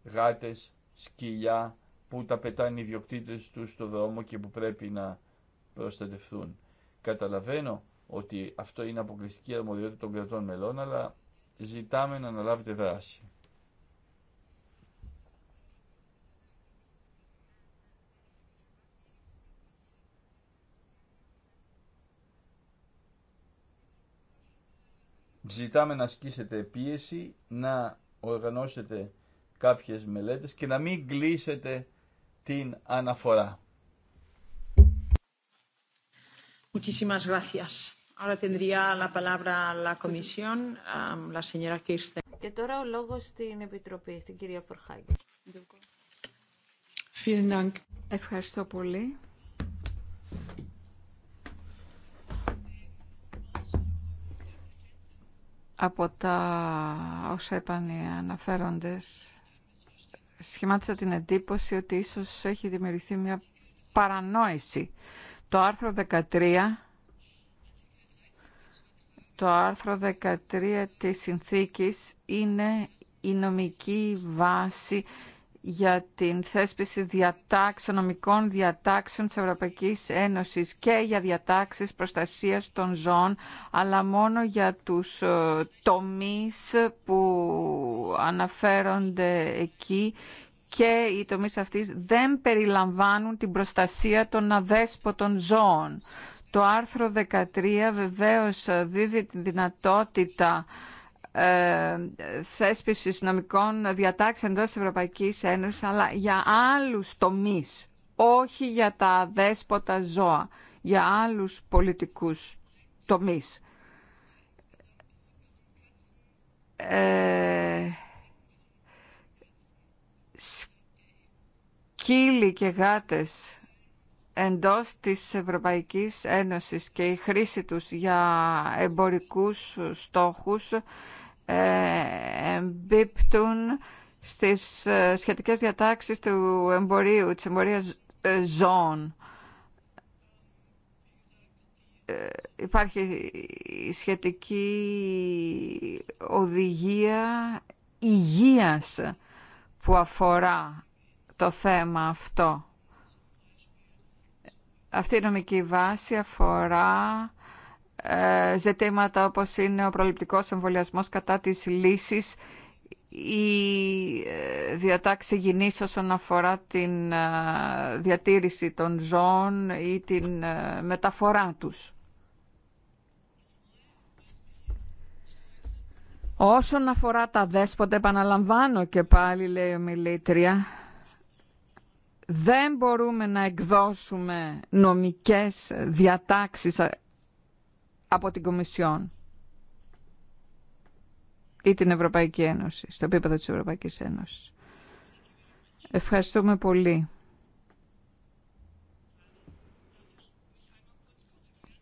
Speaker 3: Γάτες, σκυλιά που τα πετάνε οι ιδιοκτήτες τους στο δρόμο και που πρέπει να προστατευθούν. Καταλαβαίνω ότι αυτό είναι αποκλειστική αρμοδιότητα των κρατών μελών, αλλά ζητάμε να αναλάβετε δράση. Ζητάμε να ασκήσετε πίεση, να οργανώσετε κάποιες μελέτες και να μην κλείσετε την αναφορά.
Speaker 1: Muchísimas gracias. Ahora tendría la palabra la comisión, la señora Kirsten. Και τώρα ο λόγο στην Επιτροπή, στην κυρία Φορχάκη.
Speaker 2: Ευχαριστώ πολύ. Από τα όσα είπαν οι αναφέροντες, σχημάτισα την εντύπωση ότι ίσως έχει δημιουργηθεί μια παρανόηση το άρθρο 13 το άρθρο 13 της συνθήκης είναι η νομική βάση για την θέσπιση διατάξεων, νομικών διατάξεων της Ευρωπαϊκής Ένωσης και για διατάξεις προστασίας των ζώων, αλλά μόνο για τους ε, τομείς που αναφέρονται εκεί και οι τομεί αυτή δεν περιλαμβάνουν την προστασία των αδέσποτων ζώων. Το άρθρο 13 βεβαίως δίδει τη δυνατότητα ε, θέσπισης νομικών διατάξεων εντός της Ευρωπαϊκής Ένωσης, αλλά για άλλους τομείς, όχι για τα αδέσποτα ζώα, για άλλους πολιτικούς τομείς. Ε, Κύλοι και γάτες εντός της Ευρωπαϊκής Ένωσης και η χρήση τους για εμπορικούς στόχους ε, εμπίπτουν στις ε, σχετικές διατάξεις του εμπορίου, της εμπορίας ε, ζώων. Υπάρχει σχετική οδηγία υγείας που αφορά το θέμα αυτό. Αυτή η νομική βάση αφορά ε, ζητήματα όπως είναι ο προληπτικός εμβολιασμό κατά της λύσης η ε, διατάξη γυνής όσον αφορά την ε, διατήρηση των ζώων ή την μεταφορά τους. Όσον αφορά τα δέσποτα, επαναλαμβάνω και πάλι, λέει ο Μιλήτρια, δεν μπορούμε να εκδώσουμε νομικές διατάξεις από την Κομισιόν ή την Ευρωπαϊκή Ένωση, στο επίπεδο της Ευρωπαϊκής Ένωσης. Ευχαριστούμε πολύ.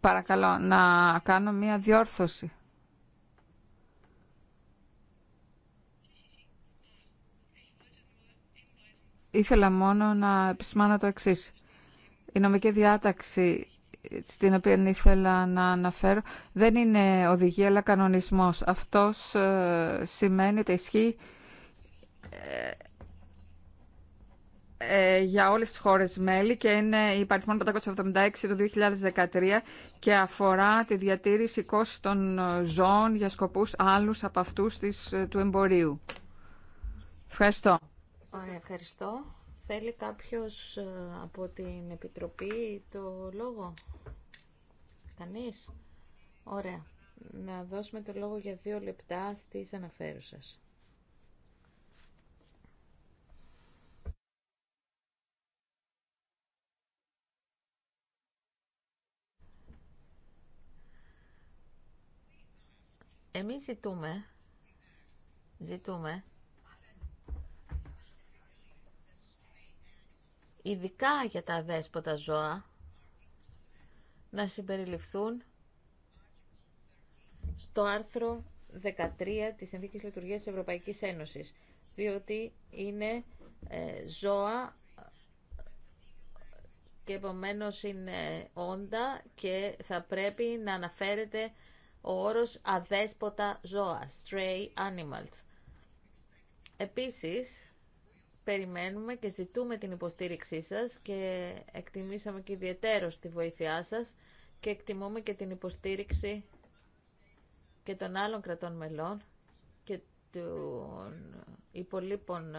Speaker 2: Παρακαλώ να κάνω μία διόρθωση. ήθελα μόνο να επισημάνω το εξή. Η νομική διάταξη στην οποία ήθελα να αναφέρω δεν είναι οδηγία αλλά κανονισμός. Αυτός ε, σημαίνει ότι ισχύει ε, ε, για όλες τις χώρες μέλη και είναι η παριθμόν 576 του 2013 και αφορά τη διατήρηση κόστων ζώων για σκοπούς άλλους από αυτούς της, ε, του εμπορίου. Ευχαριστώ.
Speaker 1: Ευχαριστώ. Θέλει κάποιος ε, από την Επιτροπή το λόγο. Κανείς. Ωραία. Να δώσουμε το λόγο για δύο λεπτά στις αναφέρουσες. Εμείς ζητούμε, ζητούμε ειδικά για τα αδέσποτα ζώα, να συμπεριληφθούν στο άρθρο 13 της Συνθήκης Λειτουργίας της Ευρωπαϊκής Ένωσης, διότι είναι ε, ζώα και επομένως είναι όντα και θα πρέπει να αναφέρεται ο όρος αδέσποτα ζώα, stray animals. Επίσης, περιμένουμε και ζητούμε την υποστήριξή σας και εκτιμήσαμε και ιδιαίτερο τη βοήθειά σας και εκτιμούμε και την υποστήριξη και των άλλων κρατών μελών και των υπολείπων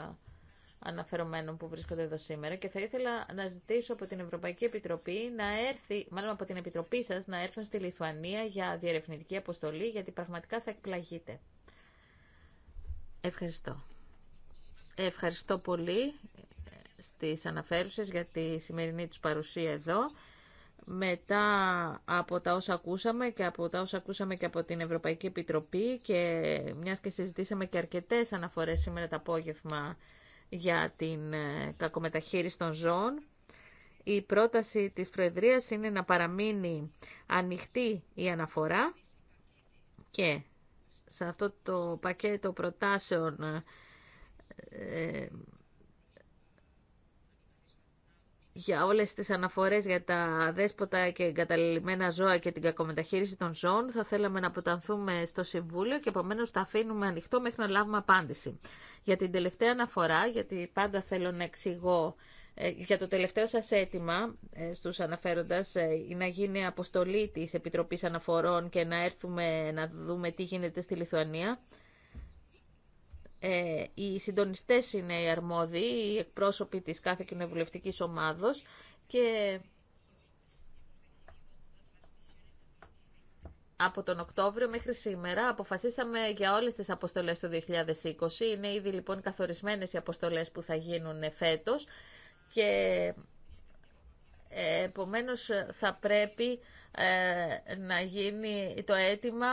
Speaker 1: αναφερομένων που βρίσκονται εδώ σήμερα και θα ήθελα να ζητήσω από την Ευρωπαϊκή Επιτροπή να έρθει, μάλλον από την Επιτροπή σας, να έρθουν στη Λιθουανία για διερευνητική αποστολή γιατί πραγματικά θα εκπλαγείτε. Ευχαριστώ. Ευχαριστώ πολύ ε, στις αναφέρουσες για τη σημερινή τους παρουσία εδώ. Μετά από τα όσα ακούσαμε και από τα όσα ακούσαμε και από την Ευρωπαϊκή Επιτροπή και μιας και συζητήσαμε και αρκετές αναφορές σήμερα το απόγευμα για την ε, κακομεταχείριση των ζώων, η πρόταση της Προεδρίας είναι να παραμείνει ανοιχτή η αναφορά και σε αυτό το πακέτο προτάσεων ε, για όλες τις αναφορές για τα δέσποτα και εγκαταλελειμμένα ζώα και την κακομεταχείριση των ζώων θα θέλαμε να αποτανθούμε στο Συμβούλιο και επομένως τα αφήνουμε ανοιχτό μέχρι να λάβουμε απάντηση. Για την τελευταία αναφορά, γιατί πάντα θέλω να εξηγώ ε, για το τελευταίο σας αίτημα ε, στους αναφέροντας να γίνει αποστολή της Επιτροπής Αναφορών και να έρθουμε να δούμε τι γίνεται στη Λιθουανία. Ε, οι συντονιστές είναι οι αρμόδιοι, οι εκπρόσωποι της κάθε κοινοβουλευτικής ομάδος και από τον Οκτώβριο μέχρι σήμερα αποφασίσαμε για όλες τις αποστολές του 2020. Είναι ήδη λοιπόν καθορισμένες οι αποστολές που θα γίνουν φέτος και Επομένως θα πρέπει ε, να γίνει το αίτημα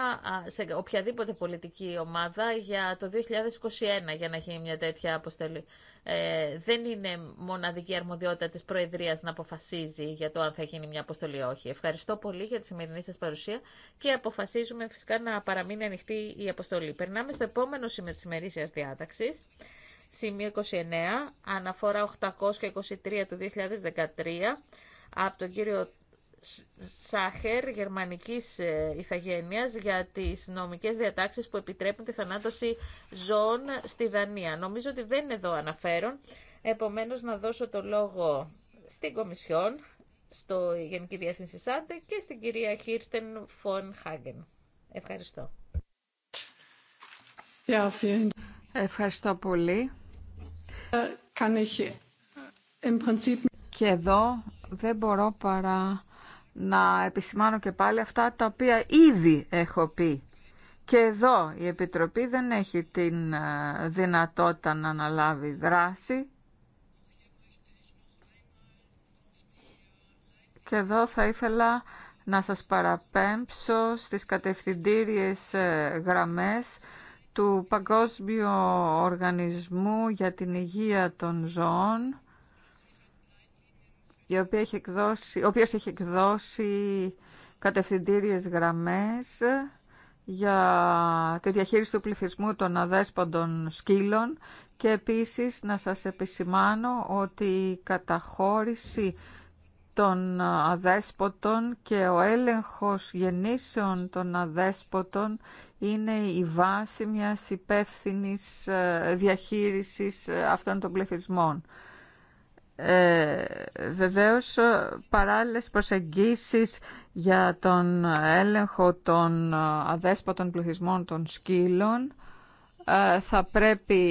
Speaker 1: σε οποιαδήποτε πολιτική ομάδα για το 2021 για να γίνει μια τέτοια αποστολή. Ε, δεν είναι μοναδική αρμοδιότητα της Προεδρίας να αποφασίζει για το αν θα γίνει μια αποστολή ή όχι. Ευχαριστώ πολύ για τη σημερινή σας παρουσία και αποφασίζουμε φυσικά να παραμείνει ανοιχτή η αποστολή. Περνάμε στο επόμενο σημείο της ημερήσιας διάταξης. Σημείο 29, αναφορά 823 του 2013 από τον κύριο Σάχερ γερμανικής ε, ηθαγένειας για τις νομικές διατάξεις που επιτρέπουν τη θανάτωση ζώων στη Δανία. Νομίζω ότι δεν είναι εδώ αναφέρον, επομένως να δώσω το λόγο στην Κομισιόν, στο Γενική Διεύθυνση Σάντε και στην κυρία Χίρστεν Φον Χάγκεν. Ευχαριστώ.
Speaker 2: Ευχαριστώ πολύ. Äh, äh, και εδώ δεν μπορώ παρά να επισημάνω και πάλι αυτά τα οποία ήδη έχω πει. Και εδώ η Επιτροπή δεν έχει την ε, δυνατότητα να αναλάβει δράση. Και εδώ θα ήθελα να σας παραπέμψω στις κατευθυντήριες ε, γραμμές του Παγκόσμιου Οργανισμού για την Υγεία των Ζώων η οποία έχει εκδώσει, ο οποίος έχει εκδώσει κατευθυντήριες γραμμές για τη διαχείριση του πληθυσμού των αδέσποντων σκύλων και επίσης να σας επισημάνω ότι η καταχώρηση των αδέσποτων και ο έλεγχος γεννήσεων των αδέσποτων είναι η βάση μιας υπεύθυνης ε, διαχείρισης ε, αυτών των πληθυσμών. Ε, βεβαίως ε, παράλληλες προσεγγίσεις για τον έλεγχο των ε, αδέσποτων πληθυσμών των σκύλων ε, θα πρέπει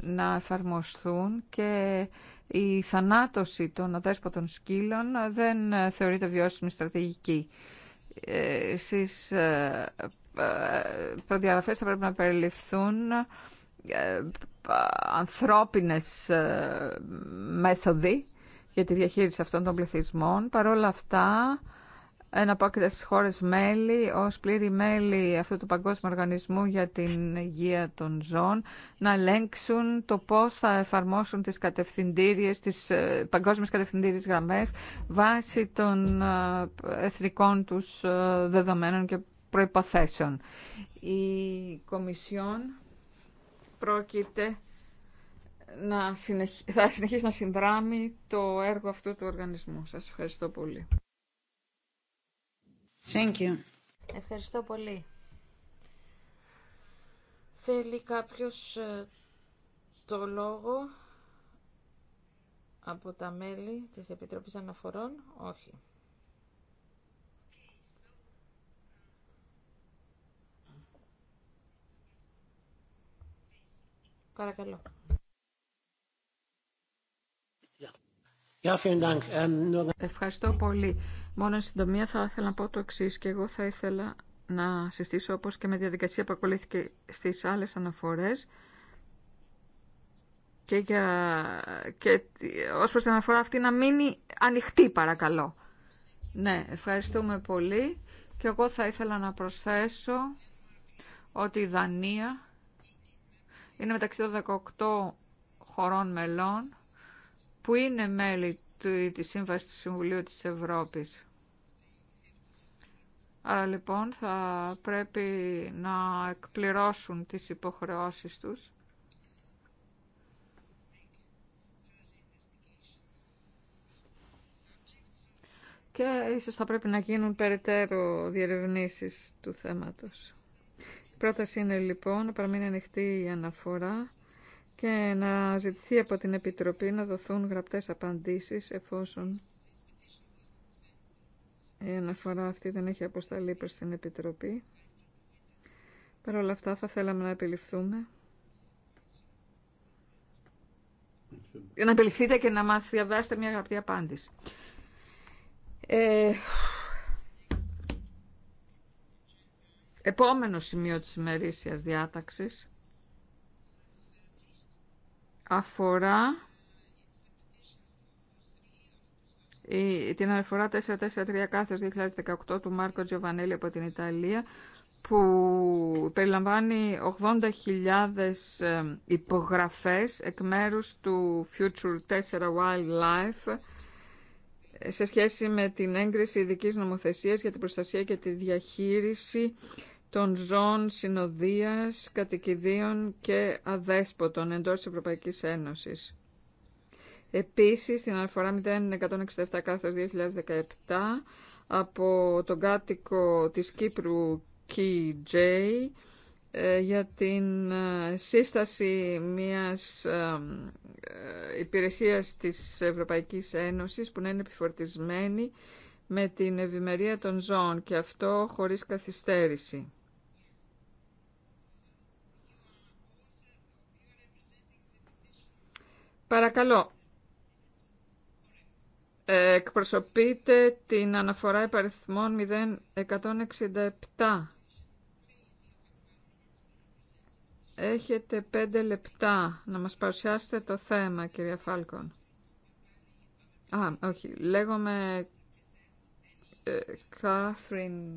Speaker 2: να εφαρμοστούν και η θανάτωση των αδέσποτων σκύλων δεν θεωρείται βιώσιμη στρατηγική. Ε, στις προδιαγραφές θα πρέπει να περιληφθούν ε, ανθρώπινες ε, μέθοδοι για τη διαχείριση αυτών των πληθυσμών. Παρ' όλα αυτά, εναπόκειται στις χώρες μέλη, ως πλήρη μέλη αυτού του Παγκόσμιου Οργανισμού για την Υγεία των Ζώων, να ελέγξουν το πώς θα εφαρμόσουν τις, κατευθυντήριες, τις ε, παγκόσμιες κατευθυντήριες γραμμές βάσει των εθνικών τους δεδομένων και προϋποθέσεων. Η Κομισιόν πρόκειται να θα συνεχίσει να συνδράμει το έργο αυτού του οργανισμού. Σας ευχαριστώ πολύ.
Speaker 1: Thank you. Ευχαριστώ πολύ. Θέλει κάποιος ε, το λόγο από τα μέλη της Επιτροπής Αναφορών. Όχι. Παρακαλώ.
Speaker 2: Ähm, Ευχαριστώ πολύ. Μόνο στην συντομία θα ήθελα να πω το εξή και εγώ θα ήθελα να συστήσω όπως και με διαδικασία που ακολουθήθηκε στις άλλες αναφορές και, για, και ως προς την αναφορά αυτή να μείνει ανοιχτή παρακαλώ. Ναι, ευχαριστούμε πολύ και εγώ θα ήθελα να προσθέσω ότι η Δανία είναι μεταξύ των 18 χωρών μελών που είναι μέλη της Σύμβασης του Συμβουλίου της Ευρώπης. Άρα λοιπόν θα πρέπει να εκπληρώσουν τις υποχρεώσεις τους και ίσως θα πρέπει να γίνουν περαιτέρω διερευνήσεις του θέματος. Πρόταση είναι λοιπόν να παραμείνει ανοιχτή η αναφορά και να ζητηθεί από την Επιτροπή να δοθούν γραπτές απαντήσεις εφόσον η αναφορά αυτή δεν έχει αποσταλεί προς την Επιτροπή. Παρ' όλα αυτά θα θέλαμε να επιληφθούμε. Να επιληφθείτε και να μας διαβάσετε μια γραπτή απάντηση. Ε, Επόμενο σημείο της ημερήσιας διάταξης αφορά την αναφορά 443 κάθε 2018 του Μάρκο Τζιοβανέλη από την Ιταλία που περιλαμβάνει 80.000 ε, υπογραφές εκ μέρους του Future 4 Wildlife ε, σε σχέση με την έγκριση ειδικής νομοθεσίας για την προστασία και τη διαχείριση των ζώων συνοδείας, κατοικιδίων και αδέσποτων εντός της Ευρωπαϊκής Ένωσης. Επίσης, στην αναφορά 0167 2017 από τον κάτοικο της Κύπρου KJ ε, για την ε, σύσταση μιας ε, υπηρεσίας της Ευρωπαϊκής Ένωσης που να είναι επιφορτισμένη με την ευημερία των ζώων και αυτό χωρίς καθυστέρηση. Παρακαλώ, ε, εκπροσωπείτε την αναφορά υπαριθμών 0167. Έχετε πέντε λεπτά να μας παρουσιάσετε το θέμα, κυρία Φάλκον. Α, όχι. Λέγομαι ε, Κάθριν...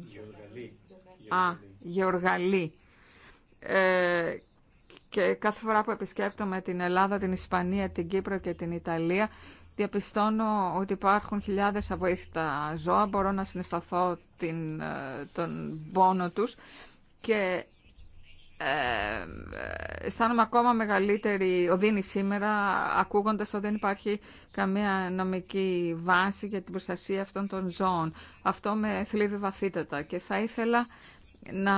Speaker 2: Α, Γεωργαλή. Ε, και κάθε φορά που επισκέπτομαι την Ελλάδα, την Ισπανία, την Κύπρο και την Ιταλία, διαπιστώνω ότι υπάρχουν χιλιάδες αβοήθητα ζώα. Μπορώ να συναισθαθώ την, ε, τον πόνο τους και ε, αισθάνομαι ακόμα μεγαλύτερη οδύνη σήμερα ακούγοντας ότι δεν υπάρχει καμία νομική βάση για την προστασία αυτών των ζώων. Αυτό με θλίβει βαθύτατα και θα ήθελα να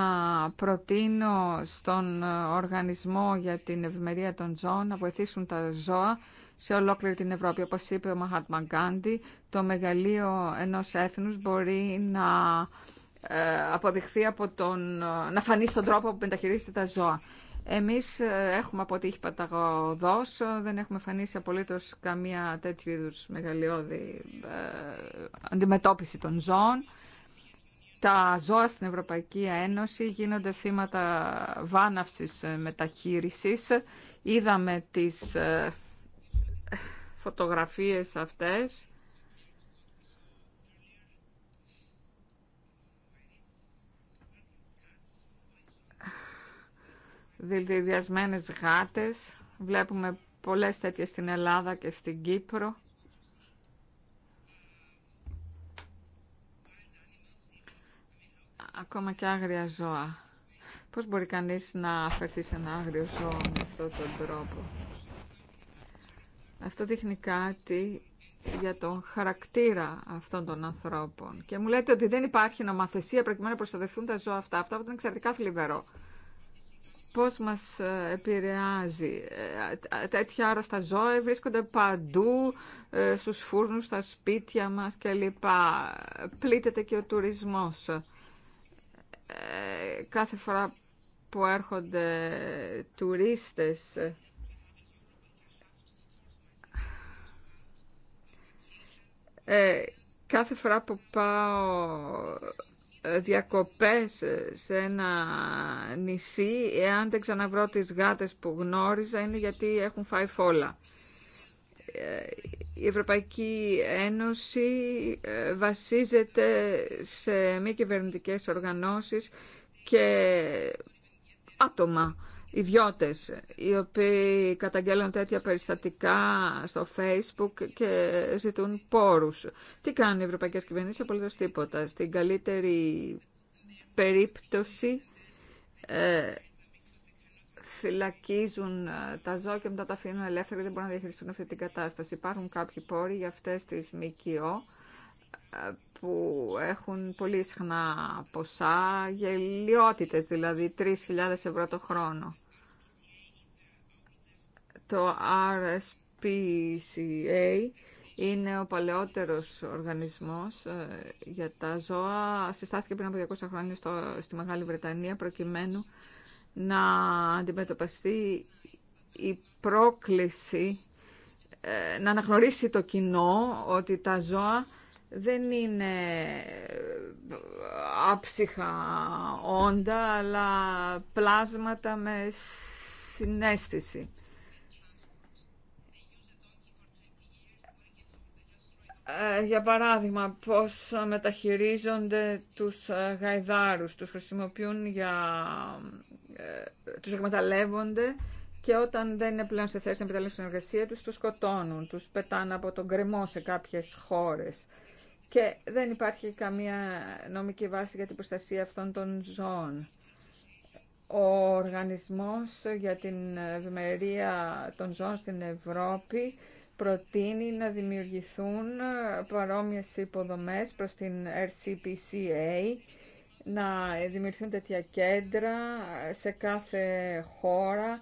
Speaker 2: προτείνω στον Οργανισμό για την Ευημερία των Ζώων να βοηθήσουν τα ζώα σε ολόκληρη την Ευρώπη. Όπως είπε ο Μαχάτμα Μαγκάντι, το μεγαλείο ενός έθνους μπορεί να ε, αποδειχθεί από τον... να φανεί στον τρόπο που μεταχειρίζεται τα ζώα. Εμείς ε, έχουμε αποτύχει παταγωδός, δεν έχουμε φανίσει απολύτως καμία τέτοιου είδους μεγαλειώδη ε, αντιμετώπιση των ζώων τα ζώα στην Ευρωπαϊκή Ένωση γίνονται θύματα βάναυσης ε, μεταχείρισης. Είδαμε τις ε, φωτογραφίες αυτές. διασμένες γάτες. Βλέπουμε πολλές τέτοιες στην Ελλάδα και στην Κύπρο. ακόμα και άγρια ζώα. Πώς μπορεί κανείς να αφαιρθεί σε ένα άγριο ζώο με αυτόν τον τρόπο. Αυτό δείχνει κάτι για τον χαρακτήρα αυτών των ανθρώπων. Και μου λέτε ότι δεν υπάρχει νομαθεσία προκειμένου να προστατευτούν τα ζώα αυτά. Αυτό ήταν εξαιρετικά θλιβερό. Πώς μας ε, επηρεάζει. Ε, τέτοια άρρωστα ζώα βρίσκονται παντού, ε, στους φούρνους, στα σπίτια μας κλπ. Πλήττεται και ο τουρισμός. Ε, κάθε φορά που έρχονται τουρίστες ε, ε, κάθε φορά που πάω διακοπές σε ένα νησί, εάν δεν ξαναβρω τις γάτες που γνώριζα, είναι γιατί έχουν φάει φόλα η Ευρωπαϊκή Ένωση ε, βασίζεται σε μη κυβερνητικέ οργανώσεις και άτομα, ιδιώτες, οι οποίοι καταγγέλνουν τέτοια περιστατικά στο Facebook και ζητούν πόρους. Τι κάνουν οι ευρωπαϊκές κυβερνήσεις, απολύτως τίποτα. Στην καλύτερη περίπτωση ε, φυλακίζουν ε, τα ζώα και μετά τα αφήνουν ελεύθερα και δεν μπορούν να διαχειριστούν αυτή την κατάσταση. Υπάρχουν κάποιοι πόροι για αυτές τις ΜΚΟ ε, που έχουν πολύ συχνά ποσά, γελιότητες δηλαδή, 3.000 ευρώ το χρόνο. Το RSPCA είναι ο παλαιότερος οργανισμός ε, για τα ζώα. Συστάθηκε πριν από 200 χρόνια στο, στη Μεγάλη Βρετανία προκειμένου να αντιμετωπιστεί η πρόκληση ε, να αναγνωρίσει το κοινό ότι τα ζώα δεν είναι ε, άψυχα όντα, αλλά πλάσματα με συνέστηση. Ε, για παράδειγμα, πώς μεταχειρίζονται τους ε, γαϊδάρους, τους χρησιμοποιούν για... Ε, τους εκμεταλλεύονται και όταν δεν είναι πλέον σε θέση να επιταλέψουν την εργασία τους, τους σκοτώνουν, τους πετάνε από τον κρεμό σε κάποιες χώρες. Και δεν υπάρχει καμία νομική βάση για την προστασία αυτών των ζώων. Ο Οργανισμός για την Ευημερία των Ζώων στην Ευρώπη προτείνει να δημιουργηθούν ε, παρόμοιες υποδομές προς την RCPCA, να ε, δημιουργηθούν τέτοια κέντρα ε, σε κάθε χώρα,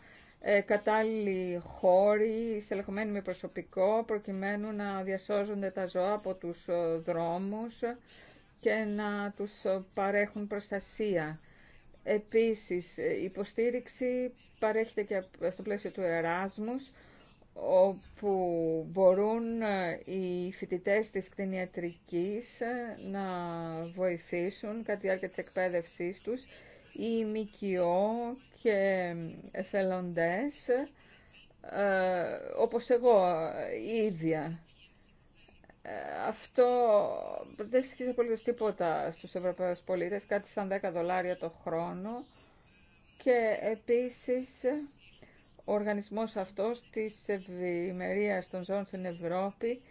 Speaker 2: κατάλληλοι χώροι, στελεχωμένοι με προσωπικό, προκειμένου να διασώζονται τα ζώα από τους δρόμους και να τους παρέχουν προστασία. Επίσης, υποστήριξη παρέχεται και στο πλαίσιο του Εράσμους, όπου μπορούν ε, οι φοιτητές της κτηνιατρικής ε, να βοηθήσουν κατά τη διάρκεια της εκπαίδευσής τους οι ΜΚΟ και εθελοντές ε, όπως εγώ η ίδια. αυτό δεν στοιχίζει πολύ τίποτα στους Ευρωπαίους πολίτες, κάτι σαν 10 δολάρια το χρόνο και επίσης ο οργανισμός αυτός της ευημερίας των ζώων στην Ευρώπη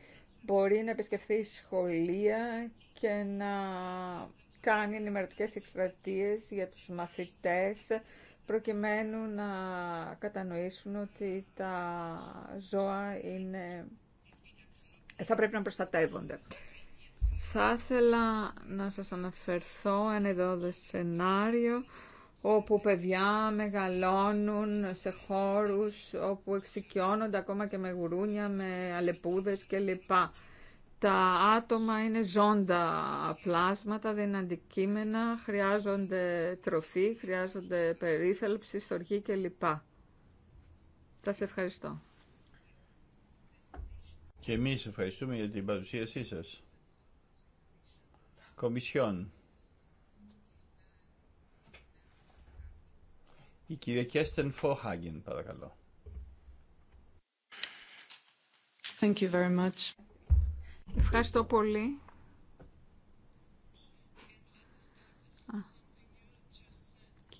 Speaker 2: μπορεί να επισκεφθεί σχολεία και να κάνει ενημερωτικές εκστρατείες για τους μαθητές προκειμένου να κατανοήσουν ότι τα ζώα είναι... θα πρέπει να προστατεύονται. Θα ήθελα να σας αναφερθώ ένα εδώ σενάριο όπου παιδιά μεγαλώνουν σε χώρους όπου εξοικειώνονται ακόμα και με γουρούνια, με αλεπούδες κλπ. Τα άτομα είναι ζώντα πλάσματα, δεν είναι αντικείμενα, χρειάζονται τροφή, χρειάζονται περίθαλψη, στοργή κλπ. Θα σε ευχαριστώ.
Speaker 3: Και εμείς ευχαριστούμε για την παρουσίασή σας. Κομισιόν. Η κυρία Κέστεν Φόχαγγιν, παρακαλώ.
Speaker 2: Thank you very much. Ευχαριστώ πολύ.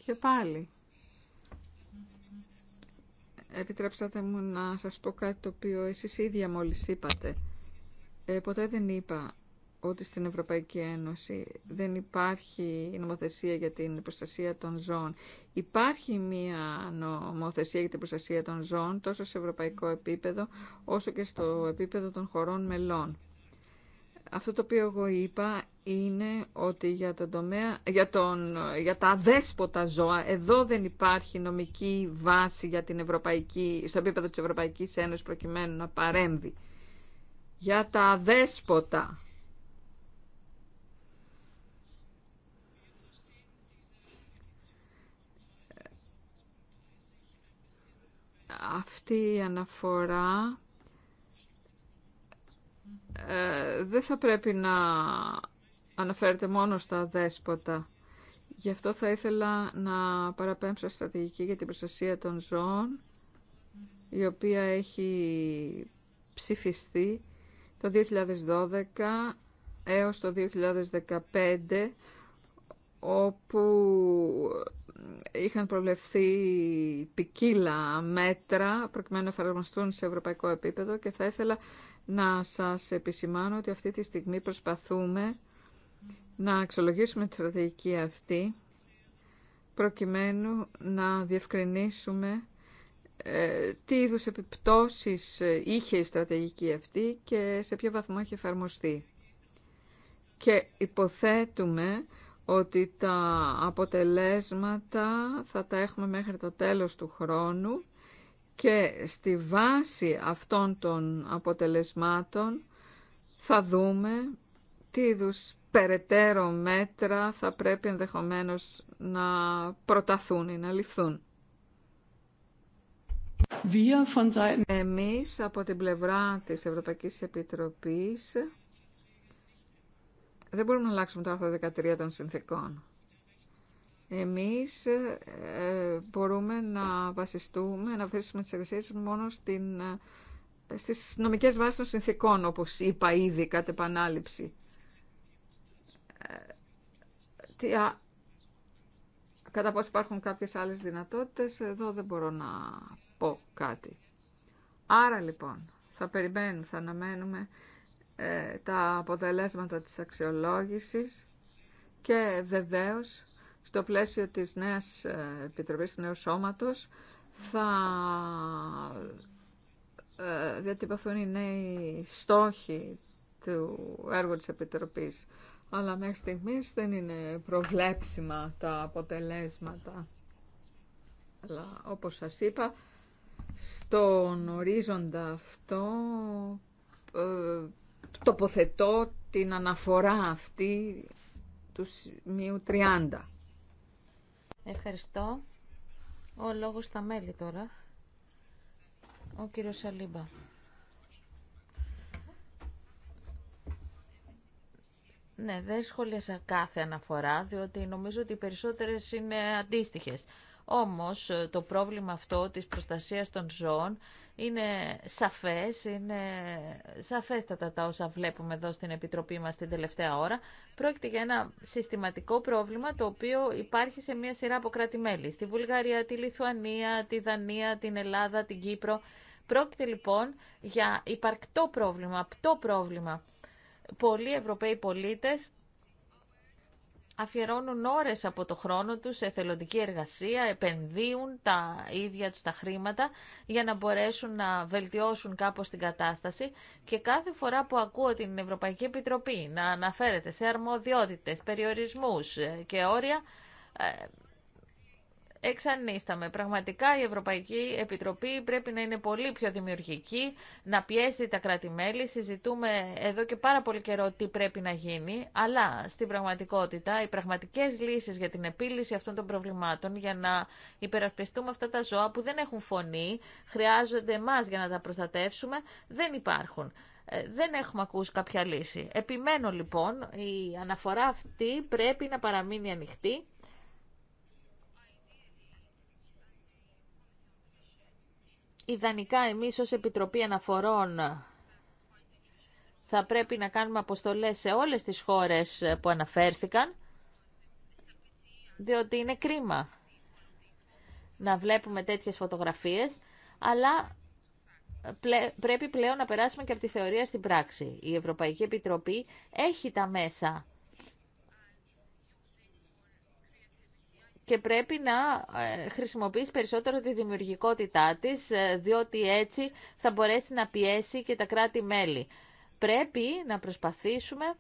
Speaker 2: και πάλι. Επιτρέψατε μου να σας πω κάτι το οποίο εσείς ίδια μόλις είπατε. Ε, ποτέ δεν είπα ότι στην Ευρωπαϊκή Ένωση δεν υπάρχει νομοθεσία για την προστασία των ζώων. Υπάρχει μία νομοθεσία για την προστασία των ζώων τόσο σε ευρωπαϊκό επίπεδο όσο και στο επίπεδο των χωρών μελών. Αυτό το οποίο εγώ είπα είναι ότι για, τον τομέα, για, τα αδέσποτα ζώα εδώ δεν υπάρχει νομική βάση για την Ευρωπαϊκή, στο επίπεδο της Ευρωπαϊκής Ένωσης προκειμένου να παρέμβει. Για τα αδέσποτα αυτή η αναφορά ε, δεν θα πρέπει να αναφέρεται μόνο στα δέσποτα. Γι' αυτό θα ήθελα να παραπέμψω στρατηγική για την προστασία των ζώων, η οποία έχει ψηφιστεί το 2012 έως το 2015 όπου είχαν προβλεφθεί ποικίλα μέτρα προκειμένου να εφαρμοστούν σε ευρωπαϊκό επίπεδο και θα ήθελα να σας επισημάνω ότι αυτή τη στιγμή προσπαθούμε να αξιολογήσουμε τη στρατηγική αυτή προκειμένου να διευκρινίσουμε ε, τι είδους επιπτώσεις είχε η στρατηγική αυτή και σε ποιο βαθμό έχει εφαρμοστεί. Και υποθέτουμε ότι τα αποτελέσματα θα τα έχουμε μέχρι το τέλος του χρόνου και στη βάση αυτών των αποτελεσμάτων θα δούμε τι είδου περαιτέρω μέτρα θα πρέπει ενδεχομένως να προταθούν ή να ληφθούν. Εμείς από την πλευρά της Ευρωπαϊκής Επιτροπής δεν μπορούμε να αλλάξουμε το άρθρο 13 των συνθήκων. Εμείς ε, μπορούμε να βασιστούμε, να βασίσουμε τις εργασίες μόνο στην, ε, στις νομικές βάσεις των συνθήκων, όπως είπα ήδη κατ' επανάληψη. Ε, τι, α, κατά πώς υπάρχουν κάποιες άλλες δυνατότητες, εδώ δεν μπορώ να πω κάτι. Άρα λοιπόν, θα περιμένουμε, θα αναμένουμε τα αποτελέσματα της αξιολόγησης και βεβαίως στο πλαίσιο της νέας ε, Επιτροπής του Νέου Σώματος θα ε, διατυπωθούν οι νέοι στόχοι του έργου της Επιτροπής. Αλλά μέχρι στιγμής δεν είναι προβλέψιμα τα αποτελέσματα. Αλλά όπως σας είπα, στον ορίζοντα αυτό ε, τοποθετώ την αναφορά αυτή
Speaker 1: του σημείου 30. Ευχαριστώ. Ο λόγος στα μέλη τώρα. Ο κύριος Σαλίμπα. Ναι, δεν σχολίασα κάθε αναφορά, διότι νομίζω ότι οι περισσότερες είναι αντίστοιχες. Όμως το πρόβλημα αυτό της προστασίας των ζώων είναι σαφές, είναι σαφέστατα τα όσα βλέπουμε εδώ στην Επιτροπή μας την τελευταία ώρα. Πρόκειται για ένα συστηματικό πρόβλημα το οποίο υπάρχει σε μια σειρά από κράτη-μέλη. Στη Βουλγαρία, τη Λιθουανία, τη Δανία, την Ελλάδα, την Κύπρο. Πρόκειται λοιπόν για υπαρκτό πρόβλημα, απτό πρόβλημα. Πολλοί Ευρωπαίοι πολίτες αφιερώνουν ώρες από το χρόνο τους σε εθελοντική εργασία, επενδύουν τα ίδια τους τα χρήματα για να μπορέσουν να βελτιώσουν κάπως την κατάσταση και κάθε φορά που ακούω την Ευρωπαϊκή Επιτροπή να αναφέρεται σε αρμοδιότητες, περιορισμούς ε, και όρια, ε, εξανίσταμε. Πραγματικά η Ευρωπαϊκή Επιτροπή πρέπει να είναι πολύ πιο δημιουργική, να πιέσει τα κράτη-μέλη. Συζητούμε εδώ και πάρα πολύ καιρό τι πρέπει να γίνει, αλλά στην πραγματικότητα οι πραγματικέ λύσει για την επίλυση αυτών των προβλημάτων, για να υπερασπιστούμε αυτά τα ζώα που δεν έχουν φωνή, χρειάζονται εμά για να τα προστατεύσουμε, δεν υπάρχουν. Ε, δεν έχουμε ακούσει κάποια λύση. Επιμένω λοιπόν, η αναφορά αυτή πρέπει να παραμείνει ανοιχτή ιδανικά εμείς ως Επιτροπή Αναφορών θα πρέπει να κάνουμε αποστολές σε όλες τις χώρες που αναφέρθηκαν, διότι είναι κρίμα να βλέπουμε τέτοιες φωτογραφίες, αλλά πρέπει πλέον να περάσουμε και από τη θεωρία στην πράξη. Η Ευρωπαϊκή Επιτροπή έχει τα μέσα και πρέπει να ε, χρησιμοποιήσει περισσότερο τη δημιουργικότητά της, ε, διότι έτσι θα μπορέσει να πιέσει και τα κράτη-μέλη. Πρέπει να προσπαθήσουμε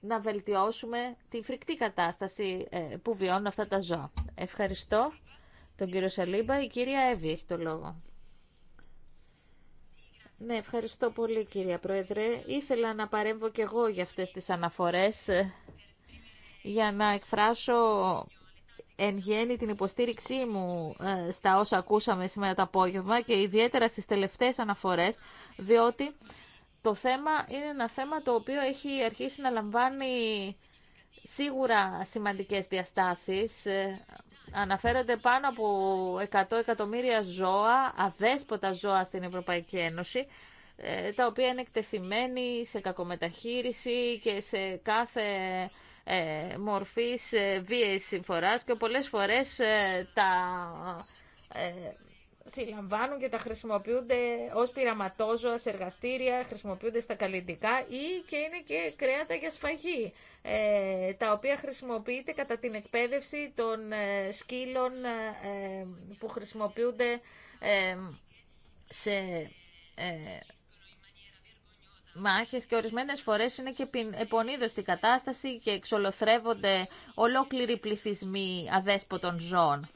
Speaker 1: να βελτιώσουμε τη φρικτή κατάσταση ε, που βιώνουν αυτά τα ζώα. Ευχαριστώ τον κύριο Σαλίμπα. Η κυρία Εύη έχει το λόγο. Ναι, ευχαριστώ πολύ κυρία Πρόεδρε. Ήθελα να παρέμβω και εγώ για αυτές τις αναφορές για να εκφράσω εν γέννη την υποστήριξή μου ε, στα όσα ακούσαμε σήμερα το απόγευμα και ιδιαίτερα στις τελευταίες αναφορές, διότι το θέμα είναι ένα θέμα το οποίο έχει αρχίσει να λαμβάνει σίγουρα σημαντικές διαστάσεις. Ε, αναφέρονται πάνω από 100 εκατομμύρια ζώα, αδέσποτα ζώα στην Ευρωπαϊκή Ένωση, ε, τα οποία είναι εκτεθειμένοι σε κακομεταχείριση και σε κάθε ε, μορφής ε, βίαιης συμφοράς και πολλές φορές ε, τα συλλαμβάνουν και τα χρησιμοποιούνται ως πειραματόζωα σε εργαστήρια, χρησιμοποιούνται στα καλλιντικά ή και είναι και κρέατα για σφαγή, τα οποία χρησιμοποιείται κατά την εκπαίδευση των σκύλων που χρησιμοποιούνται σε μάχες και ορισμένες φορές είναι και στην κατάσταση και εξολοθρεύονται ολόκληροι πληθυσμοί αδέσποτων ζώων.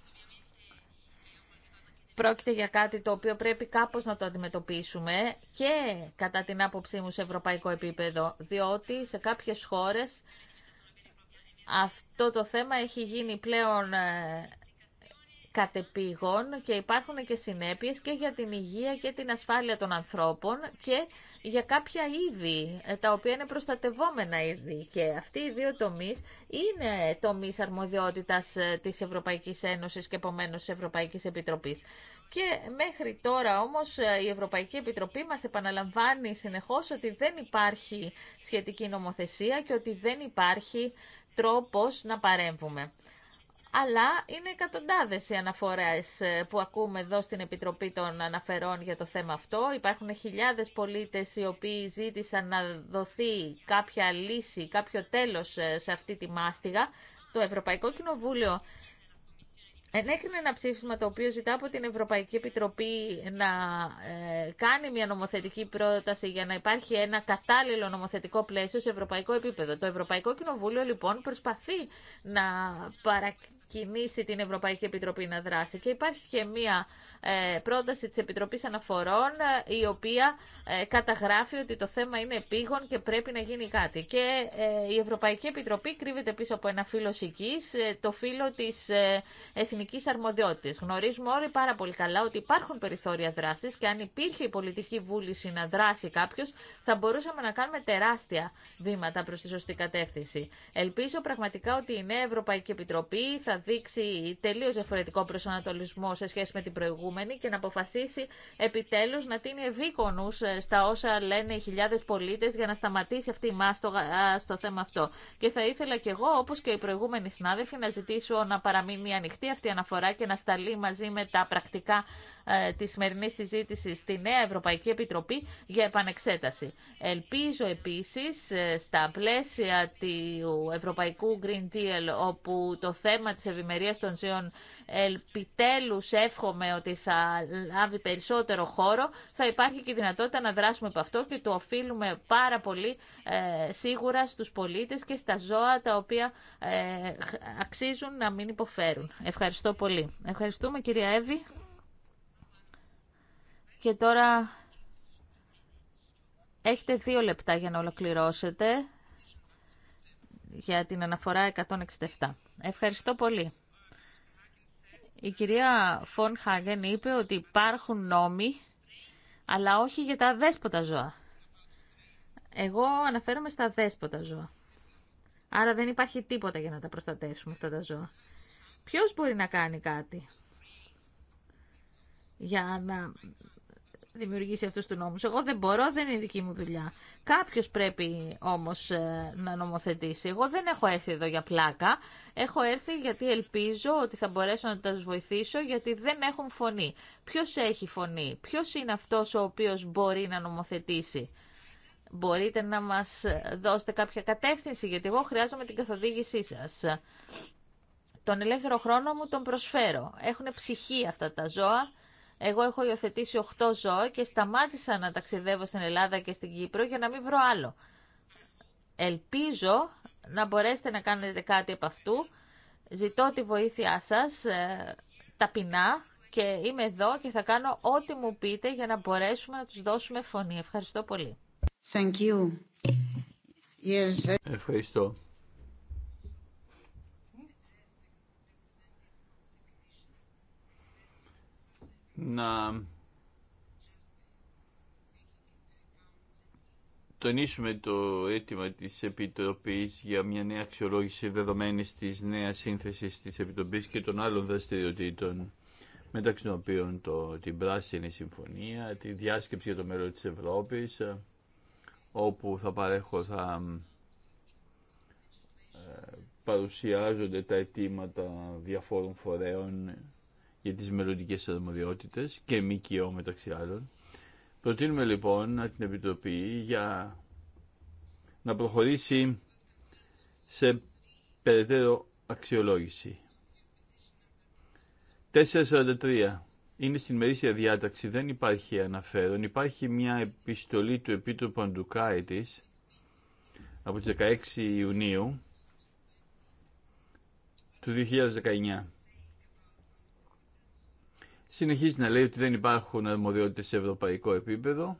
Speaker 1: Πρόκειται για κάτι το οποίο πρέπει κάπως να το αντιμετωπίσουμε και κατά την άποψή μου σε ευρωπαϊκό επίπεδο, διότι σε κάποιες χώρες αυτό το θέμα έχει γίνει πλέον ε, κατεπήγον και υπάρχουν και συνέπειες και για την υγεία και την ασφάλεια των ανθρώπων και για κάποια είδη ε, τα οποία είναι προστατευόμενα είδη και αυτοί οι δύο τομείς είναι τομείς αρμοδιότητας ε, της Ευρωπαϊκής Ένωσης και επομένως της Ευρωπαϊκής Επιτροπής. Και μέχρι τώρα όμως ε, η Ευρωπαϊκή Επιτροπή μας επαναλαμβάνει συνεχώς ότι δεν υπάρχει σχετική νομοθεσία και ότι δεν υπάρχει τρόπος να παρέμβουμε αλλά είναι εκατοντάδες οι αναφορέ ε, που ακούμε εδώ στην Επιτροπή των Αναφερών για το θέμα αυτό. Υπάρχουν χιλιάδε πολίτε οι οποίοι ζήτησαν να δοθεί κάποια λύση, κάποιο τέλο ε, σε αυτή τη μάστιγα. Το Ευρωπαϊκό Κοινοβούλιο ενέκρινε ένα ψήφισμα το οποίο ζητά από την Ευρωπαϊκή Επιτροπή να ε, κάνει μια νομοθετική πρόταση για να υπάρχει ένα κατάλληλο νομοθετικό πλαίσιο σε ευρωπαϊκό επίπεδο. Το Ευρωπαϊκό Κοινοβούλιο λοιπόν προσπαθεί να παρακολουθεί κινήσει την Ευρωπαϊκή Επιτροπή να δράσει. Και υπάρχει και μία ε, πρόταση της Επιτροπής Αναφορών ε, η οποία ε, καταγράφει ότι το θέμα είναι επίγον και πρέπει να γίνει κάτι. Και η Ευρωπαϊκή Επιτροπή κρύβεται πίσω από ένα φύλλο σικής, το φύλλο της εθνικής αρμοδιότητας. Γνωρίζουμε όλοι πάρα πολύ καλά ότι υπάρχουν περιθώρια δράσης και αν υπήρχε η πολιτική βούληση να δράσει κάποιο, θα μπορούσαμε να κάνουμε τεράστια βήματα προς τη σωστή κατεύθυνση. Ελπίζω πραγματικά ότι η Νέα Ευρωπαϊκή Επιτροπή θα δείξει τελείω διαφορετικό προσανατολισμό σε σχέση με την προηγούμενη και να αποφασίσει επιτέλου να τίνει ευήκονου ε, στα όσα λένε οι χιλιάδε πολίτε για να σταματήσει αυτή η μάστογα στο θέμα αυτό. Και θα ήθελα κι εγώ, όπω και οι προηγούμενοι συνάδελφοι, να ζητήσω να παραμείνει ανοιχτή αυτή η αναφορά και να σταλεί μαζί με τα πρακτικά ε, της σημερινή συζήτηση στη Νέα Ευρωπαϊκή Επιτροπή για επανεξέταση. Ελπίζω επίσης ε, στα πλαίσια του Ευρωπαϊκού Green Deal όπου το θέμα τη της ευημερίας των ζώων επιτέλου εύχομαι ότι θα λάβει περισσότερο χώρο, θα υπάρχει και η δυνατότητα να δράσουμε από αυτό και το οφείλουμε πάρα πολύ ε, σίγουρα στους πολίτες και στα ζώα τα οποία ε, αξίζουν να μην υποφέρουν. Ευχαριστώ πολύ. Ευχαριστούμε κυρία Εύη. Και τώρα έχετε δύο λεπτά για να ολοκληρώσετε για την αναφορά 167. Ευχαριστώ πολύ. Η κυρία Φον Χάγεν είπε ότι υπάρχουν νόμοι, αλλά όχι για τα δέσποτα ζώα. Εγώ αναφέρομαι στα δέσποτα ζώα. Άρα δεν υπάρχει τίποτα για να τα προστατεύσουμε αυτά τα ζώα. Ποιος μπορεί να κάνει κάτι για να δημιουργήσει αυτού του νόμου. Εγώ δεν μπορώ, δεν είναι δική μου δουλειά. Κάποιο πρέπει όμω ε, να νομοθετήσει. Εγώ δεν έχω έρθει εδώ για πλάκα. Έχω έρθει γιατί ελπίζω ότι θα μπορέσω να τα βοηθήσω γιατί δεν έχουν φωνή. Ποιο έχει φωνή, ποιο είναι αυτό ο οποίο μπορεί να νομοθετήσει. Μπορείτε να μας δώσετε κάποια κατεύθυνση γιατί εγώ χρειάζομαι την καθοδήγησή σας. Τον ελεύθερο χρόνο μου τον προσφέρω. Έχουν ψυχή αυτά τα ζώα εγώ έχω υιοθετήσει 8 ζώα και σταμάτησα να ταξιδεύω στην Ελλάδα και στην Κύπρο για να μην βρω άλλο. Ελπίζω να μπορέσετε να κάνετε κάτι από αυτού. Ζητώ τη βοήθειά σας ε, ταπεινά και είμαι εδώ και θα κάνω ό,τι μου πείτε για να μπορέσουμε να τους δώσουμε φωνή. Ευχαριστώ πολύ.
Speaker 2: Thank you.
Speaker 3: Yes. Ευχαριστώ. να τονίσουμε το αίτημα της Επιτροπής για μια νέα αξιολόγηση δεδομένης της νέας σύνθεσης της Επιτροπής και των άλλων δραστηριοτήτων μεταξύ των οποίων το, την Πράσινη Συμφωνία, τη διάσκεψη για το μέλλον της Ευρώπης, όπου θα παρέχω θα ε, παρουσιάζονται τα αιτήματα διαφόρων φορέων για τις μελλοντικέ αρμοδιότητες και κοιό, μεταξύ άλλων. Προτείνουμε λοιπόν την Επιτροπή για να προχωρήσει σε περαιτέρω αξιολόγηση. 443. Είναι στην μερίσια διάταξη, δεν υπάρχει αναφέρον. Υπάρχει μια επιστολή του Επίτροπου Αντουκάητης από τις 16 Ιουνίου του 2019 συνεχίζει να λέει ότι δεν υπάρχουν αρμοδιότητες σε ευρωπαϊκό επίπεδο,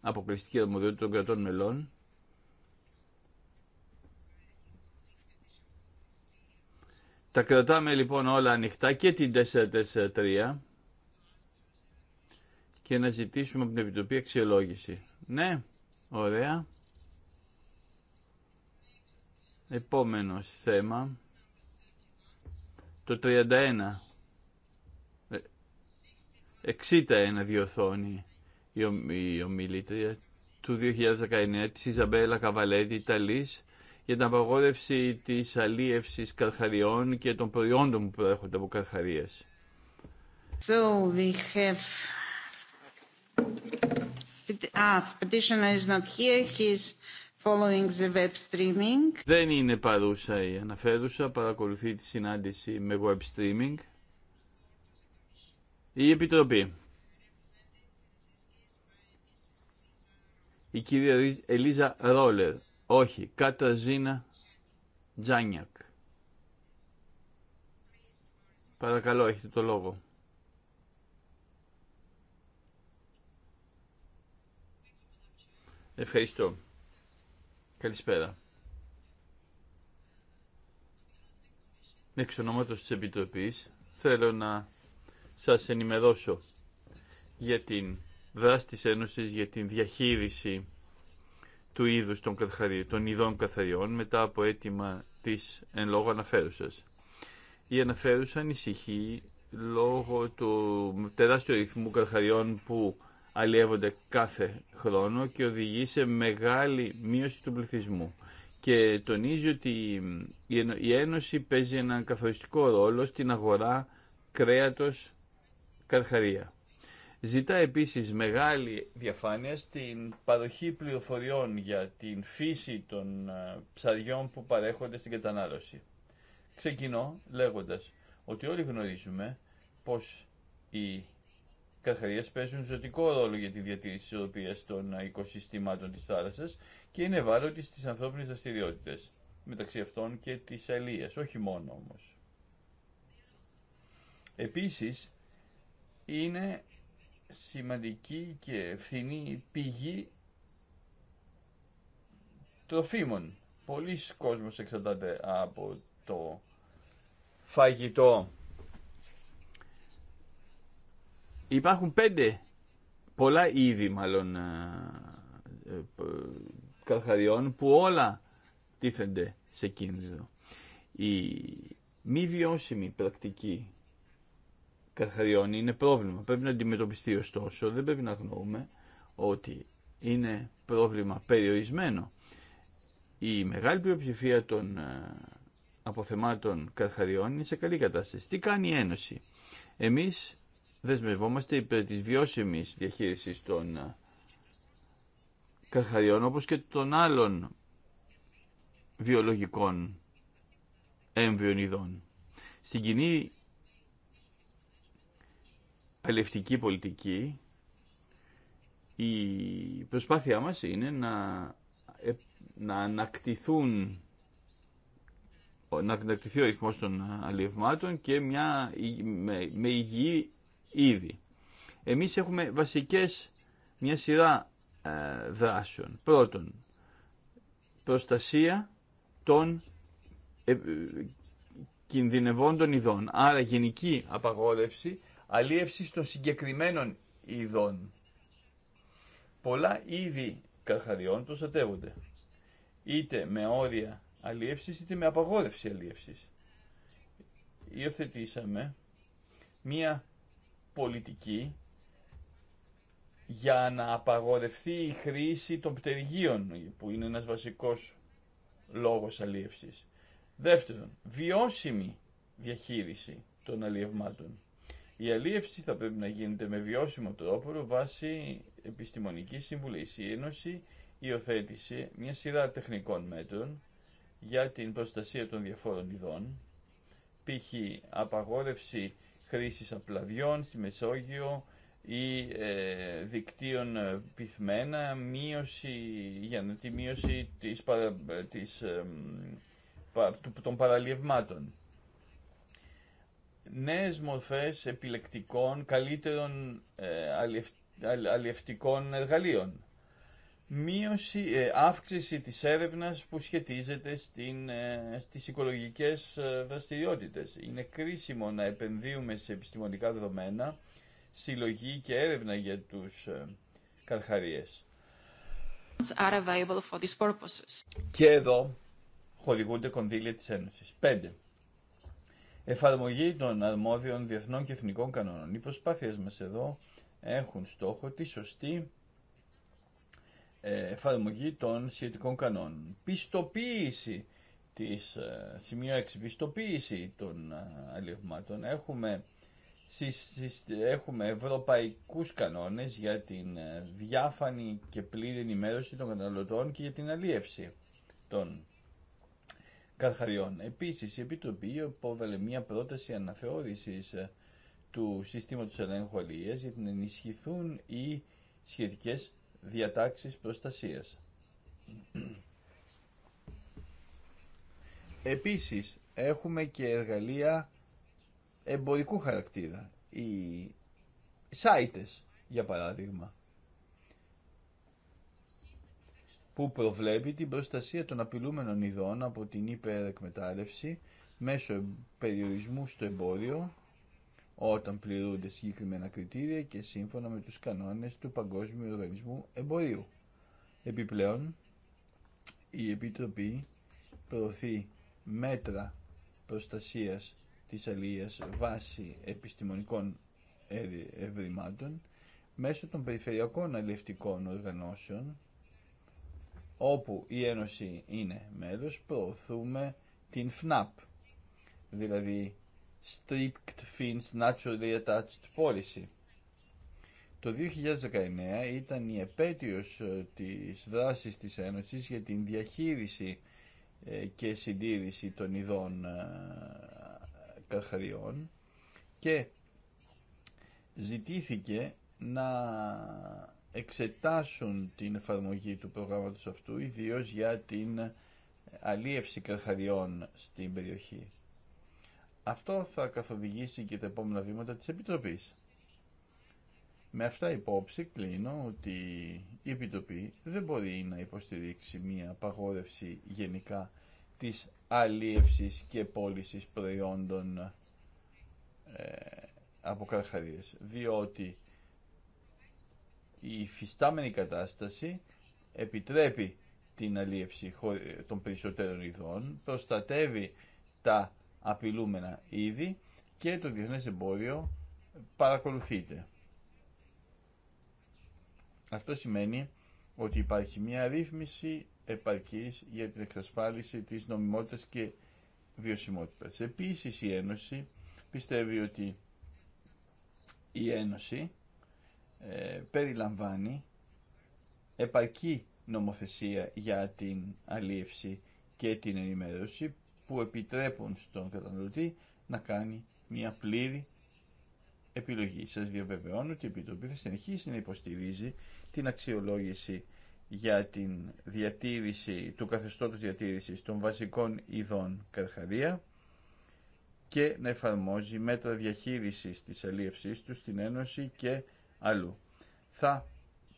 Speaker 3: αποκλειστική αρμοδιότητα των κρατών μελών. Τα κρατάμε λοιπόν όλα ανοιχτά και την 443 και να ζητήσουμε από την Επιτροπή αξιολόγηση. Ναι, ωραία. Επόμενο θέμα, το 31 Εξήτα ένα διοθόνη η, η ομιλήτρια του 2019 της Ιζαμπέλα Καβαλέτη Ιταλής για την απαγόρευση της αλίευσης καρχαριών και των προϊόντων που προέρχονται από καρχαρίες. So we have...
Speaker 2: Ah, petitioner is not here. He's following the web streaming.
Speaker 3: Δεν είναι παρούσα η αναφέρουσα, παρακολουθεί τη συνάντηση με web streaming. Η Επιτροπή. Η κυρία Ελίζα Ρόλερ. Όχι, Κατραζίνα Τζάνιακ. Παρακαλώ, έχετε το λόγο. Ευχαριστώ. Καλησπέρα. Εξ ονόματος της Επιτροπής θέλω να σας ενημερώσω για την δράση της Ένωσης για την διαχείριση του είδους των, καθαριών, των ειδών καθαριών μετά από αίτημα της εν λόγω αναφέρουσας. Η αναφέρουσα ανησυχεί λόγω του τεράστιου ρυθμού καρχαριών που αλλιεύονται κάθε χρόνο και οδηγεί σε μεγάλη μείωση του πληθυσμού. Και τονίζει ότι η Ένωση παίζει έναν καθοριστικό ρόλο στην αγορά κρέατος Καρχαρία. Ζητά επίσης μεγάλη διαφάνεια στην παροχή πληροφοριών για την φύση των ε, ψαριών που παρέχονται στην κατανάλωση. Ξεκινώ λέγοντας ότι όλοι γνωρίζουμε πως οι καρχαρίες παίζουν ζωτικό ρόλο για τη διατήρηση της των οικοσυστημάτων της θάλασσας και είναι ευάλωτοι στις ανθρώπινες δραστηριότητε μεταξύ αυτών και της αλίας, όχι μόνο όμως. Επίσης, είναι σημαντική και φθηνή πηγή τροφίμων. Πολλοί κόσμος εξαρτάται από το φαγητό. Υπάρχουν πέντε, πολλά είδη μάλλον ε, ε, καρχαριών που όλα τίθενται σε κίνδυνο. Η μη βιώσιμη πρακτική καθαριώνει, είναι πρόβλημα. Πρέπει να αντιμετωπιστεί ωστόσο, δεν πρέπει να γνωρούμε ότι είναι πρόβλημα περιορισμένο. Η μεγάλη πλειοψηφία των ε, αποθεμάτων καρχαριών είναι σε καλή κατάσταση. Τι κάνει η Ένωση. Εμείς δεσμευόμαστε υπέρ της βιώσιμης διαχείρισης των ε, καρχαριών όπως και των άλλων βιολογικών έμβριων ειδών. Στην κοινή αλληλευτική πολιτική, η προσπάθειά μας είναι να, ε, να ανακτηθούν να ανακτηθεί ο ρυθμός των αλλιευμάτων και μια, με, με υγιή είδη. Εμείς έχουμε βασικές μια σειρά ε, δράσεων. Πρώτον, προστασία των ε, ε ειδών. Άρα γενική απαγόρευση αλίευση των συγκεκριμένων ειδών. Πολλά είδη καρχαριών προστατεύονται, είτε με όρια αλίευσης είτε με απαγόρευση αλίευσης. Υιοθετήσαμε μία πολιτική για να απαγορευτεί η χρήση των πτεργίων, που είναι ένας βασικός λόγος αλίευσης. Δεύτερον, βιώσιμη διαχείριση των αλιευμάτων. Η αλίευση θα πρέπει να γίνεται με βιώσιμο τρόπο βάσει επιστημονική συμβουλή, Η Ένωση υιοθέτησε μια σειρά τεχνικών μέτρων για την προστασία των διαφόρων ειδών, π.χ. απαγόρευση χρήσης απλαδιών στη Μεσόγειο ή ε, δικτύων ε, πυθμένα, μείωση, για να τη μείωση της, ε, των παραλιευμάτων νέες μορφές επιλεκτικών, καλύτερων ε, αλλιευτικών εργαλείων. Μείωση, ε, αύξηση της έρευνας που σχετίζεται στην, ε, στις οικολογικές ε, δραστηριότητες. Είναι κρίσιμο να επενδύουμε σε επιστημονικά δεδομένα, συλλογή και έρευνα για τους ε, καρχαρίες. Και εδώ χορηγούνται κονδύλια της Ένωσης. 5 εφαρμογή των αρμόδιων διεθνών και εθνικών κανόνων. Οι προσπάθειες μας εδώ έχουν στόχο τη σωστή ε, εφαρμογή των σχετικών κανόνων. Πιστοποίηση της, ε, σημείο 6, πιστοποίηση των ε, αλλιευμάτων. Έχουμε, έχουμε ευρωπαϊκούς κανόνες για την διάφανη και πλήρη ενημέρωση των καταναλωτών και για την αλλίευση των καρχαριών. Επίσης, η Επιτροπή υπόβαλε μια πρόταση αναθεώρησης ε, του συστήματος ελέγχου αλληλείας για να ενισχυθούν οι σχετικές διατάξεις προστασίας. Επίσης, έχουμε και εργαλεία εμπορικού χαρακτήρα. Οι σάιτες, για παράδειγμα, που προβλέπει την προστασία των απειλούμενων ειδών από την υπερεκμετάλλευση μέσω περιορισμού στο εμπόριο όταν πληρούνται συγκεκριμένα κριτήρια και σύμφωνα με τους κανόνες του Παγκόσμιου Οργανισμού Εμπορίου. Επιπλέον, η Επιτροπή προωθεί μέτρα προστασίας της αλληλείας βάσει επιστημονικών ευρημάτων μέσω των περιφερειακών αλληλευτικών οργανώσεων όπου η Ένωση είναι μέλος προωθούμε την FNAP, δηλαδή Strict Fins Naturally Attached Policy. Το 2019 ήταν η επέτειος ε, της δράσης της Ένωσης για την διαχείριση ε, και συντήρηση των ειδών ε, καρχαριών και ζητήθηκε να εξετάσουν την εφαρμογή του προγράμματος αυτού, ιδίως για την αλίευση καρχαριών στην περιοχή. Αυτό θα καθοδηγήσει και τα επόμενα βήματα της Επιτροπής. Με αυτά υπόψη κλείνω ότι η Επιτροπή δεν μπορεί να υποστηρίξει μία απαγόρευση γενικά της αλίευσης και πώλησης προϊόντων ε, από καρχαρίες, διότι η υφιστάμενη κατάσταση επιτρέπει την αλίευση των περισσότερων ειδών, προστατεύει τα απειλούμενα είδη και το διεθνές εμπόριο παρακολουθείται. Αυτό σημαίνει ότι υπάρχει μια ρύθμιση επαρκής για την εξασφάλιση της νομιμότητας και βιωσιμότητας. Επίσης η Ένωση πιστεύει ότι η Ένωση ε, περιλαμβάνει επαρκή νομοθεσία για την αλίευση και την ενημέρωση που επιτρέπουν στον καταναλωτή να κάνει μια πλήρη επιλογή. Σας διαβεβαιώνω ότι η Επιτροπή θα συνεχίσει να υποστηρίζει την αξιολόγηση για την διατήρηση του καθεστώτος διατήρησης των βασικών ειδών καρχαρία και να εφαρμόζει μέτρα διαχείρισης της αλίευσής του στην Ένωση και αλλού. Θα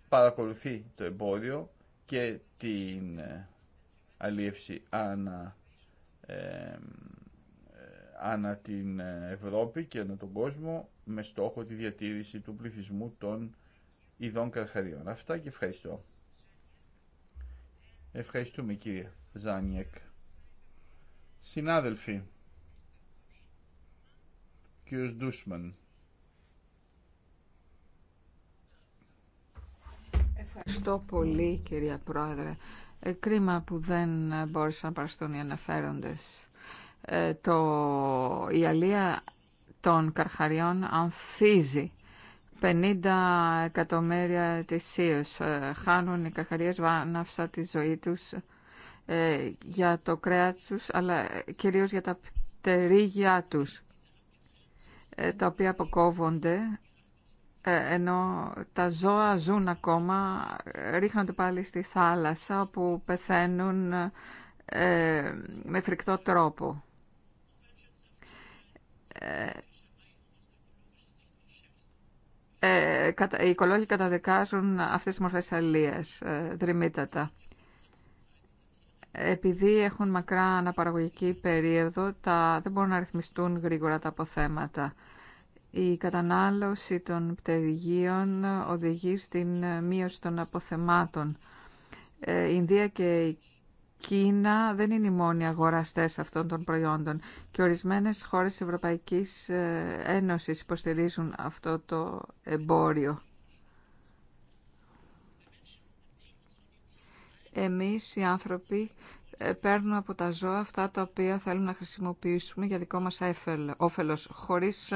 Speaker 3: παρακολουθεί το εμπόδιο και την ε, αλίευση ανά, ε, ε, ανά την Ευρώπη και ανά τον κόσμο με στόχο τη διατήρηση του πληθυσμού των ειδών καρχαρίων. Αυτά και ευχαριστώ. Ευχαριστούμε κύριε Ζάνιεκ. Συνάδελφοι, κύριος Ντούσμαν,
Speaker 2: Ευχαριστώ πολύ κυρία Πρόεδρε. Ε, κρίμα που δεν μπόρεσαν να παραστούν οι αναφέροντες. Ε, το, η αλεία των καρχαριών ανθίζει. 50 εκατομμύρια ετησίως ε, χάνουν οι καρχαρίες βάναυσα τη ζωή τους ε, για το κρέας τους, αλλά κυρίως για τα πτερίγια τους, τα οποία αποκόβονται ε, ενώ τα ζώα ζουν ακόμα, ρίχνονται πάλι στη θάλασσα που πεθαίνουν ε, με φρικτό τρόπο. Ε, ε, οι οικολόγοι καταδικάζουν αυτές τις μορφές ε, δρυμύτατα. Επειδή έχουν μακρά αναπαραγωγική περίοδο, τα, δεν μπορούν να ρυθμιστούν γρήγορα τα αποθέματα. Η κατανάλωση των πτεργίων οδηγεί στην μείωση των αποθεμάτων. Ε, η Ινδία και η Κίνα δεν είναι οι μόνοι αγοραστές αυτών των προϊόντων και ορισμένες χώρες Ευρωπαϊκής ε, Ένωσης υποστηρίζουν αυτό το εμπόριο. Εμείς οι άνθρωποι ε, παίρνουμε από τα ζώα αυτά τα οποία θέλουν να χρησιμοποιήσουμε για δικό μας όφελος, χωρίς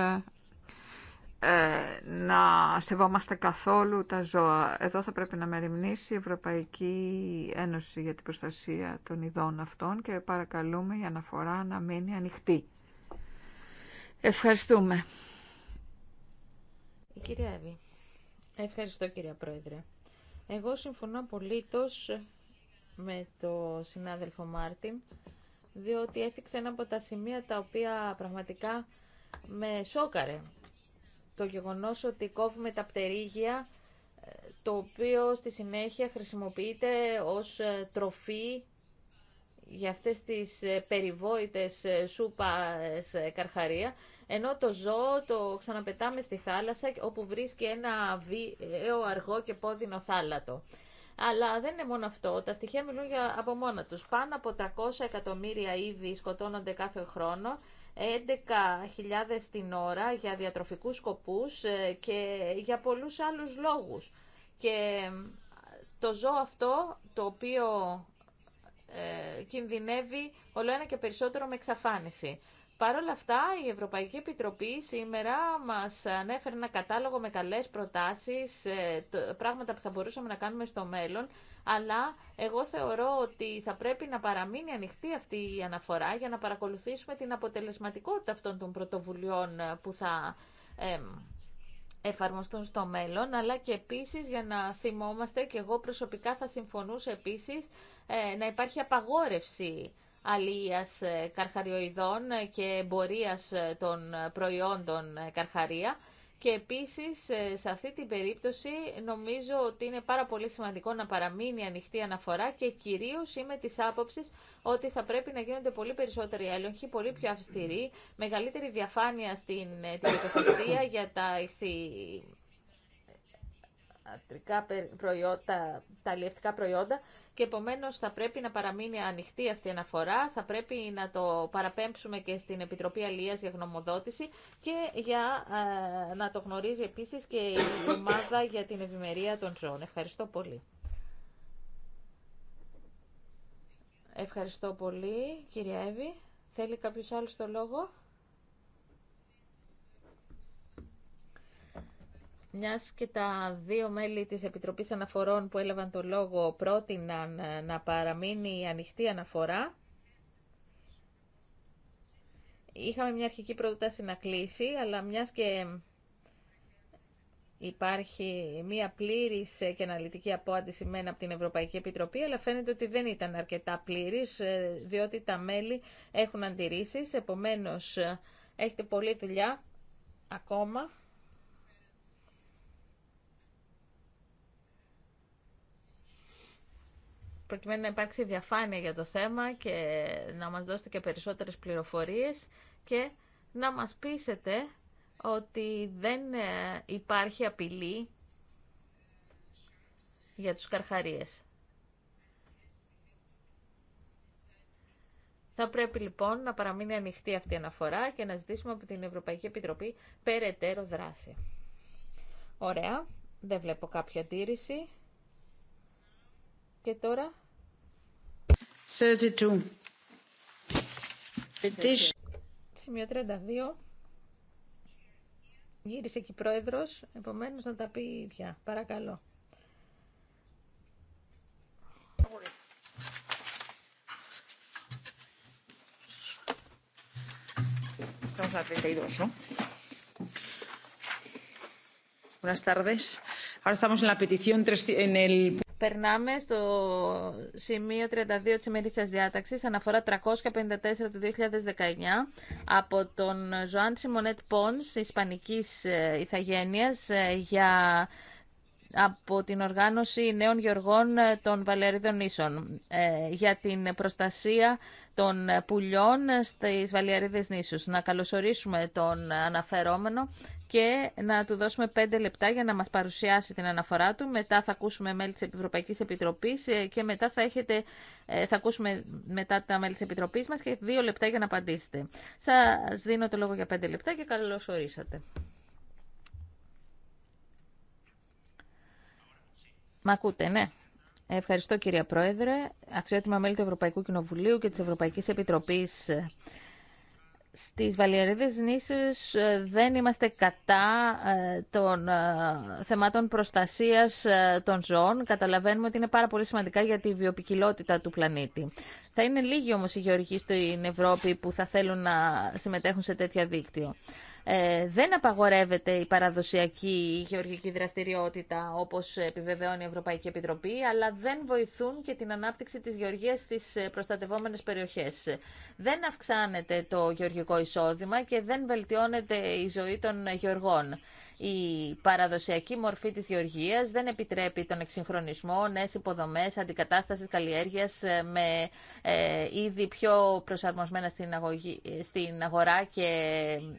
Speaker 2: ε, να σεβόμαστε καθόλου τα ζώα. Εδώ θα πρέπει να μεριμνήσει η Ευρωπαϊκή Ένωση για την προστασία των ειδών αυτών και παρακαλούμε η αναφορά να μείνει ανοιχτή. Ευχαριστούμε.
Speaker 1: Η κυρία Εύη. Ευχαριστώ κυρία Πρόεδρε. Εγώ συμφωνώ απολύτως με το συνάδελφο Μάρτιν, διότι έφυξε ένα από τα σημεία τα οποία πραγματικά με σόκαρε το γεγονός ότι κόβουμε τα πτερίγια, ε, το οποίο στη συνέχεια χρησιμοποιείται ως ε, τροφή για αυτές τις ε, περιβόητες σούπας καρχαρία, ενώ το ζώο το ξαναπετάμε στη θάλασσα όπου βρίσκει ένα βίαιο αργό και πόδινο θάλατο. Αλλά δεν είναι μόνο αυτό. Τα στοιχεία μιλούν από μόνα τους. Πάνω από 300 εκατομμύρια ήδη σκοτώνονται κάθε χρόνο 11.000 την ώρα για διατροφικούς σκοπούς ε, και για πολλούς άλλους λόγους. Και ε, το ζώο αυτό, το οποίο ε, κινδυνεύει όλο ένα και περισσότερο με εξαφάνιση. Παρ' όλα αυτά, η Ευρωπαϊκή Επιτροπή σήμερα μας ανέφερε ένα κατάλογο με καλές προτάσεις, ε, πράγματα που θα μπορούσαμε να κάνουμε στο μέλλον, αλλά εγώ θεωρώ ότι θα πρέπει να παραμείνει ανοιχτή αυτή η αναφορά για να παρακολουθήσουμε την αποτελεσματικότητα αυτών των πρωτοβουλειών που θα εφαρμοστούν στο μέλλον, αλλά και επίσης για να θυμόμαστε και εγώ προσωπικά θα συμφωνούσα επίσης ε, να υπάρχει απαγόρευση αλίας ε, καρχαριοειδών και εμπορίας ε, των προϊόντων ε, καρχαρία. Και επίσης σε αυτή την περίπτωση νομίζω ότι είναι πάρα πολύ σημαντικό να παραμείνει ανοιχτή αναφορά και κυρίως είμαι της άποψης ότι θα πρέπει να γίνονται πολύ περισσότεροι έλεγχοι, πολύ πιο αυστηροί, μεγαλύτερη διαφάνεια στην τηλεκοθεσία για τα ηχθη προϊόντα, τα αλλιευτικά προϊόντα και επομένως θα πρέπει να παραμείνει ανοιχτή αυτή η αναφορά, θα πρέπει να το παραπέμψουμε και στην Επιτροπή Αλίας για γνωμοδότηση και για ε, να το γνωρίζει επίσης και η ομάδα για την ευημερία των ζώων. Ευχαριστώ πολύ. Ευχαριστώ πολύ, κυρία Εύη. Θέλει κάποιος άλλος το λόγο. Μιας και τα δύο μέλη της Επιτροπής Αναφορών που έλαβαν το λόγο πρότειναν ε, να παραμείνει η ανοιχτή αναφορά, είχαμε μια αρχική πρόταση να κλείσει, αλλά μιας και υπάρχει μια πλήρης και αναλυτική απάντηση μένα από την Ευρωπαϊκή Επιτροπή, αλλά φαίνεται ότι δεν ήταν αρκετά πλήρης, ε, διότι τα μέλη έχουν αντιρρήσεις, επομένως ε, έχετε πολλή δουλειά ακόμα. προκειμένου να υπάρξει διαφάνεια για το θέμα και να μας δώσετε και περισσότερες πληροφορίες και να μας πείσετε ότι δεν ε, υπάρχει απειλή για τους καρχαρίες. Θα πρέπει λοιπόν να παραμείνει ανοιχτή αυτή η αναφορά και να ζητήσουμε από την Ευρωπαϊκή Επιτροπή περαιτέρω δράση. Ωραία, δεν βλέπω κάποια αντίρρηση. Και τώρα... 32. Σημείο 32. Γύρισε εκεί πρόεδρος, επομένως να τα πει πια. Παρακαλώ. Estamos a 32, ¿no? Buenas tardes. Ahora estamos en la petición en el Περνάμε στο σημείο 32 της ημερήσιας διάταξης, αναφορά 354 του 2019, από τον Ζωάν Σιμονέτ Πόνς, Ισπανικής ε, Ιθαγένειας, ε, για από την Οργάνωση Νέων Γεωργών ε, των Βαλαιαρίδων Νήσων για την προστασία των πουλιών στις Βαλιαρίδες Νήσους. Να καλωσορίσουμε τον αναφερόμενο και να του δώσουμε πέντε λεπτά για να μας παρουσιάσει την αναφορά του. Μετά θα ακούσουμε μέλη της Ευρωπαϊκής Επιτροπής ε, και μετά θα, έχετε, ε, θα ακούσουμε μετά τα μέλη της Επιτροπής μας και δύο λεπτά για να απαντήσετε. Σας δίνω το λόγο για πέντε λεπτά και καλώς ορίσατε. Μ' ακούτε, ναι. Ευχαριστώ κυρία Πρόεδρε, αξιότιμα μέλη του Ευρωπαϊκού Κοινοβουλίου και της Ευρωπαϊκής Επιτροπής στις Βαλιαρίδες νήσους ε, δεν είμαστε κατά ε, των ε, θεμάτων προστασίας των ζώων. Καταλαβαίνουμε ότι είναι πάρα πολύ σημαντικά για τη βιοπικιλότητα του πλανήτη. Θα είναι λίγοι όμως οι γεωργοί στην Ευρώπη που θα θέλουν να συμμετέχουν σε τέτοια δίκτυο. Ε, δεν απαγορεύεται η παραδοσιακή γεωργική δραστηριότητα όπως επιβεβαιώνει η Ευρωπαϊκή Επιτροπή, αλλά δεν βοηθούν και την ανάπτυξη της γεωργίας στις ε, προστατευόμενες περιοχές. Δεν αυξάνεται το γεωργικό εισόδημα και δεν βελτιώνεται η ζωή των γεωργών η παραδοσιακή μορφή της γεωργίας δεν επιτρέπει τον εξυγχρονισμό, νέες υποδομές, αντικατάστασης καλλιέργειας ε, με ε, είδη πιο προσαρμοσμένα στην, αγωγή, στην αγορά και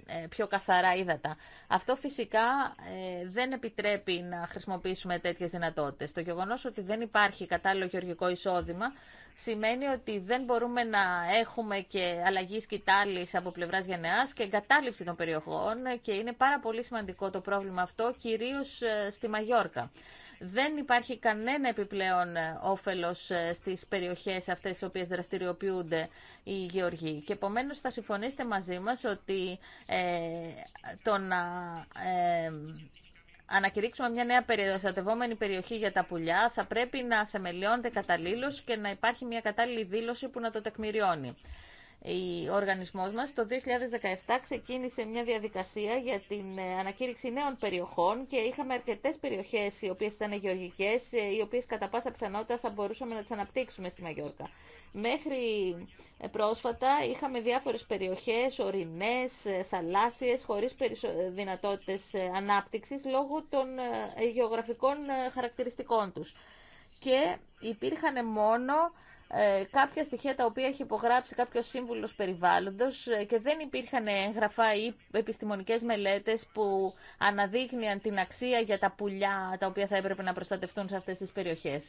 Speaker 1: ε, πιο καθαρά ύδατα. Αυτό φυσικά ε, δεν επιτρέπει να χρησιμοποιήσουμε τέτοιες δυνατότητες. Το γεγονός ότι δεν υπάρχει κατάλληλο γεωργικό εισόδημα σημαίνει ότι δεν μπορούμε να έχουμε και αλλαγή σκητάλης από πλευράς γενεάς και εγκατάλειψη των περιοχών και είναι πάρα πολύ σημαντικό το πρόβλημα αυτό, κυρίως ε, στη Μαγιόρκα. Δεν υπάρχει κανένα επιπλέον ε, όφελος ε, στις περιοχές αυτές τις οποίες δραστηριοποιούνται οι γεωργοί. Και επομένως θα συμφωνήσετε μαζί μας ότι ε, το να ανακηρύξουμε μια νέα περιοδοστατευόμενη περιοχή για τα πουλιά, θα πρέπει να θεμελιώνεται καταλήλως και να υπάρχει μια κατάλληλη δήλωση που να το τεκμηριώνει ο οργανισμός μας το 2017 ξεκίνησε μια διαδικασία για την ε, ανακήρυξη νέων περιοχών και είχαμε αρκετές περιοχές οι οποίες ήταν γεωργικές, ε, οι οποίες κατά πάσα πιθανότητα θα μπορούσαμε να τις αναπτύξουμε στη Μαγιόρκα. Μέχρι ε, πρόσφατα είχαμε διάφορες περιοχές, ορεινές, θαλάσσιες, χωρίς δυνατότητες ανάπτυξης λόγω των γεωγραφικών χαρακτηριστικών τους. Και υπήρχαν μόνο ε, κάποια στοιχεία τα οποία έχει υπογράψει κάποιο σύμβουλος περιβάλλοντος ε, και δεν υπήρχαν εγγραφά ή επιστημονικέ μελέτε που αναδείκνυαν την αξία για τα πουλιά τα οποία θα έπρεπε να προστατευτούν σε αυτέ τι περιοχέ.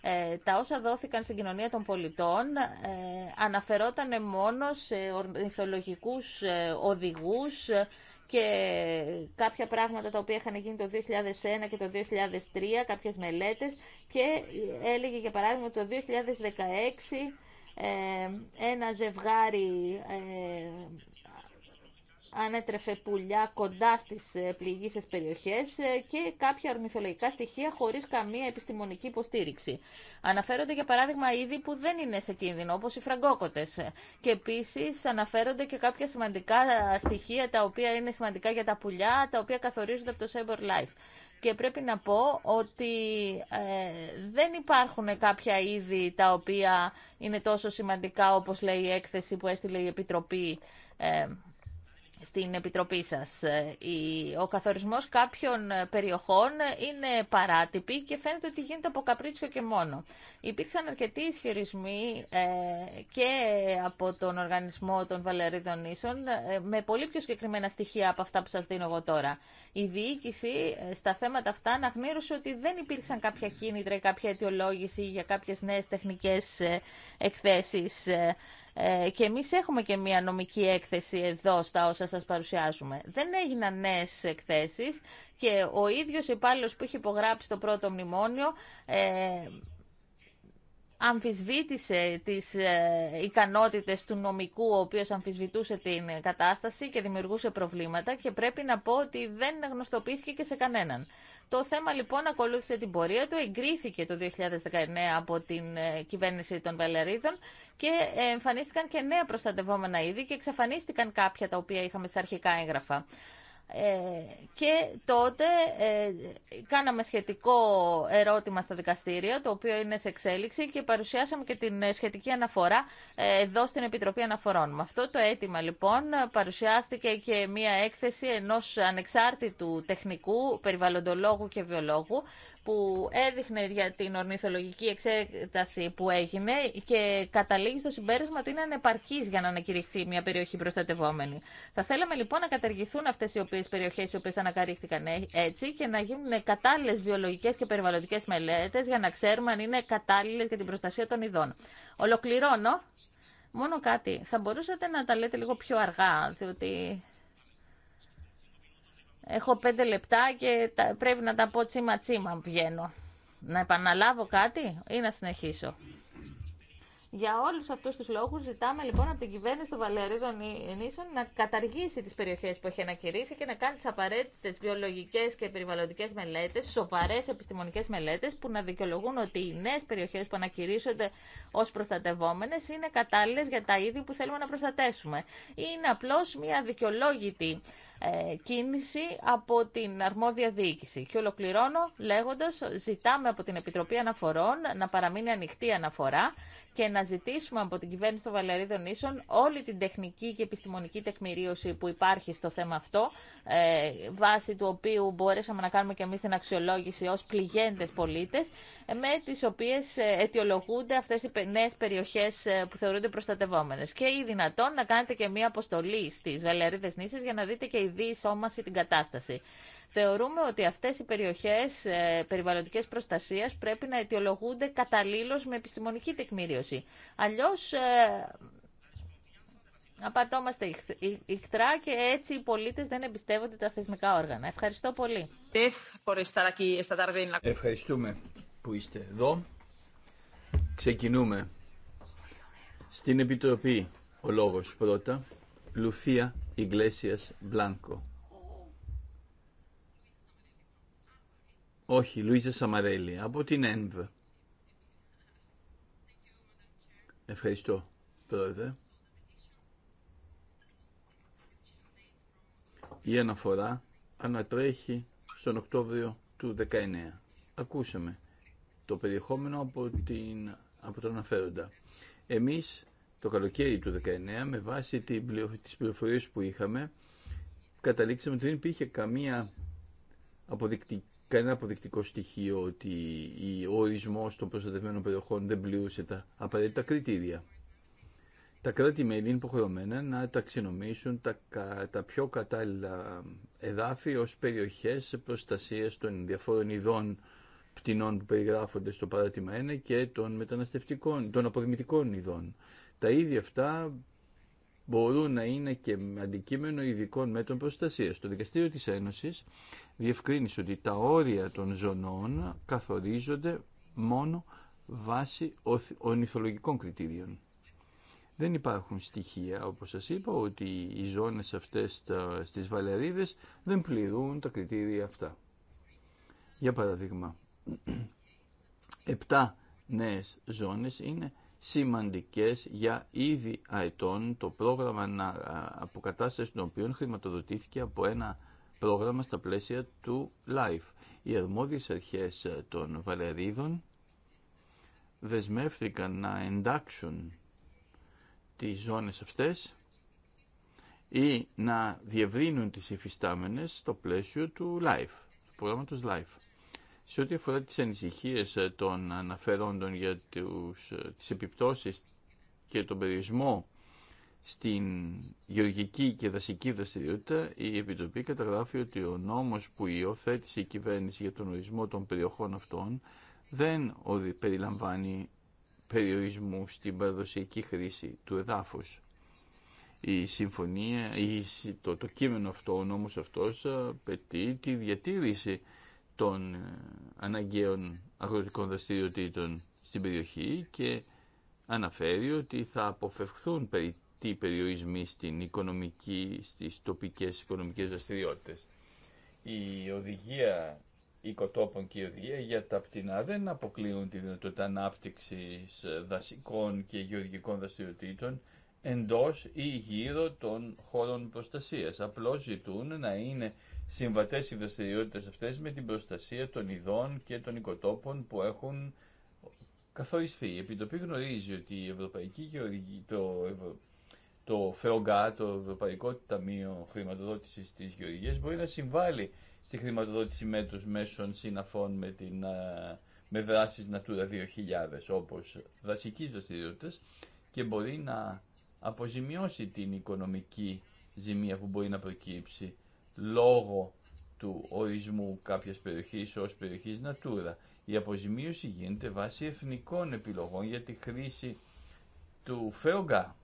Speaker 1: Ε, τα όσα δόθηκαν στην κοινωνία των πολιτών ε, αναφερόταν μόνο σε ε, οδηγού ε, και κάποια πράγματα τα οποία είχαν γίνει το 2001 και το 2003, κάποιες μελέτες και έλεγε για παράδειγμα το 2016 ε, ένα ζευγάρι ε, ανέτρεφε πουλιά κοντά στις ε, πληγήσεις περιοχές και κάποια ορνηθολογικά στοιχεία χωρίς καμία επιστημονική υποστήριξη. Αναφέρονται για παράδειγμα είδη που δεν είναι σε κίνδυνο, όπως οι φραγκόκοτες. Και επίσης αναφέρονται και κάποια σημαντικά στοιχεία τα οποία είναι σημαντικά για τα πουλιά, τα οποία καθορίζονται από το «Cyber Life και πρέπει να πω ότι ε, δεν υπάρχουν κάποια είδη τα οποία είναι τόσο σημαντικά όπως λέει η έκθεση που έστειλε η Επιτροπή ε, στην Επιτροπή σας. Ε, ο καθορισμός κάποιων ε, περιοχών είναι παράτυπη και φαίνεται ότι γίνεται από καπρίτσιο και μόνο. Υπήρξαν αρκετοί ισχυρισμοί ε, και από τον Οργανισμό των Βαλερίδων με πολύ πιο συγκεκριμένα στοιχεία από αυτά που σας δίνω εγώ τώρα. Η διοίκηση στα θέματα αυτά αναγνήρωσε ότι δεν υπήρξαν κάποια κίνητρα ή κάποια αιτιολόγηση για κάποιες νέες τεχνικές εκθέσεις ε, και εμείς έχουμε και μία νομική έκθεση εδώ στα όσα σας παρουσιάζουμε. Δεν έγιναν νέες εκθέσεις και ο ίδιος υπάλληλο που είχε υπογράψει το πρώτο μνημόνιο ε, αμφισβήτησε τις ε, ικανότητες του νομικού ο οποίος αμφισβητούσε την κατάσταση και δημιουργούσε προβλήματα και πρέπει να πω ότι δεν γνωστοποιήθηκε και σε κανέναν. Το θέμα λοιπόν ακολούθησε την πορεία του, εγκρίθηκε το 2019 από την ε, κυβέρνηση των Βελερίδων και ε, εμφανίστηκαν και νέα προστατευόμενα είδη και εξαφανίστηκαν κάποια τα οποία είχαμε στα αρχικά έγγραφα. Ε, και τότε ε, κάναμε σχετικό ερώτημα στα δικαστήρια, το οποίο είναι σε εξέλιξη και παρουσιάσαμε και την σχετική αναφορά ε, εδώ στην Επιτροπή Αναφορών. Με αυτό το αίτημα λοιπόν παρουσιάστηκε και μία έκθεση ενός ανεξάρτητου τεχνικού, περιβαλλοντολόγου και βιολόγου, που έδειχνε για την ορνηθολογική εξέταση που έγινε και καταλήγει στο συμπέρασμα ότι είναι ανεπαρκή για να ανακηρυχθεί μια περιοχή προστατευόμενη. Θα θέλαμε λοιπόν να καταργηθούν αυτέ οι οποίε περιοχέ οι οποίε ανακαρύχθηκαν ε, έτσι και να γίνουν κατάλληλε βιολογικέ και περιβαλλοντικέ μελέτε για να ξέρουμε αν είναι κατάλληλε για την προστασία των ειδών. Ολοκληρώνω. Μόνο κάτι. Θα μπορούσατε να τα λέτε λίγο πιο αργά, διότι Έχω πέντε λεπτά και πρέπει να τα πω τσίμα τσίμα βγαίνω. Να επαναλάβω κάτι ή να συνεχίσω. Για όλου αυτού του λόγου, ζητάμε λοιπόν από την κυβέρνηση των Βαλερίδων Νήσων να καταργήσει τι περιοχέ που έχει ανακηρύσει και να κάνει τι απαραίτητε βιολογικέ και περιβαλλοντικέ μελέτε, σοβαρέ επιστημονικέ μελέτε, που να δικαιολογούν ότι οι νέε περιοχέ που ανακηρύσσονται ω προστατευόμενε είναι κατάλληλε για τα είδη που θέλουμε να προστατέσουμε. Είναι απλώ μια δικαιολόγητη ε, κίνηση από την αρμόδια διοίκηση. Και ολοκληρώνω λέγοντας, ζητάμε από την Επιτροπή Αναφορών να παραμείνει ανοιχτή αναφορά και να ζητήσουμε από την κυβέρνηση των Βαλερίδων Ίσων όλη την τεχνική και επιστημονική τεκμηρίωση που υπάρχει στο θέμα αυτό, ε, βάσει του οποίου μπορέσαμε να κάνουμε και εμείς την αξιολόγηση ως πληγέντες πολίτες, ε, με τις οποίες αιτιολογούνται αυτές οι νέες περιοχές που θεωρούνται προστατευόμενες. Και ή δυνατόν να κάνετε και μία αποστολή στις Βαλερίδε Νήσες για να δείτε και διεισόμαση την κατάσταση. Θεωρούμε ότι αυτές οι περιοχές ε, περιβαλλοντικές προστασίας πρέπει να αιτιολογούνται καταλήλως με επιστημονική τεκμήριωση. Αλλιώς ε, απατώμαστε ηχτρά και έτσι οι πολίτες δεν εμπιστεύονται τα θεσμικά όργανα. Ευχαριστώ πολύ.
Speaker 3: Ευχαριστούμε που είστε εδώ. Ξεκινούμε. Στην Επιτροπή ο λόγος πρώτα. Λουθία Ιγκλέσιας Μπλάνκο. Όχι, Λουίζα Σαμαρέλη, από την ΕΝΒ. Ευχαριστώ, πρόεδρε. Η αναφορά ανατρέχει στον Οκτώβριο του 19. Ακούσαμε το περιεχόμενο από, την, από τον αναφέροντα. Εμείς το καλοκαίρι του 19 με βάση τις πληροφορίες που είχαμε καταλήξαμε ότι δεν υπήρχε καμία αποδεικτική κανένα αποδεικτικό στοιχείο ότι ο ορισμός των προστατευμένων περιοχών δεν πληρούσε τα απαραίτητα κριτήρια. Τα κράτη-μέλη είναι υποχρεωμένα να ταξινομήσουν τα, τα πιο κατάλληλα εδάφη ως περιοχές προστασίας των διαφόρων ειδών πτηνών που περιγράφονται στο παράδειγμα 1 και των μεταναστευτικών, των αποδημητικών ειδών. Τα ίδια αυτά μπορούν να είναι και αντικείμενο ειδικών μέτρων προστασία. Το Δικαστήριο της Ένωσης διευκρίνησε ότι τα όρια των ζωνών καθορίζονται μόνο βάσει ονιθολογικών κριτήριων. Δεν υπάρχουν στοιχεία, όπως σας είπα, ότι οι ζώνες αυτές στις Βαλερίδες δεν πληρούν τα κριτήρια αυτά. Για παραδείγμα, επτά νέες ζώνες είναι σημαντικές για ήδη αετών το πρόγραμμα αποκατάστασης των οποίων χρηματοδοτήθηκε από ένα πρόγραμμα στα πλαίσια του LIFE. Οι αρμόδιες αρχές ε, των Βαλερίδων δεσμεύτηκαν να εντάξουν τις ζώνες αυτές ή να διευρύνουν τις υφιστάμενες στο πλαίσιο του LIFE, του προγράμματος LIFE. Σε ό,τι αφορά τις ανησυχίες ε, των αναφερόντων για τους, ε, τις επιπτώσεις και τον περιορισμό στην γεωργική και δασική δραστηριότητα, η Επιτροπή καταγράφει ότι ο νόμος που υιοθέτησε η κυβέρνηση για τον ορισμό των περιοχών αυτών δεν περιλαμβάνει περιορισμού στην παραδοσιακή χρήση του εδάφους. Η συμφωνία, το, το κείμενο αυτό, ο νόμος αυτός, ε, απαιτεί τη διατήρηση των ε, αναγκαίων αγροτικών δραστηριοτήτων στην περιοχή και αναφέρει ότι θα αποφευχθούν περί τι περιορισμοί στην οικονομική, στις τοπικές οικονομικές δραστηριότητε. Η οδηγία οικοτόπων και η οδηγία για τα πτηνά δεν αποκλείουν τη δυνατότητα ανάπτυξη δασικών και γεωργικών δραστηριοτήτων εντός ή γύρω των χώρων προστασίας. Απλώς ζητούν να είναι συμβατές οι δραστηριότητε αυτές με την προστασία των ειδών και των οικοτόπων που έχουν καθοριστεί. Η Επιτροπή γνωρίζει ότι η Ευρωπαϊκή το, το το Ευρωπαϊκό Ταμείο Χρηματοδότησης της Γεωργίας, μπορεί να συμβάλλει στη χρηματοδότηση μέτρους μέσων συναφών με, την, ε, με δράσεις Natura 2000, όπως δασικής δραστηριότητα και μπορεί να αποζημιώσει την οικονομική ζημία που μπορεί να προκύψει λόγω του ορισμού κάποιας περιοχής ως περιοχής Natura. Η αποζημίωση γίνεται βάσει εθνικών επιλογών για τη χρήση του ΦΕΟΓΑ.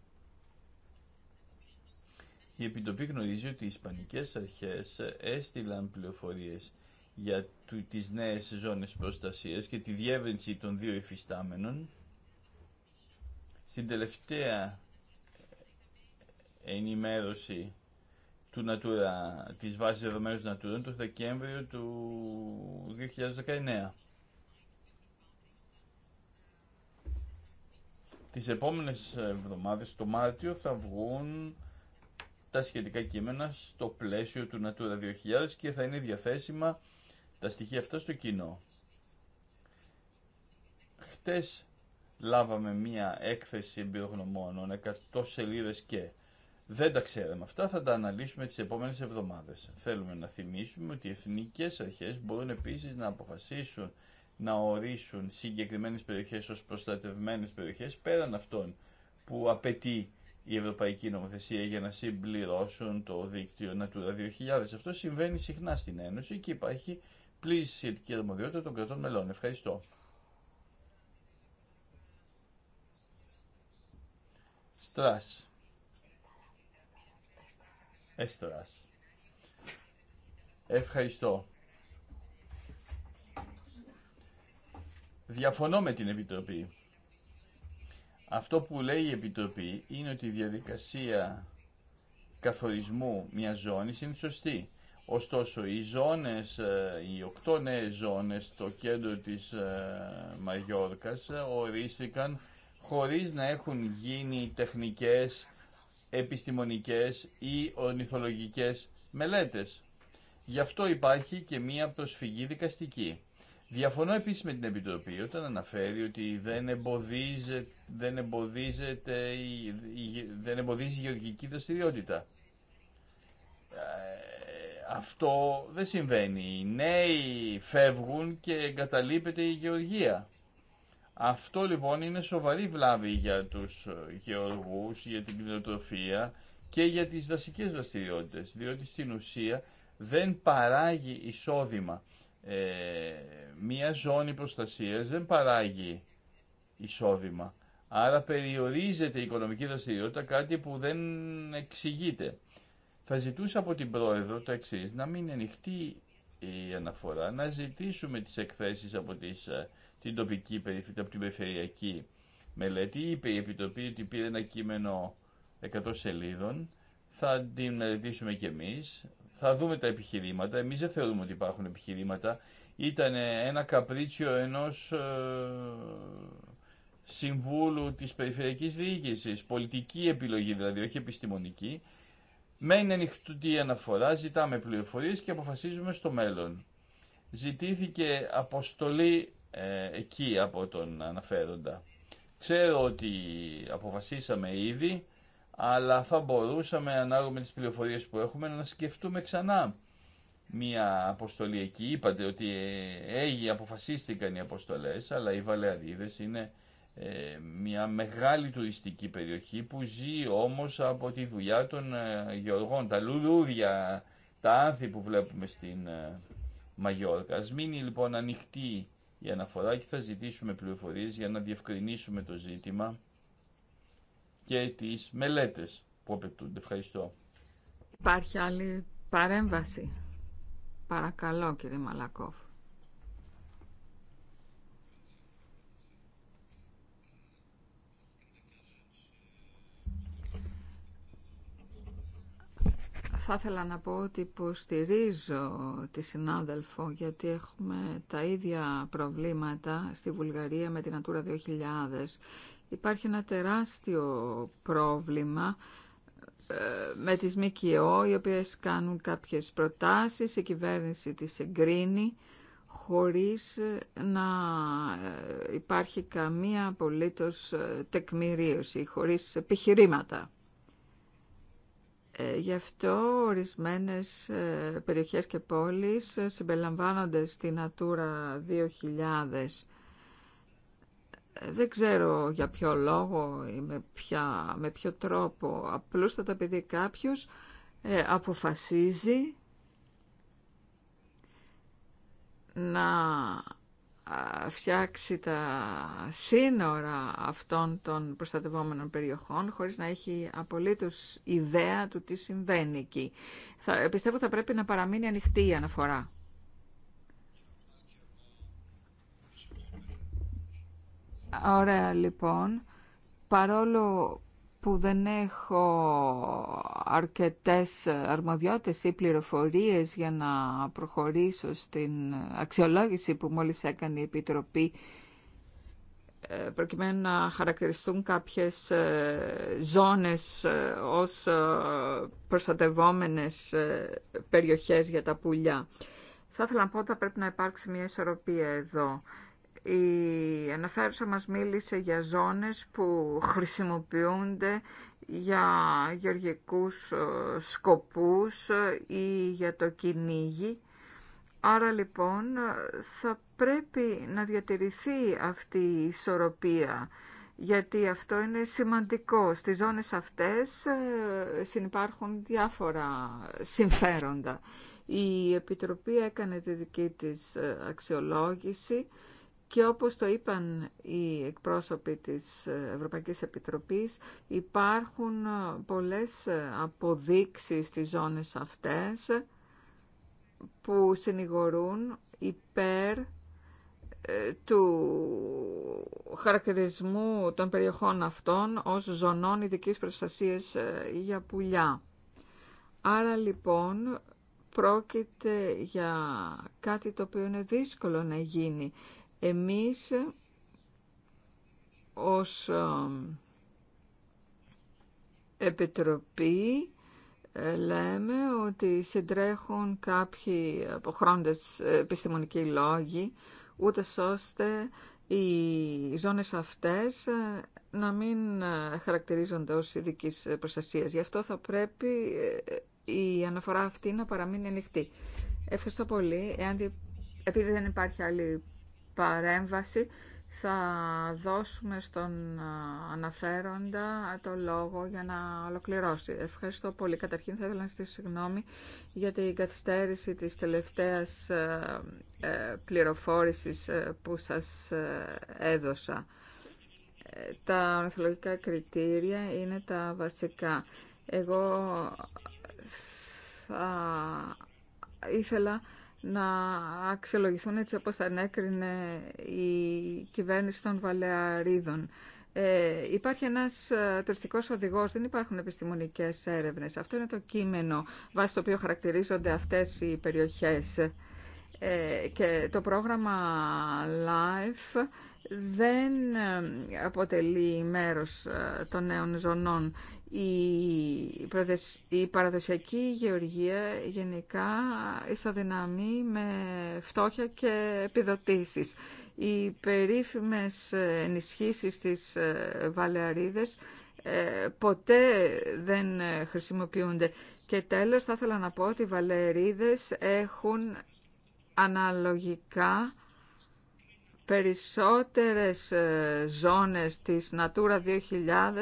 Speaker 3: Η Επιτοπή γνωρίζει ότι οι Ισπανικές αρχές έστειλαν πληροφορίες για τις νέες ζώνες προστασίας και τη διεύρυνση των δύο υφιστάμενων. Στην τελευταία ενημέρωση του Natura, της βάσης του Natura το Δεκέμβριο του 2019. Τις επόμενες εβδομάδες, το Μάρτιο, θα βγουν τα σχετικά κείμενα στο πλαίσιο του Natura 2000 και θα είναι διαθέσιμα τα στοιχεία αυτά στο κοινό. Χτες λάβαμε μία έκθεση εμπειρογνωμόνων, 100 σελίδες και, δεν τα ξέραμε αυτά, θα τα αναλύσουμε τις επόμενες εβδομάδες. Θέλουμε να θυμίσουμε ότι οι εθνικές αρχές μπορούν επίσης να αποφασίσουν να ορίσουν συγκεκριμένες περιοχές ως προστατευμένες περιοχές πέραν αυτών που απαιτεί η Ευρωπαϊκή Νομοθεσία για να συμπληρώσουν το δίκτυο Natura 2000. Αυτό συμβαίνει συχνά στην Ένωση και υπάρχει πλήρη σχετική αρμοδιότητα των κρατών μελών. Ευχαριστώ. Στρας. Έστρας. Ευχαριστώ. Διαφωνώ με την Επιτροπή. Αυτό που λέει η Επιτροπή είναι ότι η διαδικασία καθορισμού μιας ζώνης είναι σωστή. Ωστόσο, οι ζώνες, ε, οι οκτώ νέες ζώνες στο κέντρο της ε, Μαγιόρκας ε, ορίστηκαν χωρίς να έχουν γίνει τεχνικές επιστημονικές ή ορνηθολογικές μελέτες. Γι' αυτό υπάρχει και μία προσφυγή δικαστική. Διαφωνώ επίσης με την Επιτροπή όταν αναφέρει ότι δεν, δεν, δεν εμποδίζει η γεωργική δραστηριότητα. Ε, αυτό δεν συμβαίνει. Οι νέοι φεύγουν και εγκαταλείπεται η γεωργία. Αυτό λοιπόν είναι σοβαρή βλάβη για τους γεωργούς, για την κτηνοτροφία και για τις δασικές δραστηριότητε, διότι στην ουσία δεν παράγει εισόδημα. Ε, μία ζώνη προστασίας δεν παράγει εισόδημα. Άρα περιορίζεται η οικονομική δραστηριότητα, κάτι που δεν εξηγείται. Θα ζητούσα από την Πρόεδρο το εξή, να μην ανοιχτεί η αναφορά, να ζητήσουμε τις εκθέσεις από τις ε, την τοπική, περιφέρεια από την περιφερειακή μελέτη. Είπε η Επιτροπή ότι πήρε ένα κείμενο 100 σελίδων. Θα την μελετήσουμε κι εμεί. Θα δούμε τα επιχειρήματα. Εμεί δεν θεωρούμε ότι υπάρχουν επιχειρήματα. Ήταν ένα καπρίτσιο ενός ε, συμβούλου τη περιφερειακή διοίκησης. Πολιτική επιλογή δηλαδή, όχι επιστημονική. Μένει ανοιχτή αναφορά, ζητάμε πληροφορίες και αποφασίζουμε στο μέλλον. Ζητήθηκε αποστολή ε, εκεί από τον αναφέροντα. Ξέρω ότι αποφασίσαμε ήδη, αλλά θα μπορούσαμε ανάλογα με τις πληροφορίες που έχουμε να σκεφτούμε ξανά μία αποστολή εκεί. Είπατε ότι ε, έγινε αποφασίστηκαν οι αποστολές, αλλά οι Βαλεαρίδες είναι ε, μια μεγάλη τουριστική περιοχή που ζει όμως από τη δουλειά των ε, γεωργών. Τα λουλούδια, τα άνθη που βλέπουμε στην ε, Μαγιόρκα. Ας λοιπόν ανοιχτή η αναφορά και θα ζητήσουμε πληροφορίες για να διευκρινίσουμε το ζήτημα και τις μελέτες που απαιτούνται. Ευχαριστώ.
Speaker 2: Υπάρχει άλλη παρέμβαση. Παρακαλώ κύριε Μαλακόφ. θα ήθελα να πω ότι υποστηρίζω τη συνάδελφο γιατί έχουμε τα ίδια προβλήματα στη Βουλγαρία με την Natura 2000. Υπάρχει ένα τεράστιο πρόβλημα ε, με τις ΜΚΟ, οι οποίες κάνουν κάποιες προτάσεις, η κυβέρνηση τις εγκρίνει, χωρίς να ε, υπάρχει καμία απολύτως ε, τεκμηρίωση, χωρίς επιχειρήματα. Ε, γι' αυτό ορισμένες ε, περιοχές και πόλεις ε, συμπεριλαμβάνονται στη Natura 2000. Δεν ξέρω για ποιο λόγο ή με, ποια, με ποιο τρόπο. Απλούστατα επειδή κάποιος αποφασίζει να φτιάξει τα σύνορα αυτών των προστατευόμενων περιοχών χωρίς να έχει απολύτως ιδέα του τι συμβαίνει εκεί. Θα, πιστεύω θα πρέπει να παραμείνει ανοιχτή η αναφορά. Ωραία λοιπόν. Παρόλο που δεν έχω αρκετές αρμοδιότητες ή πληροφορίες για να προχωρήσω στην αξιολόγηση που μόλις έκανε η Επιτροπή ε, προκειμένου να χαρακτηριστούν κάποιες ε, ζώνες ε, ως προστατευόμενες περιοχές για τα πουλιά. Θα ήθελα να πω ότι θα πρέπει να υπάρξει μια ισορροπία εδώ. Η αναφέρουσα μας μίλησε για ζώνες που χρησιμοποιούνται για γεωργικούς ε, σκοπούς ε, ή για το κυνήγι. Άρα λοιπόν ε, θα πρέπει να διατηρηθεί αυτή η ισορροπία γιατί αυτό είναι σημαντικό. Στις ζώνες αυτές συνεπάρχουν διάφορα συμφέροντα. Η Επιτροπή έκανε τη δική της αξιολόγηση και όπως το είπαν οι εκπρόσωποι της Ευρωπαϊκής Επιτροπής, υπάρχουν πολλές αποδείξεις στις ζώνες αυτές που συνηγορούν υπέρ ε, του χαρακτηρισμού των περιοχών αυτών ως ζωνών ειδικής προστασίας ε, για πουλιά. Άρα λοιπόν πρόκειται για κάτι το οποίο είναι δύσκολο να γίνει εμείς ως ε, Επιτροπή ε, λέμε ότι συντρέχουν κάποιοι αποχρόντες ε, επιστημονικοί λόγοι, ούτε ώστε οι ζώνες αυτές να μην χαρακτηρίζονται ως ειδική προστασία. Γι' αυτό θα πρέπει η αναφορά αυτή να παραμείνει ανοιχτή. Ευχαριστώ πολύ. Εάν, επειδή δεν υπάρχει άλλη παρέμβαση θα δώσουμε στον αναφέροντα το λόγο για να ολοκληρώσει. Ευχαριστώ πολύ. Καταρχήν θα ήθελα να στήσω συγγνώμη για την καθυστέρηση της τελευταίας ε, πληροφόρησης ε, που σας ε, έδωσα. Τα ορθολογικά κριτήρια είναι τα βασικά. Εγώ θα ήθελα να αξιολογηθούν έτσι όπως ανέκρινε η κυβέρνηση των Βαλεαρίδων. Ε, υπάρχει ένας ε, τουριστικός οδηγός, δεν υπάρχουν επιστημονικές έρευνες. Αυτό είναι το κείμενο βάσει το οποίο χαρακτηρίζονται αυτές οι περιοχές. Ε, και το πρόγραμμα LIFE δεν ε, αποτελεί μέρος των νέων ζωνών η παραδοσιακή γεωργία γενικά ισοδυναμεί με φτώχεια και επιδοτήσεις. Οι περίφημες ενισχύσεις της ε, Βαλεαρίδες ε, ποτέ δεν χρησιμοποιούνται. Και τέλος θα ήθελα να πω ότι οι Βαλεαρίδες έχουν αναλογικά περισσότερες ε, ζώνες της Natura 2000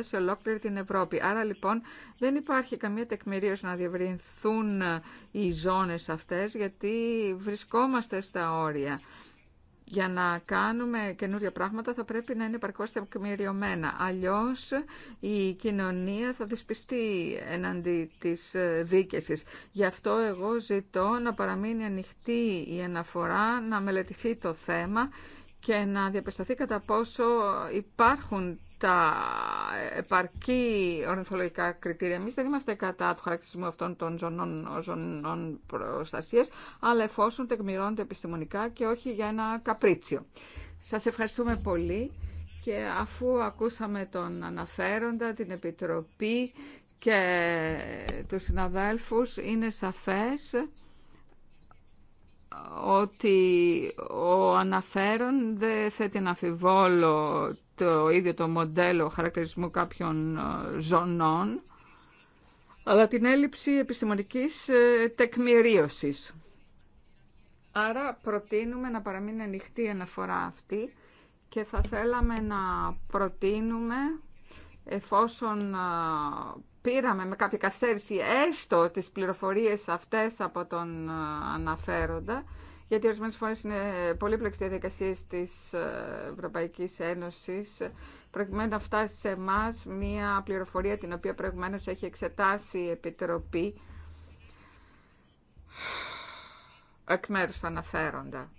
Speaker 2: σε ολόκληρη την Ευρώπη. Άρα λοιπόν δεν υπάρχει καμία τεκμηρίωση να διευρυνθούν ε, οι ζώνες αυτές γιατί βρισκόμαστε στα όρια. Για να κάνουμε καινούρια πράγματα θα πρέπει να είναι παρκώς τεκμηριωμένα. Αλλιώς η κοινωνία θα δυσπιστεί εναντί της ε, δίκαισης. Γι' αυτό εγώ ζητώ να παραμείνει ανοιχτή η αναφορά, να μελετηθεί το θέμα και να διαπιστωθεί κατά πόσο υπάρχουν τα επαρκή ορνηθολογικά κριτήρια. Εμεί δεν είμαστε κατά του χαρακτηρισμού αυτών των ζωνών, ζωνών προστασία, αλλά εφόσον τεκμηρώνονται επιστημονικά και όχι για ένα καπρίτσιο. Σα ευχαριστούμε πολύ και αφού ακούσαμε τον αναφέροντα, την Επιτροπή και τους συναδέλφους, είναι σαφές ότι ο αναφέρον δεν θέτει να αφιβόλω το ίδιο το μοντέλο χαρακτηρισμού κάποιων ε, ζωνών, αλλά την έλλειψη επιστημονικής ε, τεκμηρίωσης. Άρα προτείνουμε να παραμείνει ανοιχτή η αναφορά αυτή και θα θέλαμε να προτείνουμε εφόσον ε, πήραμε με κάποια καθαίριση έστω τις πληροφορίες αυτές από τον ε, αναφέροντα, γιατί ορισμένες φορές είναι πολύπλεξη διαδικασίε της ε, Ευρωπαϊκή Ένωσης. προκειμένου να φτάσει σε εμά μία πληροφορία την οποία προηγουμένως έχει εξετάσει η Επιτροπή εκ μέρου του αναφέροντα.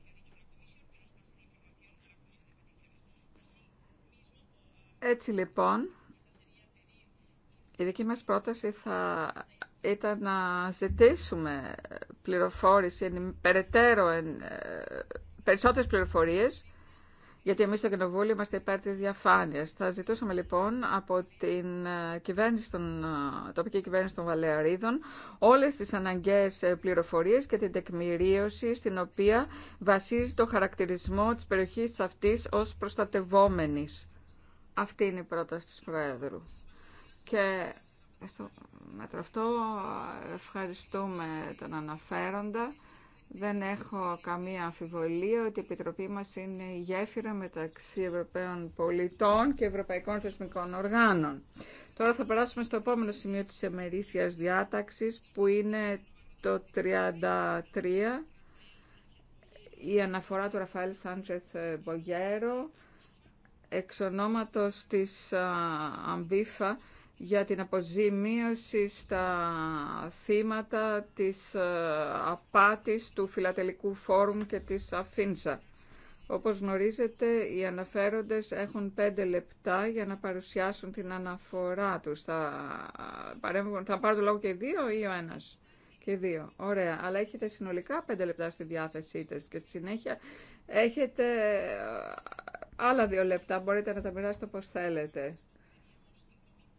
Speaker 2: Έτσι λοιπόν, η δική μας πρόταση θα ήταν να ζητήσουμε πληροφόρηση, περαιτέρω ε, περισσότερες πληροφορίες, γιατί εμείς στο Κοινοβούλιο είμαστε υπέρ της διαφάνειας. Θα ζητούσαμε λοιπόν από την ε, κυβέρνηση ε, τοπική κυβέρνηση των Βαλεαρίδων όλες τις αναγκαίες πληροφορίες και την τεκμηρίωση στην οποία βασίζει το χαρακτηρισμό της περιοχής αυτής ως προστατευόμενης. Αυτή είναι η πρόταση της Προέδρου. Και στο μέτρο αυτό ευχαριστούμε τον αναφέροντα. Δεν έχω καμία αμφιβολία ότι η Επιτροπή μας είναι η γέφυρα μεταξύ Ευρωπαίων πολιτών και Ευρωπαϊκών θεσμικών οργάνων. Τώρα θα περάσουμε στο επόμενο σημείο της εμερήσιας διάταξης που είναι το 33 η αναφορά του Ραφαέλ Σάντζεθ Μπογιέρο εξ ονόματος της Αμβίφα για την αποζημίωση στα θύματα της ε, απάτης του φιλατελικού φόρουμ και της αφίνσα. Όπως γνωρίζετε, οι αναφέροντες έχουν πέντε λεπτά για να παρουσιάσουν την αναφορά τους. Θα, παρέμβουν, θα πάρουν το λόγο και δύο ή ο ένας. Και δύο. Ωραία. Αλλά έχετε συνολικά πέντε λεπτά στη διάθεσή της και στη συνέχεια έχετε ε, άλλα δύο λεπτά. Μπορείτε να τα μοιράσετε όπως θέλετε.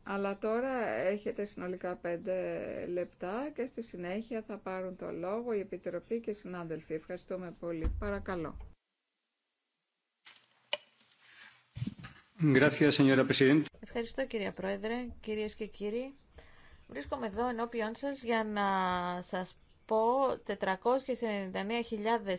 Speaker 2: Αλλά τώρα έχετε συνολικά πέντε λεπτά και στη συνέχεια θα πάρουν το λόγο η Επιτροπή και οι συνάδελφοι. Ευχαριστούμε πολύ. Παρακαλώ.
Speaker 1: Ευχαριστώ κυρία Πρόεδρε, κυρίες και κύριοι. Βρίσκομαι εδώ ενώπιον σας για να σας πω 499.000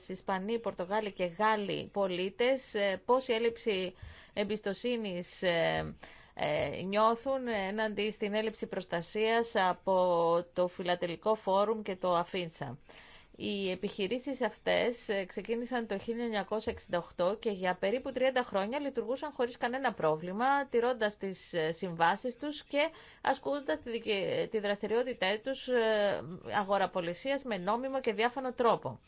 Speaker 1: Ισπανοί, Πορτογάλοι και Γάλλοι πολίτες ε, πώς η έλλειψη εμπιστοσύνης ε, ε, νιώθουν έναντι στην έλλειψη προστασίας από το Φιλατελικό Φόρουμ και το Αφίνσα. Οι επιχειρήσεις αυτές ε, ξεκίνησαν το 1968 και για περίπου 30 χρόνια λειτουργούσαν χωρίς κανένα πρόβλημα, τηρώντας τις ε, συμβάσεις τους και ασκούντας τη δραστηριότητά τους αγοραπολισίας με νόμιμο και διάφανο τρόπο.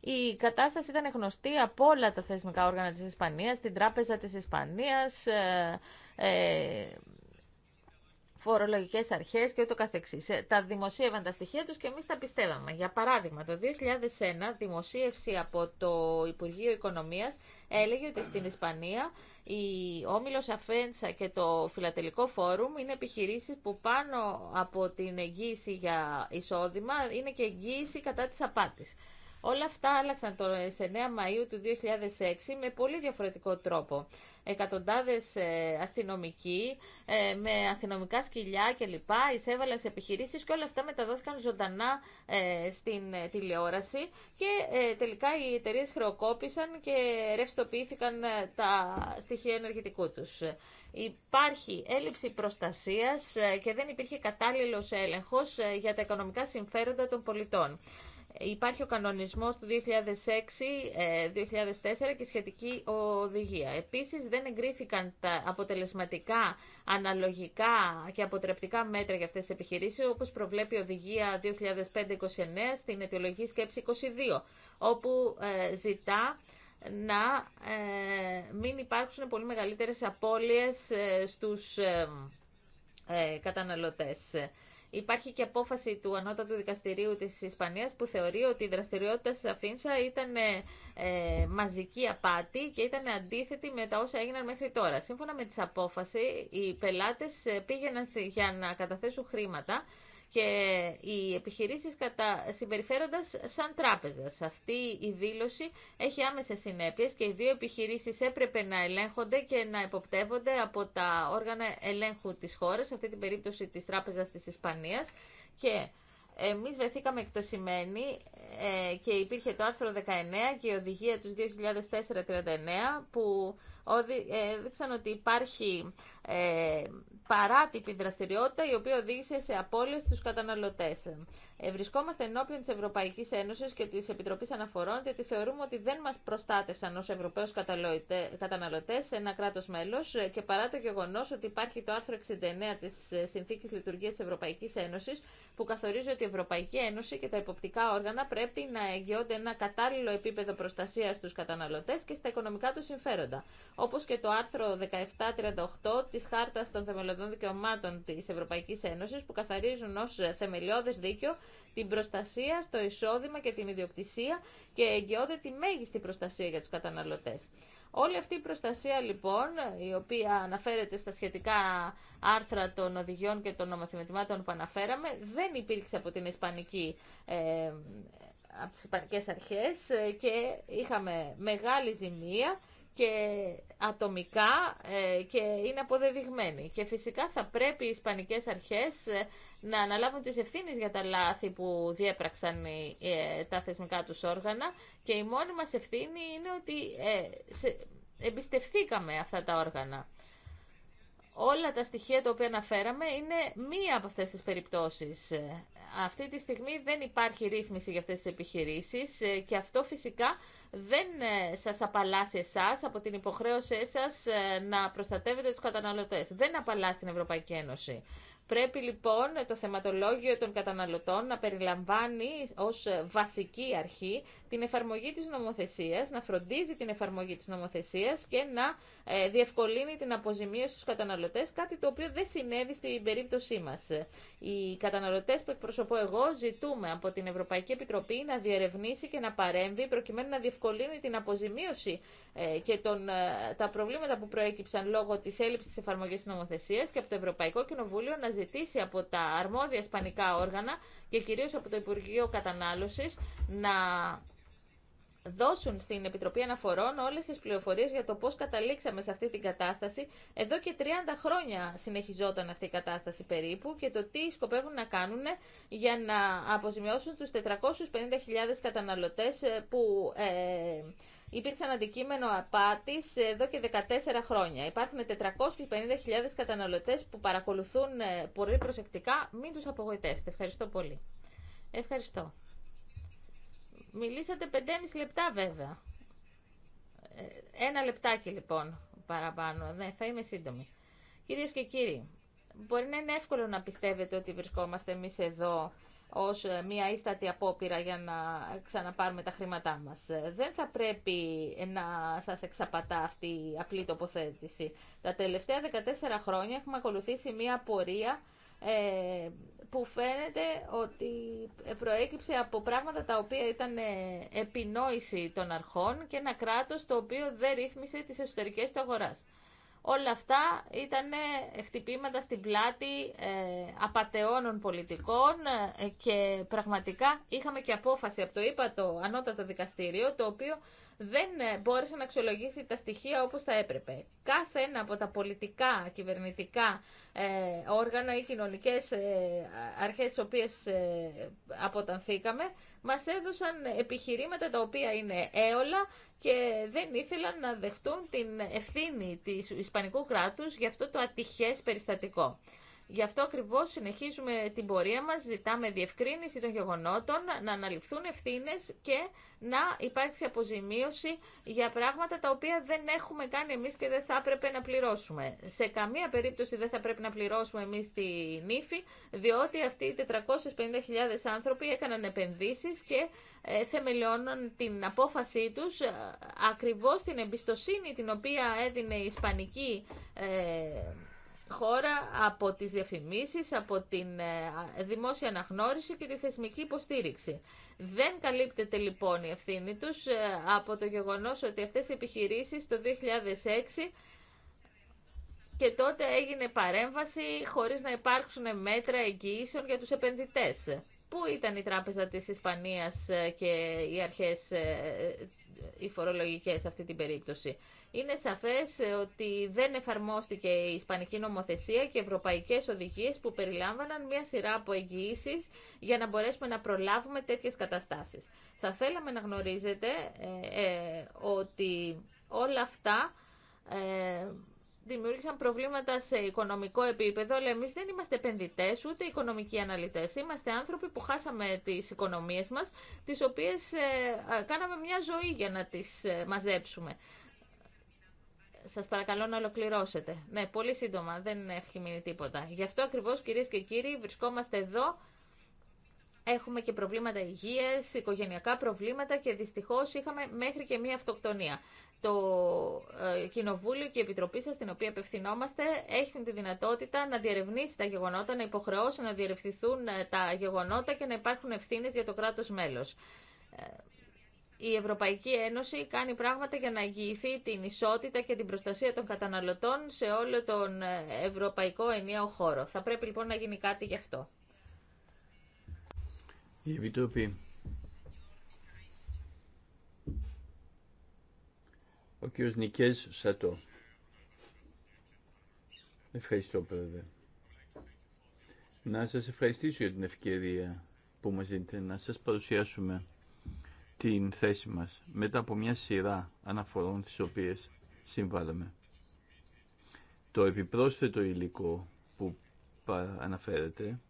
Speaker 1: Η κατάσταση ήταν γνωστή από όλα τα θεσμικά όργανα της Ισπανίας, την Τράπεζα της Ισπανίας, ε, φορολογικές αρχές και ούτω καθεξής. Ε, τα δημοσίευαν τα στοιχεία τους και εμείς τα πιστεύαμε. Για παράδειγμα, το 2001 δημοσίευση από το Υπουργείο Οικονομίας έλεγε ότι στην Ισπανία η Όμιλος Αφέντσα και το Φιλατελικό Φόρουμ είναι επιχειρήσεις που πάνω από την εγγύηση για εισόδημα είναι και εγγύηση κατά της απάτης. Όλα αυτά άλλαξαν το 9 Μαΐου του 2006 με πολύ διαφορετικό τρόπο. Εκατοντάδες ε, αστυνομικοί ε, με αστυνομικά σκυλιά κλπ. εισέβαλαν σε επιχειρήσεις και όλα αυτά μεταδόθηκαν ζωντανά ε, στην τηλεόραση και τελικά οι εταιρείε χρεοκόπησαν και ρευστοποιήθηκαν τα στοιχεία ενεργητικού τους. Υπάρχει έλλειψη προστασίας και δεν υπήρχε κατάλληλος έλεγχος για τα οικονομικά συμφέροντα των πολιτών. Υπάρχει ο κανονισμός του 2006-2004 ε, και σχετική οδηγία. Επίσης δεν εγκρίθηκαν τα αποτελεσματικά, αναλογικά και αποτρεπτικά μέτρα για αυτές τις επιχειρήσεις όπως προβλέπει η οδηγία 2005-29 στην αιτιολογική σκέψη 22 όπου ε, ζητά να ε, μην υπάρξουν πολύ μεγαλύτερες απώλειες στους καταναλωτές. Υπάρχει και απόφαση του Ανώτατου Δικαστηρίου της Ισπανίας που θεωρεί ότι η δραστηριότητα της Αφίνσα ήταν ε, ε, μαζική απάτη και ήταν αντίθετη με τα όσα έγιναν μέχρι τώρα. Σύμφωνα με τις απόφαση, οι πελάτες ε, πήγαιναν για να καταθέσουν χρήματα και οι επιχειρήσεις κατα... συμπεριφέροντας σαν τράπεζα. Αυτή η δήλωση έχει άμεσες συνέπειες και οι δύο επιχειρήσεις έπρεπε να ελέγχονται και να εποπτεύονται από τα όργανα ελέγχου της χώρας, σε αυτή την περίπτωση της Τράπεζας της Ισπανίας και εμείς βρεθήκαμε εκτοσημένοι ε, και υπήρχε το άρθρο 19 και η οδηγία του 2004-39 που ε, έδειξαν ότι υπάρχει ε, παράτυπη δραστηριότητα η οποία οδήγησε σε απώλειες στους καταναλωτές. Ε, βρισκόμαστε ενώπιον της Ευρωπαϊκής Ένωσης και της Επιτροπής Αναφορών γιατί θεωρούμε ότι δεν μας προστάτευσαν ως Ευρωπαίους καταναλωτές ένα κράτος μέλος ε, και παρά το γεγονός ότι υπάρχει το άρθρο 69 της ε, Συνθήκης Λειτουργίας της Ευρωπαϊκής Ένωσης που καθορίζει ότι η Ευρωπαϊκή Ένωση και τα υποπτικά όργανα πρέπει να εγγυώνται ένα κατάλληλο επίπεδο προστασία στου καταναλωτές και στα οικονομικά του συμφέροντα. Όπως και το άρθρο 1738 της Χάρτας των Θεμελιωδών Δικαιωμάτων της Ευρωπαϊκής Ένωση, που καθαρίζουν ω θεμελιώδε. δίκαιο την προστασία στο εισόδημα και την ιδιοκτησία και εγγυώνται τη μέγιστη προστασία για τους καταναλωτές. Όλη αυτή η προστασία λοιπόν, η οποία αναφέρεται στα σχετικά άρθρα των οδηγιών και των νομοθετημάτων που αναφέραμε, δεν υπήρξε από την Ισπανική ε, από τις Αρχές ε, και είχαμε μεγάλη ζημία και ατομικά ε, και είναι αποδεδειγμένη. Και φυσικά θα πρέπει οι Ισπανικές αρχές ε, να αναλάβουν τις ευθύνες για τα λάθη που διέπραξαν ε, τα θεσμικά τους όργανα και η μόνη μας ευθύνη είναι ότι εμπιστευθήκαμε αυτά τα όργανα. Όλα τα στοιχεία τα οποία αναφέραμε είναι μία από αυτές τις περιπτώσεις. Αυτή τη στιγμή δεν υπάρχει ρύθμιση για αυτές τις επιχειρήσεις και αυτό φυσικά δεν ε, σας απαλλάσσει εσάς από την υποχρέωσή σας ε, να προστατεύετε τους καταναλωτές. Δεν απαλλάσσει την Ευρωπαϊκή Ένωση. Πρέπει λοιπόν το θεματολόγιο των καταναλωτών να περιλαμβάνει ως βασική αρχή την εφαρμογή της νομοθεσίας, να φροντίζει την εφαρμογή της νομοθεσίας και να ε, διευκολύνει την αποζημίωση στους καταναλωτές, κάτι το οποίο δεν συνέβη στην περίπτωσή μας. Οι καταναλωτές που εκπροσωπώ εγώ ζητούμε από την Ευρωπαϊκή Επιτροπή να διερευνήσει και να παρέμβει προκειμένου να διευκολύνει την αποζημίωση ε, και τον, ε, τα προβλήματα που προέκυψαν λόγω της έλλειψης εφαρμογής της νομοθεσίας και από το Ευρωπαϊκό Κοινοβούλιο να ζητήσει από τα αρμόδια ισπανικά όργανα και κυρίως από το Υπουργείο Κατανάλωσης να δώσουν στην Επιτροπή Αναφορών όλες τις πληροφορίες για το πώς καταλήξαμε σε αυτή την κατάσταση. Εδώ και 30 χρόνια συνεχιζόταν αυτή η κατάσταση περίπου και το τι σκοπεύουν να κάνουν για να αποζημιώσουν τους 450.000 καταναλωτές ε, που ε, ένα αντικείμενο απάτη εδώ και 14 χρόνια. Υπάρχουν 450.000 καταναλωτέ που παρακολουθούν ε, πολύ προσεκτικά. Μην του απογοητεύσετε. Ευχαριστώ πολύ. Ευχαριστώ. Μιλήσατε 5,5 λεπτά βέβαια. Ε, ένα λεπτάκι λοιπόν παραπάνω. Ναι, θα είμαι σύντομη. Κυρίες και κύριοι, μπορεί να είναι εύκολο να πιστεύετε ότι βρισκόμαστε εμείς εδώ ως ε, μια ίστατη απόπειρα για να ξαναπάρουμε τα χρήματά μας. Ε, δεν θα πρέπει να σας εξαπατά αυτή η απλή τοποθέτηση. Τα τελευταία 14 χρόνια έχουμε ακολουθήσει μια πορεία ε, που φαίνεται ότι προέκυψε από πράγματα τα οποία ήταν επινόηση των αρχών και ένα κράτος το οποίο δεν ρύθμισε τις εσωτερικές του αγοράς. Όλα αυτά ήταν χτυπήματα στην πλάτη ε, απαταιώνων πολιτικών ε, και πραγματικά είχαμε και απόφαση από το ύπατο ανώτατο δικαστήριο το οποίο δεν ε, μπόρεσε να αξιολογήσει τα στοιχεία όπως θα έπρεπε. Κάθε ένα από τα πολιτικά, κυβερνητικά ε, όργανα ή κοινωνικές ε, αρχές τις οποίες αποτανθήκαμε, μας έδωσαν επιχειρήματα τα οποία είναι έολα και δεν ήθελαν να δεχτούν την ευθύνη της Ισπανικού κράτους για αυτό το ατυχές περιστατικό. Γι' αυτό ακριβώ συνεχίζουμε την πορεία μα, ζητάμε διευκρίνηση των γεγονότων, να αναλυφθούν ευθύνε και να υπάρξει αποζημίωση για πράγματα τα οποία δεν έχουμε κάνει εμεί και δεν θα έπρεπε να πληρώσουμε. Σε καμία περίπτωση δεν θα πρέπει να πληρώσουμε εμεί τη νύφη, διότι αυτοί οι 450.000 άνθρωποι έκαναν επενδύσει και ε, θεμελιώνουν την απόφασή του ε, ακριβώ την εμπιστοσύνη την οποία έδινε η Ισπανική. Ε, χώρα από τις διαφημίσεις, από την ε, δημόσια αναγνώριση και τη θεσμική υποστήριξη. Δεν καλύπτεται λοιπόν η ευθύνη τους ε, από το γεγονός ότι αυτές οι επιχειρήσεις το 2006 και τότε έγινε παρέμβαση χωρίς να υπάρξουν μέτρα εγγυήσεων για τους επενδυτές. Πού ήταν η Τράπεζα της Ισπανίας ε, και οι αρχές οι φορολογικές σε αυτή την περίπτωση. Είναι σαφές ε, ότι δεν εφαρμόστηκε η Ισπανική νομοθεσία και οι ευρωπαϊκές οδηγίες που περιλάμβαναν μια σειρά από εγγυήσει για να μπορέσουμε να προλάβουμε τέτοιες καταστάσεις. Θα θέλαμε να γνωρίζετε ε, ε, ότι όλα αυτά... δημιούργησαν προβλήματα σε οικονομικό επίπεδο, αλλά εμεί δεν είμαστε επενδυτέ ούτε οικονομικοί αναλυτέ. Είμαστε άνθρωποι που χάσαμε τι οικονομίε μα, τι οποίε κάναμε μια ζωή για να τι μαζέψουμε. Σας παρακαλώ να ολοκληρώσετε. Ναι, πολύ σύντομα, δεν έχει μείνει τίποτα. Γι' αυτό ακριβώς κυρίε και κύριοι βρισκόμαστε εδώ έχουμε και προβλήματα υγείας, οικογενειακά προβλήματα και δυστυχώς είχαμε μέχρι και μία αυτοκτονία. Το ε, Κοινοβούλιο και η Επιτροπή σας, στην οποία απευθυνόμαστε, έχουν τη δυνατότητα να διερευνήσει τα γεγονότα, να υποχρεώσει να διερευνηθούν ε, τα γεγονότα και να υπάρχουν ευθύνες για το κράτος μέλος. Ε, η Ευρωπαϊκή Ένωση κάνει πράγματα για να εγγυηθεί την ισότητα και την προστασία των καταναλωτών σε όλο τον ε, ευρωπαϊκό ενιαίο χώρο. Θα πρέπει λοιπόν να γίνει κάτι γι' αυτό.
Speaker 3: Η Επιτροπή. Ο κ. Νικές Σατώ. Ευχαριστώ πρόεδρε. Να σας ευχαριστήσω για την ευκαιρία που μας δίνετε να σας παρουσιάσουμε την θέση μας μετά από μια σειρά αναφορών τις οποίες συμβάλαμε. Το επιπρόσθετο υλικό που αναφέρεται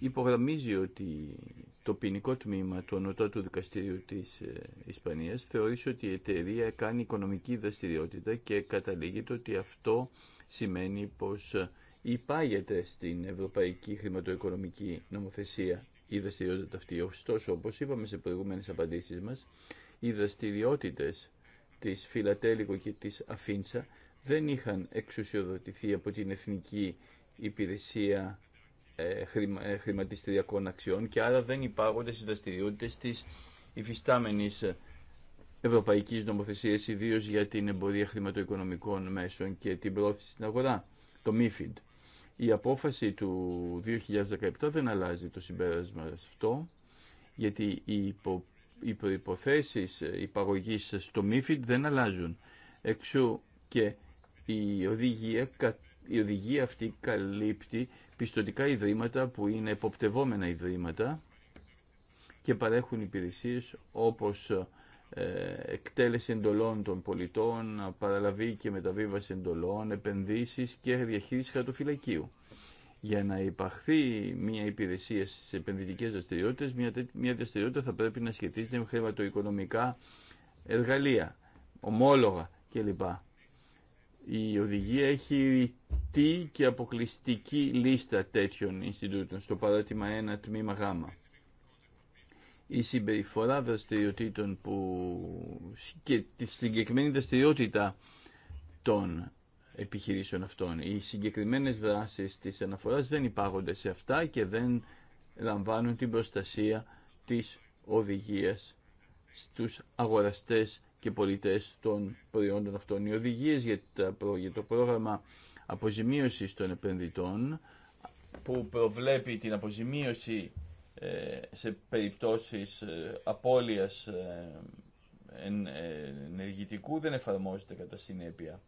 Speaker 3: υπογραμμίζει ότι το ποινικό τμήμα του Ανωτάτου Δικαστηρίου της ε, Ισπανίας θεωρεί ότι η εταιρεία κάνει οικονομική δραστηριότητα και καταλήγεται ότι αυτό σημαίνει πως ε, υπάγεται στην ευρωπαϊκή χρηματοοικονομική νομοθεσία η δραστηριότητα αυτή. Ωστόσο, όπω είπαμε σε προηγούμενε απαντήσει μα, οι δραστηριότητε τη Φιλατέλικο και τη Αφίνσα δεν είχαν εξουσιοδοτηθεί από την Εθνική Υπηρεσία ε, ε, Χρηματιστηριακών Αξιών και άρα δεν υπάγονται στις δραστηριότητε τη υφιστάμενη Ευρωπαϊκή Νομοθεσία, ιδίω για την εμπορία χρηματοοικονομικών μέσων και την πρόθεση στην αγορά, το MIFID. Η απόφαση του 2017 δεν αλλάζει το συμπέρασμα αυτό, γιατί οι, υπο, οι προϋποθέσεις στο MIFID δεν αλλάζουν. Εξού και η οδηγία, η οδηγία αυτή καλύπτει πιστοτικά ιδρύματα που είναι εποπτευόμενα ιδρύματα και παρέχουν υπηρεσίες όπως ε, εκτέλεση εντολών των πολιτών, παραλαβή και μεταβίβαση εντολών, επενδύσεις και διαχείριση χαρτοφυλακίου. Για να υπαχθεί μια υπηρεσία στι επενδυτικέ δραστηριότητε, μια, μια δραστηριότητα θα πρέπει να σχετίζεται με χρηματοοικονομικά εργαλεία, ομόλογα κλπ. Η οδηγία έχει ρητή και αποκλειστική λίστα τέτοιων Ινστιτούτων στο παράδειγμα 1 τμήμα Γ η συμπεριφορά δραστηριοτήτων που και τη συγκεκριμένη δραστηριότητα των επιχειρήσεων αυτών. Οι συγκεκριμένες δράσεις της αναφοράς δεν υπάγονται σε αυτά και δεν λαμβάνουν την προστασία της οδηγίας στους αγοραστές και πολιτές των προϊόντων αυτών. Οι οδηγίες για το πρόγραμμα αποζημίωσης των επενδυτών που προβλέπει την αποζημίωση ε, σε περιπτώσεις ε, απώλειας ε, ενεργητικού δεν εφαρμόζεται κατά συνέπεια.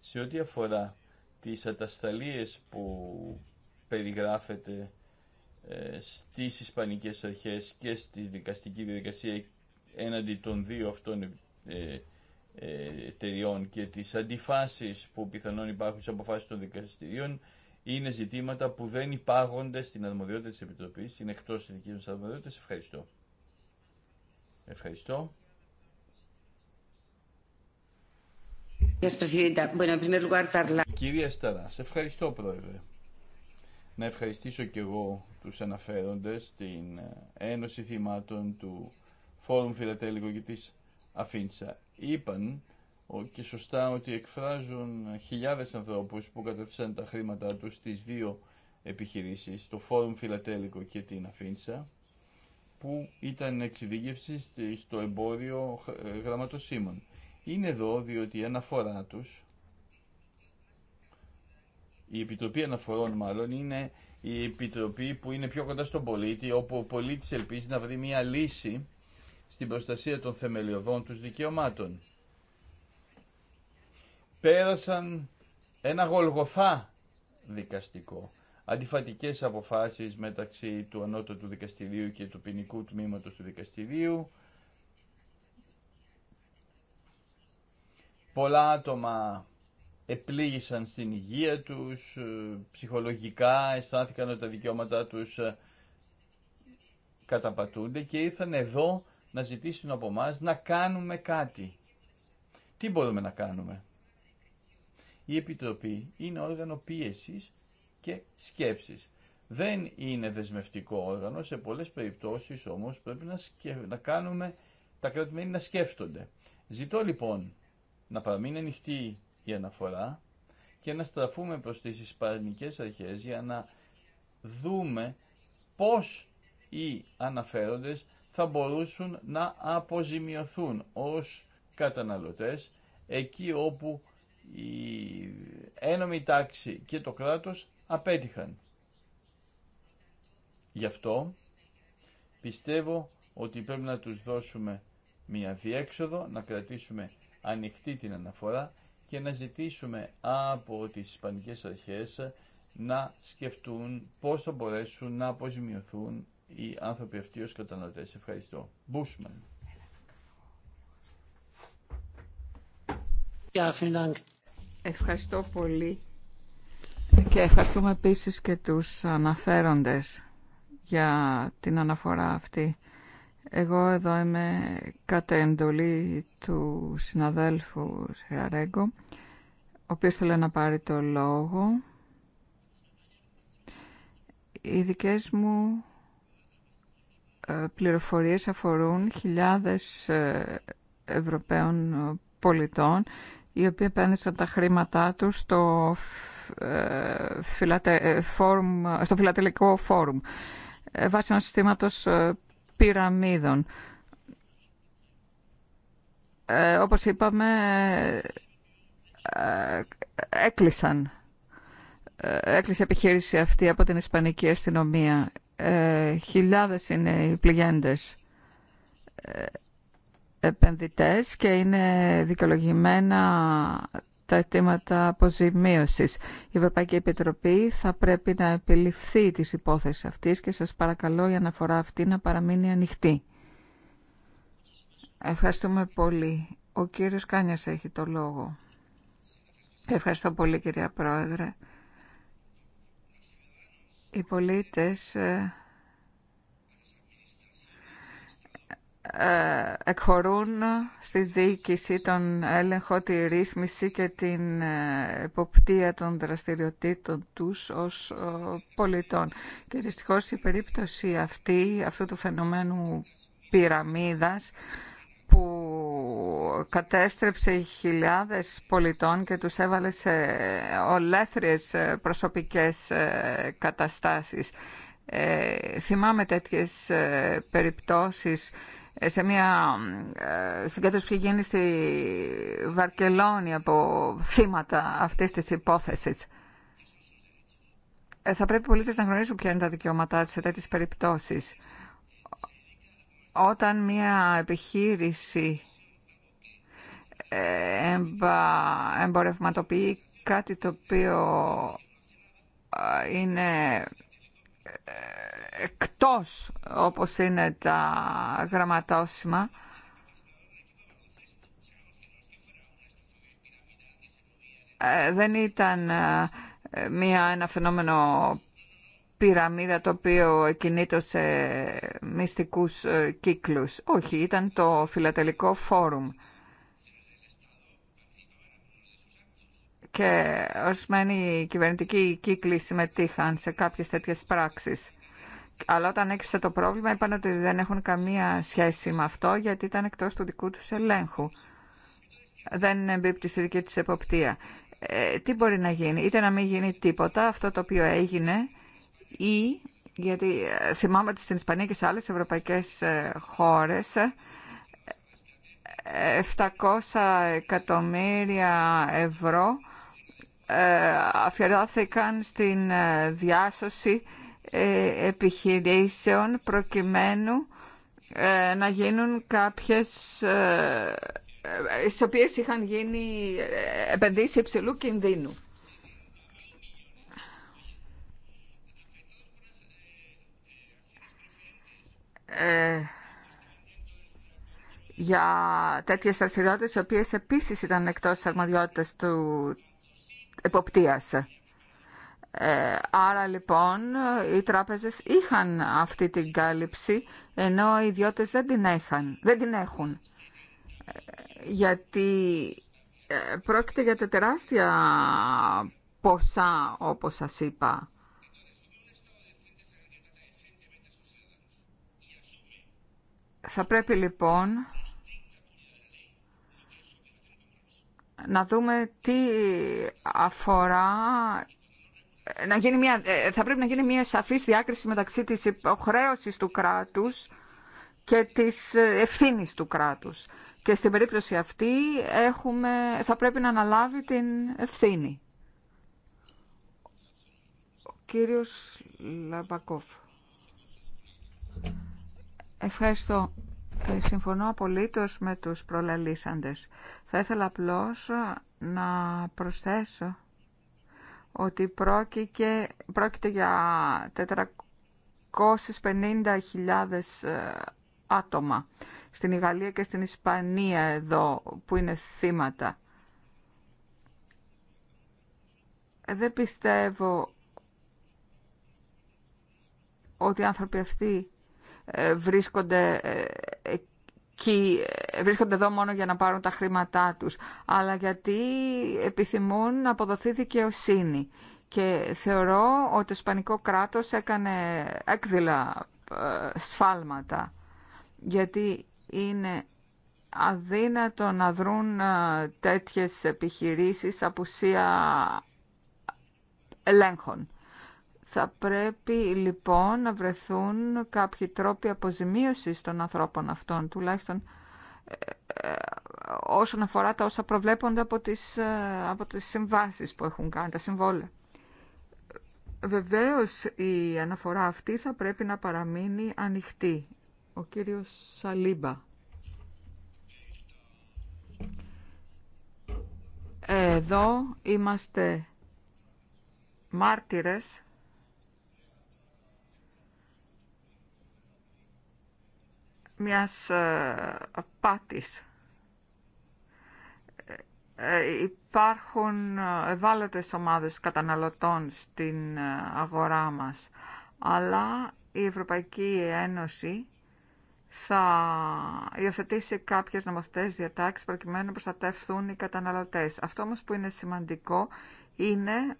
Speaker 3: Σε ό,τι αφορά τις ατασταλίες που περιγράφεται στις Ισπανικές Αρχές και στη δικαστική διαδικασία έναντι των δύο αυτών εταιριών και τις αντιφάσεις που πιθανόν υπάρχουν σε αποφάσεις των δικαστηρίων είναι ζητήματα που δεν υπάγονται στην αρμοδιότητα της Επιτροπής, είναι εκτός της δικής μας αρμοδιότητας. Ευχαριστώ. Ευχαριστώ. Κυρία Σταράς, ευχαριστώ Πρόεδρε. Να ευχαριστήσω και εγώ τους αναφέροντες, την ε, Ένωση Θυμάτων του Φόρουμ Φιλατέλικο και της Αφίντσα. Είπαν και σωστά ότι εκφράζουν χιλιάδες ανθρώπους που κατεύθυνσαν τα χρήματά τους στις δύο επιχειρήσεις, το Φόρουμ Φιλατέλικο και την Αφίνσα, που ήταν εξειδίκευση στο εμπόριο γραμματοσύμων. Είναι εδώ διότι η αναφορά τους, η Επιτροπή Αναφορών μάλλον, είναι η Επιτροπή που είναι πιο κοντά στον πολίτη, όπου ο πολίτης ελπίζει να βρει μια λύση στην προστασία των θεμελιωδών τους δικαιωμάτων πέρασαν ένα γολγοθά δικαστικό. Αντιφατικές αποφάσεις μεταξύ του ανώτατου δικαστηρίου και του ποινικού τμήματος του δικαστηρίου. Πολλά άτομα επλήγησαν στην υγεία τους, ψυχολογικά αισθάνθηκαν ότι τα δικαιώματά τους καταπατούνται και ήρθαν εδώ να ζητήσουν από εμά να κάνουμε κάτι. Τι μπορούμε να κάνουμε. Η Επιτροπή είναι όργανο πίεσης και σκέψης. Δεν είναι δεσμευτικό όργανο, σε πολλές περιπτώσεις όμως πρέπει να, να κάνουμε τα κρατημένη να σκέφτονται. Ζητώ λοιπόν να παραμείνει ανοιχτή η αναφορά και να στραφούμε προς τις ισπανικές αρχές για να δούμε πώς οι αναφέροντες θα μπορούσαν να αποζημιωθούν ως καταναλωτές εκεί όπου η ένομη τάξη και το κράτος απέτυχαν. Γι' αυτό πιστεύω ότι πρέπει να τους δώσουμε μια διέξοδο, να κρατήσουμε ανοιχτή την αναφορά και να ζητήσουμε από τις Ισπανικές Αρχές να σκεφτούν πώς θα μπορέσουν να αποζημιωθούν οι άνθρωποι αυτοί ως καταναλωτές. Ευχαριστώ. Μπούσμαν.
Speaker 2: Ευχαριστώ πολύ και ευχαριστούμε επίσης και τους αναφέροντες για την αναφορά αυτή. Εγώ εδώ είμαι κατά εντολή του συναδέλφου Ρεαρέγκο ο οποίος θέλει να πάρει το λόγο. Οι δικές μου ε, πληροφορίες αφορούν χιλιάδες ε, Ευρωπαίων πολιτών οι οποίοι επένδυσαν τα χρήματά τους στο, ε, ε, στο φιλατελικό φόρουμ ε, βάσει ένα συστήματος πυραμίδων. Ε, όπως είπαμε, έκλεισαν. Έκλεισε η επιχείρηση αυτή από την Ισπανική αστυνομία. Ε, χιλιάδες είναι οι πληγέντες επενδυτές και είναι δικαιολογημένα τα αιτήματα αποζημίωσης. Η Ευρωπαϊκή Επιτροπή θα πρέπει να επιληφθεί της υπόθεση αυτής και σας παρακαλώ η αναφορά αυτή να παραμείνει ανοιχτή. Ευχαριστούμε πολύ. Ο κύριος Κάνιας έχει το λόγο. Ευχαριστώ πολύ κυρία Πρόεδρε. Οι πολίτες ε, Ε, εκχωρούν στη διοίκηση τον έλεγχο, τη ρύθμιση και την ε, εποπτεία των δραστηριοτήτων τους ως ε, πολιτών. Και δυστυχώς η περίπτωση αυτή, αυτού του φαινομένου πυραμίδας, που κατέστρεψε χιλιάδες πολιτών και τους έβαλε σε ολέθριες προσωπικές καταστάσεις. θυμάμαι τέτοιες περιπτώσεις ε, σε μια ε, συγκέντρωση που είχε γίνει στη Βαρκελόνη από θύματα αυτής της υπόθεσης. Ε, θα πρέπει οι πολίτες να γνωρίζουν ποια είναι τα δικαιώματά τους σε τέτοιες περιπτώσεις. Όταν μια επιχείρηση εμπορευματοποιεί κάτι το οποίο είναι εκτός όπως είναι τα γραμματόσημα ε, δεν ήταν ε, μια, ένα φαινόμενο πυραμίδα το οποίο κινείται σε μυστικούς ε, κύκλους. Όχι, ήταν το φιλατελικό φόρουμ. Και ορισμένοι κυβερνητικοί κύκλοι συμμετείχαν σε κάποιες τέτοιες πράξεις. Αλλά όταν έκρισε το πρόβλημα είπαν ότι δεν έχουν καμία σχέση με αυτό γιατί ήταν εκτός του δικού τους ελέγχου. Δεν εμπίπτει στη δική τους εποπτεία. Ε, τι μπορεί να γίνει, είτε να μην γίνει τίποτα, αυτό το οποίο έγινε, ή γιατί ε, θυμάμαι ότι στην Ισπανία και σε άλλες ευρωπαϊκές ε, χώρες 700 εκατομμύρια ευρώ αφιερώθηκαν στην διάσωση ε, επιχειρήσεων προκειμένου ε, να γίνουν κάποιες ε, στις οποίες είχαν γίνει επενδύσεις υψηλού κινδύνου. για τέτοιες δραστηριότητες οι οποίες επίσης ήταν εκτός αρμοδιότητας του εποπτείας. Ε, άρα λοιπόν οι τράπεζες είχαν αυτή την κάλυψη ενώ οι ιδιώτες δεν την, έχαν, δεν την έχουν γιατί ε, πρόκειται για τα τεράστια ποσά όπως σας είπα Θα πρέπει λοιπόν να δούμε τι αφορά να γίνει μια, ε, θα πρέπει να γίνει μια σαφής διάκριση μεταξύ της υποχρέωσης του κράτους και της ε, ευθύνης του κράτους. Και στην περίπτωση αυτή έχουμε, θα πρέπει να αναλάβει την ευθύνη. Ο κύριος Λαμπακόφ. Ευχαριστώ. Ε, συμφωνώ απολύτως με τους προλαλήσαντες. Θα ήθελα απλώς να προσθέσω ότι πρόκειται, για 450.000 ε, άτομα στην Γαλλία και στην Ισπανία εδώ που είναι θύματα. Δεν πιστεύω ότι οι άνθρωποι αυτοί ε, βρίσκονται ε, και βρίσκονται εδώ μόνο για να πάρουν τα χρήματά τους, αλλά γιατί επιθυμούν να αποδοθεί δικαιοσύνη. Και θεωρώ ότι το Ισπανικό κράτος έκανε έκδηλα ε, σφάλματα, γιατί είναι αδύνατο να δρουν ε, τέτοιες επιχειρήσεις απουσία ελέγχων. Θα πρέπει λοιπόν να βρεθούν κάποιοι τρόποι αποζημίωσης των ανθρώπων αυτών, τουλάχιστον ε, ε, όσον αφορά τα όσα προβλέπονται από τις, ε, από τις συμβάσεις που έχουν κάνει, τα συμβόλαια. Βεβαίως η αναφορά αυτή θα πρέπει να παραμείνει ανοιχτή. Ο κύριος Σαλίμπα. Εδώ είμαστε μάρτυρες μιας Ε, ε, ε Υπάρχουν ε, ευάλωτες ομάδες καταναλωτών στην αγορά μας, αλλά η Ευρωπαϊκή Ένωση θα υιοθετήσει κάποιες νομοθετές διατάξεις προκειμένου να προστατευθούν οι καταναλωτές. Αυτό όμως που είναι σημαντικό είναι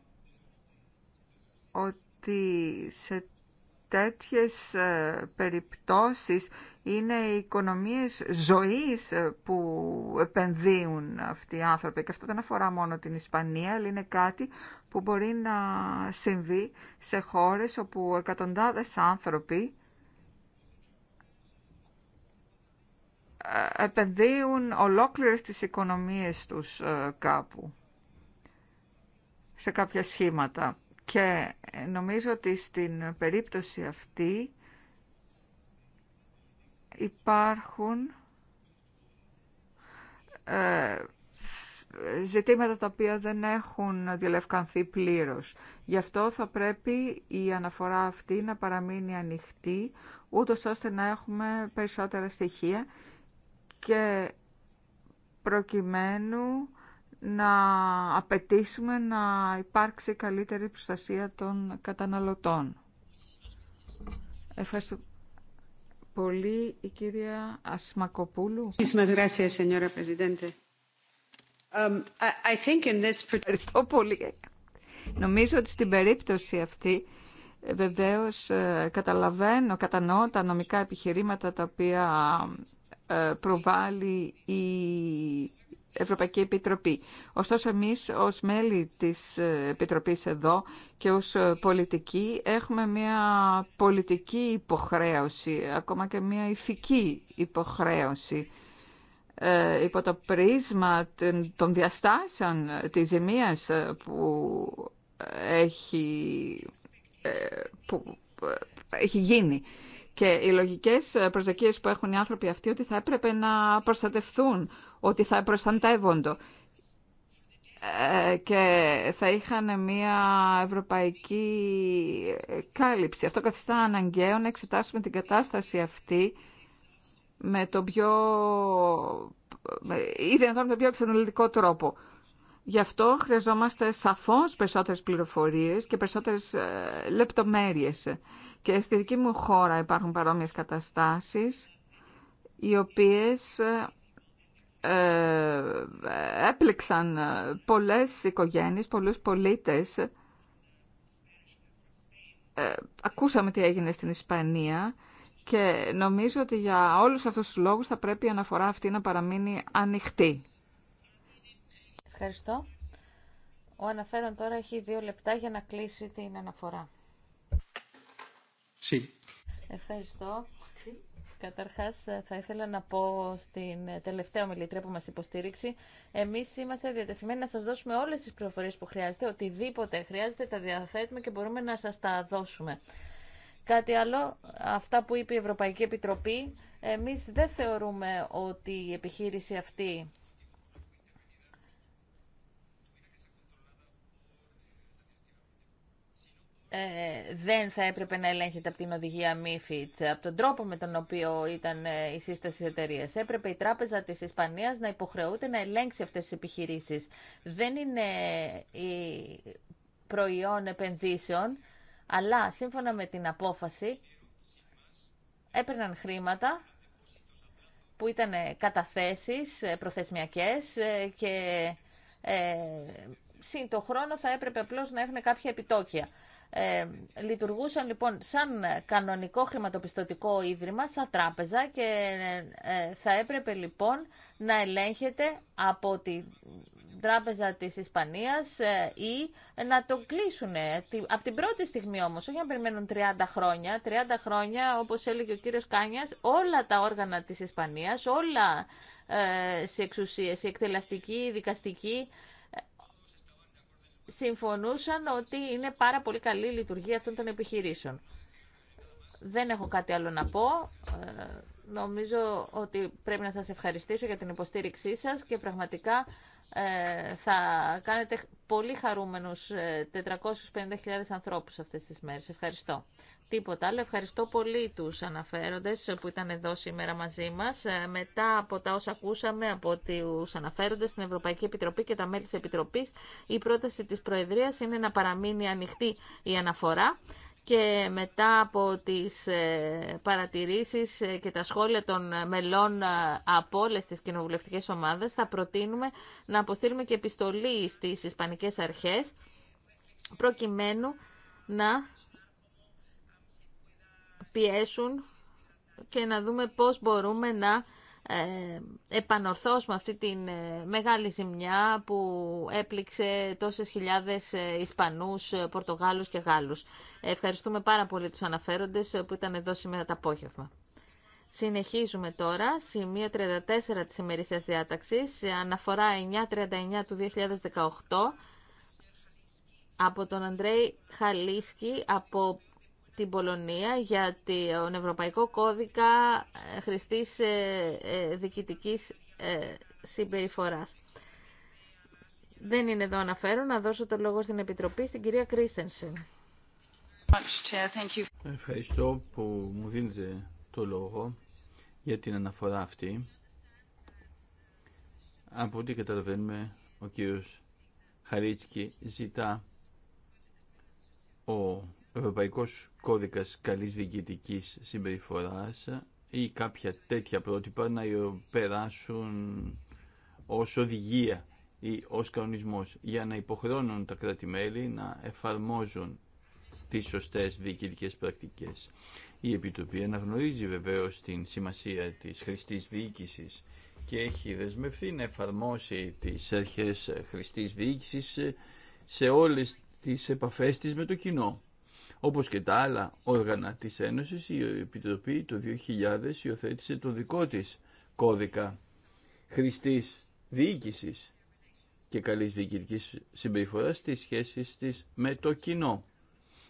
Speaker 2: ότι σε τέτοιες ε, περιπτώσεις είναι οι οικονομίες ζωής ε, που επενδύουν αυτοί οι άνθρωποι. Και αυτό δεν αφορά μόνο την Ισπανία, αλλά είναι κάτι που μπορεί να συμβεί σε χώρες όπου εκατοντάδες άνθρωποι ε, επενδύουν ολόκληρες τις οικονομίες τους κάπου, σε κάποια σχήματα. Και ε, νομίζω ότι στην περίπτωση αυτή υπάρχουν ε, ζητήματα τα οποία δεν έχουν διαλευκανθεί πλήρως. Γι' αυτό θα πρέπει η αναφορά αυτή να παραμείνει ανοιχτή, ούτω ώστε να έχουμε περισσότερα στοιχεία και προκειμένου να απαιτήσουμε να υπάρξει καλύτερη προστασία των καταναλωτών. Ευχαριστώ πολύ η κυρία Ασμακοπούλου. Um, Ευχαριστώ πολύ. Νομίζω ότι στην περίπτωση αυτή ε, βεβαίως ε, καταλαβαίνω, κατανοώ τα νομικά επιχειρήματα τα οποία ε, προβάλλει η Ευρωπαϊκή Επιτροπή. Ωστόσο, εμείς ως μέλη της ε, Επιτροπής εδώ και ως ε, πολιτικοί έχουμε μια πολιτική υποχρέωση, ακόμα και μια ηθική υποχρέωση ε, υπό το πρίσμα των διαστάσεων της ζημίας που έχει, που έχει γίνει. Και οι λογικές προσδοκίε που έχουν οι άνθρωποι αυτοί ότι θα έπρεπε να προστατευθούν, ότι θα προστατεύονται ε, και θα είχαν μια ευρωπαϊκή κάλυψη. Αυτό καθιστά αναγκαίο να εξετάσουμε την κατάσταση αυτή με τον πιο, ή δυνατόν με πιο εξαναλυτικό τρόπο. Γι' αυτό χρειαζόμαστε σαφώς περισσότερες πληροφορίες και περισσότερες ε, λεπτομέρειες και στη δική μου χώρα υπάρχουν παρόμοιες καταστάσεις, οι οποίες ε, ε, έπληξαν ε, πολλές οικογένειες, πολλούς πολίτες. Ακούσαμε τι έγινε στην Ισπανία και νομίζω ότι για όλους αυτούς τους λόγους θα πρέπει η αναφορά αυτή να παραμείνει ανοιχτή.
Speaker 1: Ευχαριστώ. Ο αναφέρον τώρα έχει δύο λεπτά για να κλείσει την αναφορά. Ευχαριστώ. Καταρχάς ε, θα ήθελα να πω στην ε, τελευταία ομιλητρία που μας υποστήριξε εμείς είμαστε διατεθειμένοι να σας δώσουμε όλες τις πληροφορίες που χρειάζεται, οτιδήποτε χρειάζεται τα διαθέτουμε και μπορούμε να σας τα δώσουμε. Κάτι άλλο, αυτά που είπε η Ευρωπαϊκή Επιτροπή, εμείς δεν θεωρούμε ότι η επιχείρηση αυτή ε, δεν θα έπρεπε να ελέγχεται από την οδηγία MIFID, από τον τρόπο με τον οποίο ήταν ε, η σύσταση τη Έπρεπε η Τράπεζα της Ισπανίας να υποχρεούται να ελέγξει αυτές τις επιχειρήσεις. Δεν είναι ε, η προϊόν επενδύσεων, αλλά σύμφωνα με την απόφαση έπαιρναν χρήματα που ήταν καταθέσεις ε, προθεσμιακές και ε, χρόνο θα έπρεπε απλώ να έχουν κάποια επιτόκια. Ε, λειτουργούσαν λοιπόν σαν κανονικό χρηματοπιστωτικό ίδρυμα, σαν τράπεζα και ε, θα έπρεπε λοιπόν να ελέγχεται από τη τράπεζα της Ισπανίας ε, ή να το κλείσουν. Ε, από την πρώτη στιγμή όμως, όχι να περιμένουν 30 χρόνια. 30 χρόνια, όπως έλεγε ο κύριος Κάνιας, όλα τα όργανα της Ισπανίας, όλα σε εξουσίες, η εκτελαστική, η δικαστική, συμφωνούσαν ότι είναι πάρα πολύ καλή η λειτουργία αυτών των επιχειρήσεων. Δεν έχω κάτι άλλο να πω. Ε, νομίζω ότι πρέπει να σας ευχαριστήσω για την υποστήριξή σας και πραγματικά ε, θα κάνετε πολύ χαρούμενους 450.000 ε, ανθρώπους αυτές τις μέρες. Ευχαριστώ. Τίποτα άλλο. Ευχαριστώ πολύ τους αναφέροντες που ήταν εδώ σήμερα μαζί μας. Ε, μετά από τα όσα ακούσαμε από τους αναφέροντες στην Ευρωπαϊκή Επιτροπή και τα μέλη της Επιτροπής, η πρόταση της Προεδρίας είναι να παραμείνει ανοιχτή η αναφορά και μετά από τις ε, παρατηρήσεις ε, και τα σχόλια των ε, μελών από όλε τις κοινοβουλευτικές ομάδες θα προτείνουμε να αποστείλουμε και επιστολή στις Ισπανικές Αρχές προκειμένου να πιέσουν και να δούμε πώς μπορούμε να ε, επανορθώσουμε αυτή τη ε, μεγάλη ζημιά που έπληξε τόσες χιλιάδες ε, Ισπανούς, Πορτογάλους και Γάλλους. Ευχαριστούμε πάρα πολύ τους αναφέροντες που ήταν εδώ σήμερα το απόγευμα. Συνεχίζουμε τώρα, σημείο 34 της ημερήσιας διάταξης, αναφορά 939 του 2018 από τον Αντρέι Χαλίσκι από την Πολωνία για τον Ευρωπαϊκό Κώδικα ε, Χρηστής ε, ε, Διοικητικής Συμπεριφοράς. Δεν είναι εδώ αναφέρω. Να δώσω το λόγο στην Επιτροπή, στην κυρία Κρίστενσεν.
Speaker 3: Ευχαριστώ που μου δίνετε το λόγο για την αναφορά αυτή. Από ό,τι καταλαβαίνουμε, ο κύριος Χαρίτσκι ζητά ο Ευρωπαϊκός Κώδικας Καλής Διοικητικής Συμπεριφοράς ή κάποια τέτοια πρότυπα να περάσουν ως οδηγία ή ως κανονισμός για να υποχρώνουν τα κράτη-μέλη να εφαρμόζουν τις σωστές διοικητικές πρακτικές. Η Επιτροπή αναγνωρίζει βεβαίως την σημασία της χρηστής διοίκησης και έχει δεσμευθεί να εφαρμόσει τις αρχές χρηστής διοίκησης σε όλες τις επαφές της με το κοινό. Όπως και τα άλλα όργανα της Ένωσης, η Επιτροπή το 2000 υιοθέτησε το δικό της κώδικα χρηστής διοίκησης και καλής διοικητικής συμπεριφοράς στις σχέσεις της με το κοινό.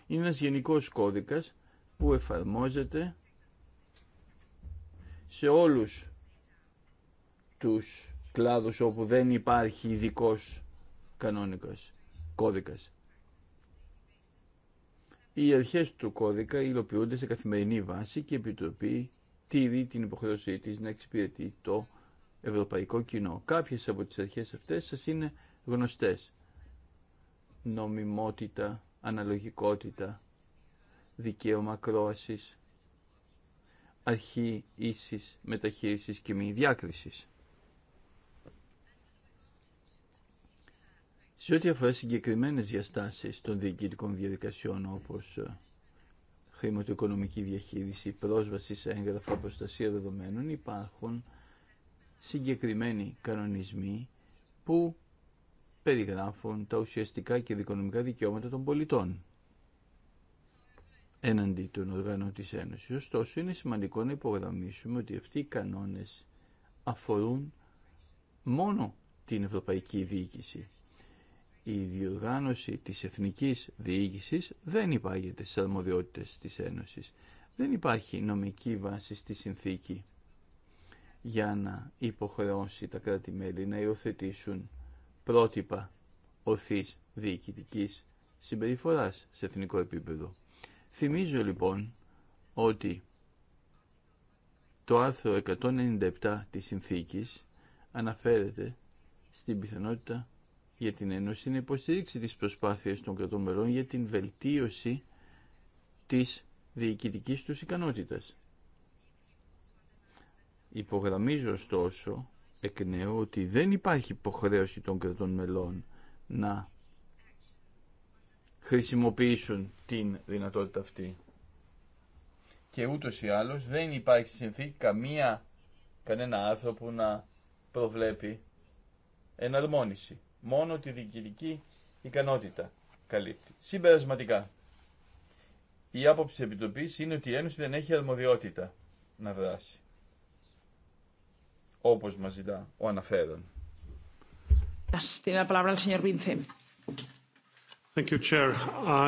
Speaker 3: Είναι ένας γενικός κώδικας που εφαρμόζεται σε όλους τους κλάδους όπου δεν υπάρχει ειδικό κανόνικος κώδικας. Οι αρχέ του κώδικα υλοποιούνται σε καθημερινή βάση και η Επιτροπή τηρεί την υποχρέωσή της να εξυπηρετεί το ευρωπαϊκό κοινό. Κάποιες από τις αρχές αυτές σα είναι γνωστές. Νομιμότητα, αναλογικότητα, δικαίωμα αρχή ίσης μεταχείρισης και μη διάκρισης. Σε ό,τι αφορά συγκεκριμένε διαστάσεις των διοικητικών διαδικασιών όπως ε, χρηματοοικονομική διαχείριση, πρόσβαση σε έγγραφα, προστασία δεδομένων, υπάρχουν συγκεκριμένοι κανονισμοί που περιγράφουν τα ουσιαστικά και δικονομικά δικαιώματα των πολιτών έναντι των οργάνων της Ένωσης. Ωστόσο, είναι σημαντικό να υπογραμμίσουμε ότι αυτοί οι κανόνες αφορούν μόνο την ευρωπαϊκή διοίκηση η διοργάνωση της εθνικής διοίκησης δεν υπάγεται στις αρμοδιότητες της Ένωσης. Δεν υπάρχει νομική βάση στη συνθήκη για να υποχρεώσει τα κράτη-μέλη να υιοθετήσουν πρότυπα οθής διοικητικής συμπεριφοράς σε εθνικό επίπεδο. Θυμίζω λοιπόν ότι το άρθρο 197 της συνθήκης αναφέρεται στην πιθανότητα για την Ένωση να υποστηρίξει τις προσπάθειες των κρατών για την βελτίωση της διοικητικής τους ικανότητας. Υπογραμμίζω ωστόσο εκ νέου ότι δεν υπάρχει υποχρέωση των κρατών μελών να χρησιμοποιήσουν την δυνατότητα αυτή. Και ούτως ή άλλως δεν υπάρχει συνθήκη καμία, κανένα άνθρωπο να προβλέπει εναρμόνιση μόνο τη διοικητική ικανότητα καλύπτει. Συμπερασματικά, η άποψη επιτοπής είναι ότι η Ένωση δεν έχει αρμοδιότητα να δράσει, όπως μας ζητά ο αναφέρον. Thank you, Chair.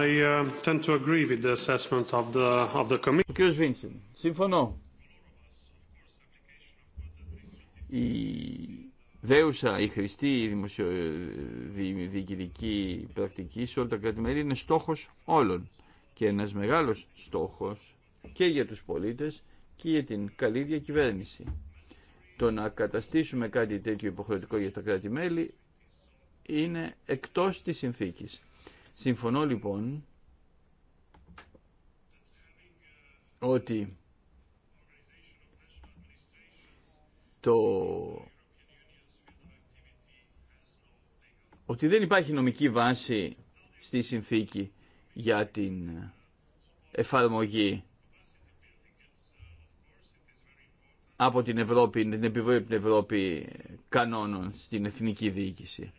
Speaker 3: I uh, tend to agree with the assessment of the of the committee. Κύριος Βίνσεν, συμφωνώ. Η δέουσα η χρηστή η διοικητική πρακτική σε όλα τα κρατη είναι στόχος όλων και ένας μεγάλος στόχος και για τους πολίτες και για την καλή διακυβέρνηση. Το να καταστήσουμε κάτι τέτοιο υποχρεωτικό για τα κράτη-μέλη είναι εκτός της συνθήκης. Συμφωνώ λοιπόν ότι το ότι δεν υπάρχει νομική βάση στη συνθήκη για την εφαρμογή από την Ευρώπη, την επιβολή την Ευρώπη κανόνων στην εθνική διοίκηση.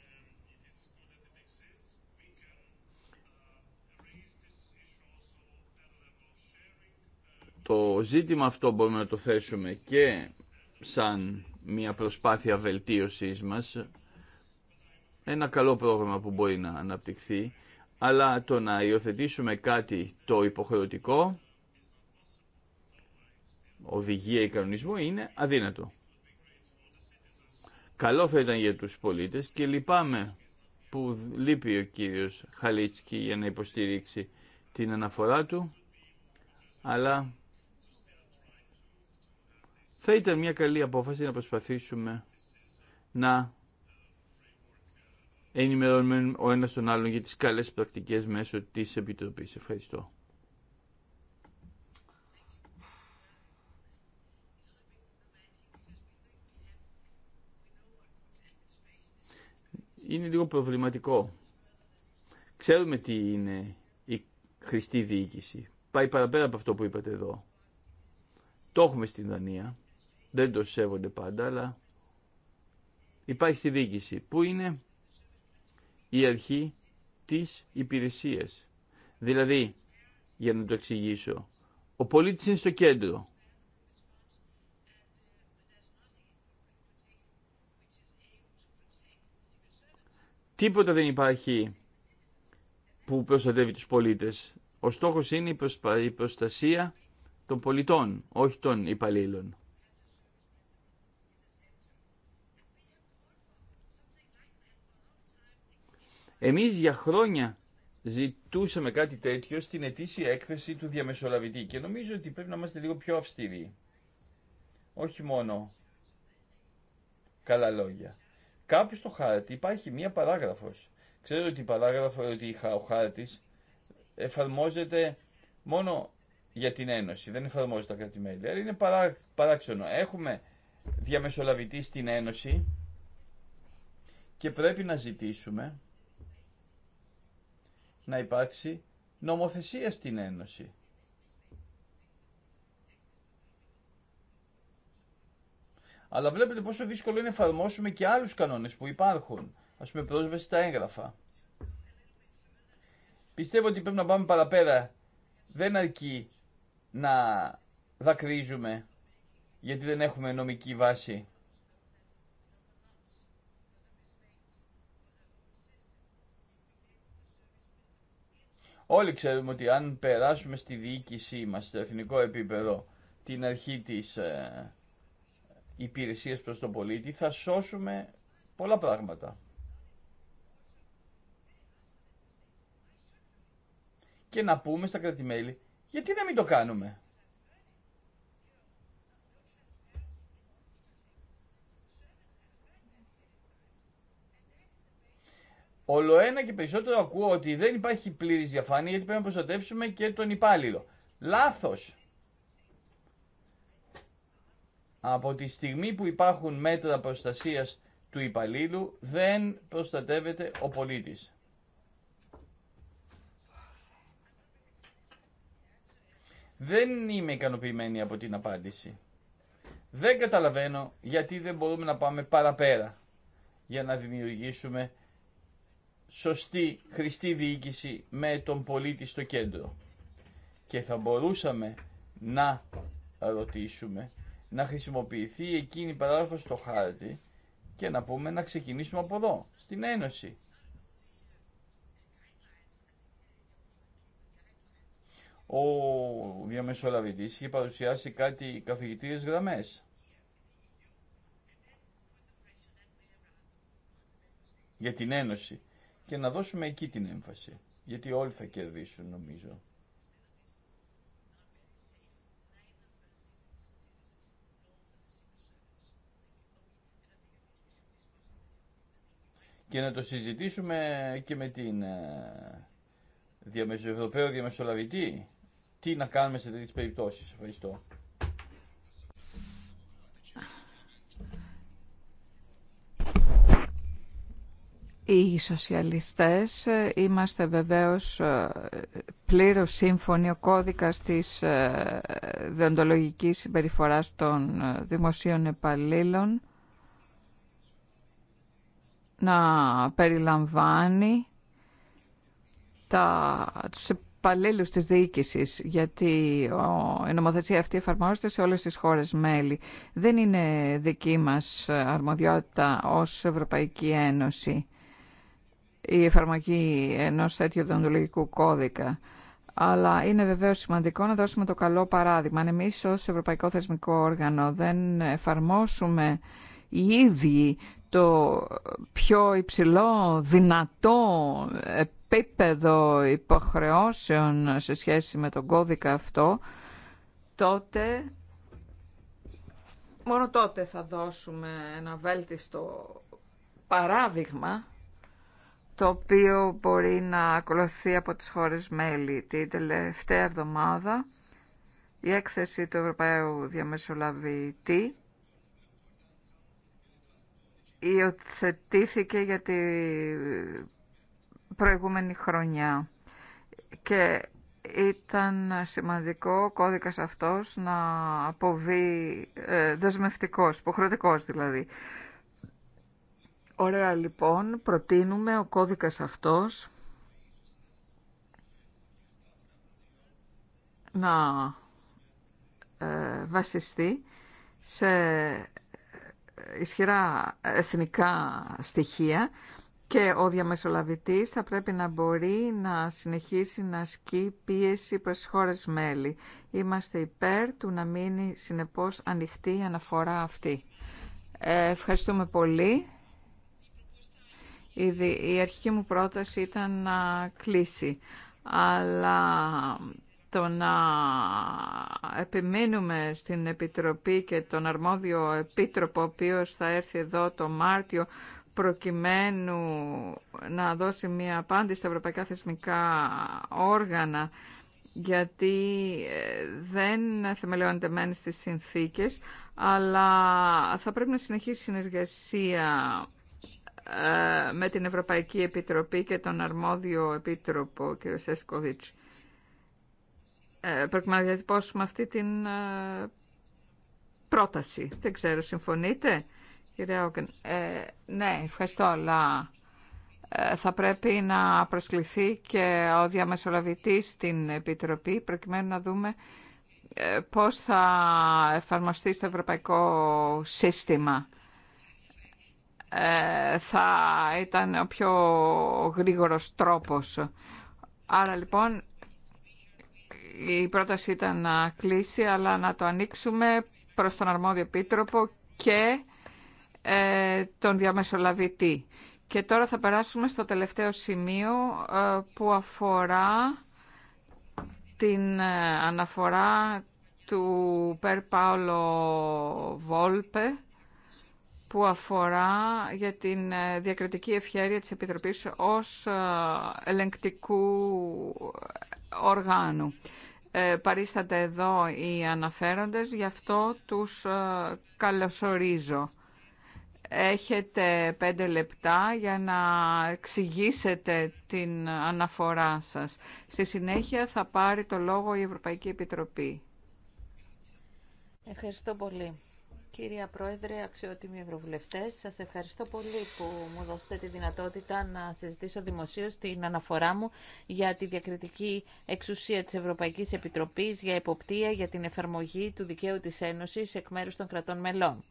Speaker 3: Το ζήτημα αυτό μπορούμε να το θέσουμε και σαν μια προσπάθεια βελτίωσης μας ένα καλό πρόγραμμα που μπορεί να αναπτυχθεί, αλλά το να υιοθετήσουμε κάτι το υποχρεωτικό, οδηγία ή κανονισμό, είναι αδύνατο. Καλό θα ήταν για τους πολίτες και λυπάμαι που λείπει ο κύριος Χαλίτσκι για να υποστηρίξει την αναφορά του, αλλά θα ήταν μια καλή απόφαση να προσπαθήσουμε να ενημερώνουμε ο ένας τον άλλον για τις καλές πρακτικές μέσω της Επιτροπής. Ευχαριστώ. Είναι λίγο προβληματικό. Ξέρουμε τι είναι η χρηστή διοίκηση. Πάει παραπέρα από αυτό που είπατε εδώ. Το έχουμε στην Δανία. Δεν το σέβονται πάντα, αλλά υπάρχει στη διοίκηση που είναι η αρχή της υπηρεσίας. Δηλαδή, για να το εξηγήσω, ο πολίτης είναι στο κέντρο. Τίποτα δεν υπάρχει που προστατεύει τους πολίτες. Ο στόχος είναι η προστασία των πολιτών, όχι των υπαλλήλων. Εμείς για χρόνια ζητούσαμε κάτι τέτοιο στην ετήσια έκθεση του διαμεσολαβητή και νομίζω ότι πρέπει να είμαστε λίγο πιο αυστηροί. Όχι μόνο καλά λόγια. Κάπου στο χάρτη υπάρχει μία παράγραφος. Ξέρω ότι η παράγραφο, ότι ο χάρτης εφαρμόζεται μόνο για την Ένωση, δεν εφαρμόζεται τα κράτη-μέλη, είναι παράξενο. Έχουμε διαμεσολαβητή στην Ένωση και πρέπει να ζητήσουμε να υπάρξει νομοθεσία στην Ένωση. Αλλά βλέπετε πόσο δύσκολο είναι να εφαρμόσουμε και άλλους κανόνες που υπάρχουν. Ας πούμε πρόσβαση στα έγγραφα. Πιστεύω ότι πρέπει να πάμε παραπέρα. Δεν αρκεί να δακρύζουμε γιατί δεν έχουμε νομική βάση. Όλοι ξέρουμε ότι αν περάσουμε στη διοίκησή μας, στο εθνικό επίπεδο, την αρχή της ε, υπηρεσίας προς τον πολίτη, θα σώσουμε πολλά πράγματα. Και να πούμε στα κρατημέλη, γιατί να μην το κάνουμε. Όλο ένα και περισσότερο ακούω ότι δεν υπάρχει πλήρη διαφάνεια γιατί πρέπει να προστατεύσουμε και τον υπάλληλο. Λάθο! Από τη στιγμή που υπάρχουν μέτρα προστασίας του υπαλλήλου δεν προστατεύεται ο πολίτης. Δεν είμαι ικανοποιημένη από την απάντηση. Δεν καταλαβαίνω γιατί δεν μπορούμε να πάμε παραπέρα για να δημιουργήσουμε σωστή, χρηστή διοίκηση με τον πολίτη στο κέντρο. Και θα μπορούσαμε να ρωτήσουμε, να χρησιμοποιηθεί εκείνη η παράγραφος στο χάρτη και να πούμε να ξεκινήσουμε από εδώ, στην Ένωση. Ο διαμεσολαβητής είχε παρουσιάσει κάτι καθηγητήριες γραμμές. Για την Ένωση και να δώσουμε εκεί την έμφαση. Γιατί όλοι θα κερδίσουν νομίζω. Και να το συζητήσουμε και με την ε, Ευρωπαίο Διαμεσολαβητή. Τι να κάνουμε σε τέτοιες περιπτώσεις. Ευχαριστώ.
Speaker 2: Οι σοσιαλιστές ε, είμαστε βεβαίως ε, πλήρως σύμφωνοι ο κώδικας της ε, δεοντολογικής συμπεριφοράς των δημοσίων επαλλήλων να περιλαμβάνει τα, τους υπαλλήλου της διοίκησης, γιατί η νομοθεσία αυτή εφαρμόζεται σε όλες τις χώρες μέλη. Δεν είναι δική μας αρμοδιότητα ως Ευρωπαϊκή Ένωση η εφαρμογή ενός τέτοιου δοντολογικού κώδικα. Αλλά είναι βεβαίω σημαντικό να δώσουμε το καλό παράδειγμα. Αν εμείς ως Ευρωπαϊκό Θεσμικό Όργανο δεν εφαρμόσουμε οι ίδιοι το πιο υψηλό, δυνατό επίπεδο υποχρεώσεων σε σχέση με τον κώδικα αυτό, τότε, μόνο τότε θα δώσουμε ένα βέλτιστο παράδειγμα το οποίο μπορεί να ακολουθεί από τις χώρες μέλη. Την τελευταία εβδομάδα η έκθεση του Ευρωπαίου Διαμεσολαβητή υιοθετήθηκε για την προηγούμενη χρονιά και ήταν σημαντικό ο κώδικας αυτός να αποβεί ε, δεσμευτικός, υποχρεωτικός δηλαδή. Ωραία λοιπόν, προτείνουμε ο κώδικας αυτός να ε, βασιστεί σε ισχυρά εθνικά στοιχεία και ο διαμεσολαβητής θα πρέπει να μπορεί να συνεχίσει να ασκεί πίεση προς χώρες μέλη. Είμαστε υπέρ του να μείνει συνεπώς ανοιχτή η αναφορά αυτή. Ε, ευχαριστούμε πολύ. Η αρχική μου πρόταση ήταν να κλείσει, αλλά το να επιμείνουμε στην Επιτροπή και τον αρμόδιο επίτροπο, ο οποίος θα έρθει εδώ το Μάρτιο, προκειμένου να δώσει μια απάντηση στα ευρωπαϊκά θεσμικά όργανα, γιατί ε, δεν θεμελιώνεται μένει στις συνθήκες, αλλά θα πρέπει να συνεχίσει η συνεργασία ε, με την Ευρωπαϊκή Επιτροπή και τον αρμόδιο επίτροπο κ. Σέσκοβιτς. Ε, πρέπει να διατυπώσουμε αυτή την ε, πρόταση. Δεν ξέρω, συμφωνείτε, κύριε Όγκεν. Ε, ναι, ευχαριστώ, αλλά θα πρέπει να προσκληθεί και ο διαμεσολαβητής στην Επιτροπή προκειμένου να δούμε πώς θα εφαρμοστεί στο ευρωπαϊκό σύστημα. Ε, θα ήταν ο πιο γρήγορος τρόπος. Άρα λοιπόν η πρόταση ήταν να κλείσει, αλλά να το ανοίξουμε προς τον αρμόδιο επίτροπο και ε, τον διαμεσολαβητή. Και τώρα θα περάσουμε στο τελευταίο σημείο ε, που αφορά την αναφορά του Περ Πάολο Βόλπε που αφορά για την ε, διακριτική ευχέρεια της Επιτροπής ως ε, ελεγκτικού οργάνου. Ε, Παρίσταται εδώ οι αναφέροντες, γι' αυτό τους καλωσορίζω. Έχετε πέντε λεπτά για να εξηγήσετε την αναφορά σας. Στη συνέχεια θα πάρει το λόγο η Ευρωπαϊκή Επιτροπή.
Speaker 1: Ευχαριστώ πολύ. Κυρία Πρόεδρε, αξιότιμοι Ευρωβουλευτέ, σας ευχαριστώ πολύ που μου δώσετε τη δυνατότητα να συζητήσω δημοσίω την αναφορά μου για τη διακριτική εξουσία της Ευρωπαϊκής Επιτροπής για εποπτεία για την εφαρμογή του δικαίου τη Ένωσης εκ μέρου των κρατών μελών.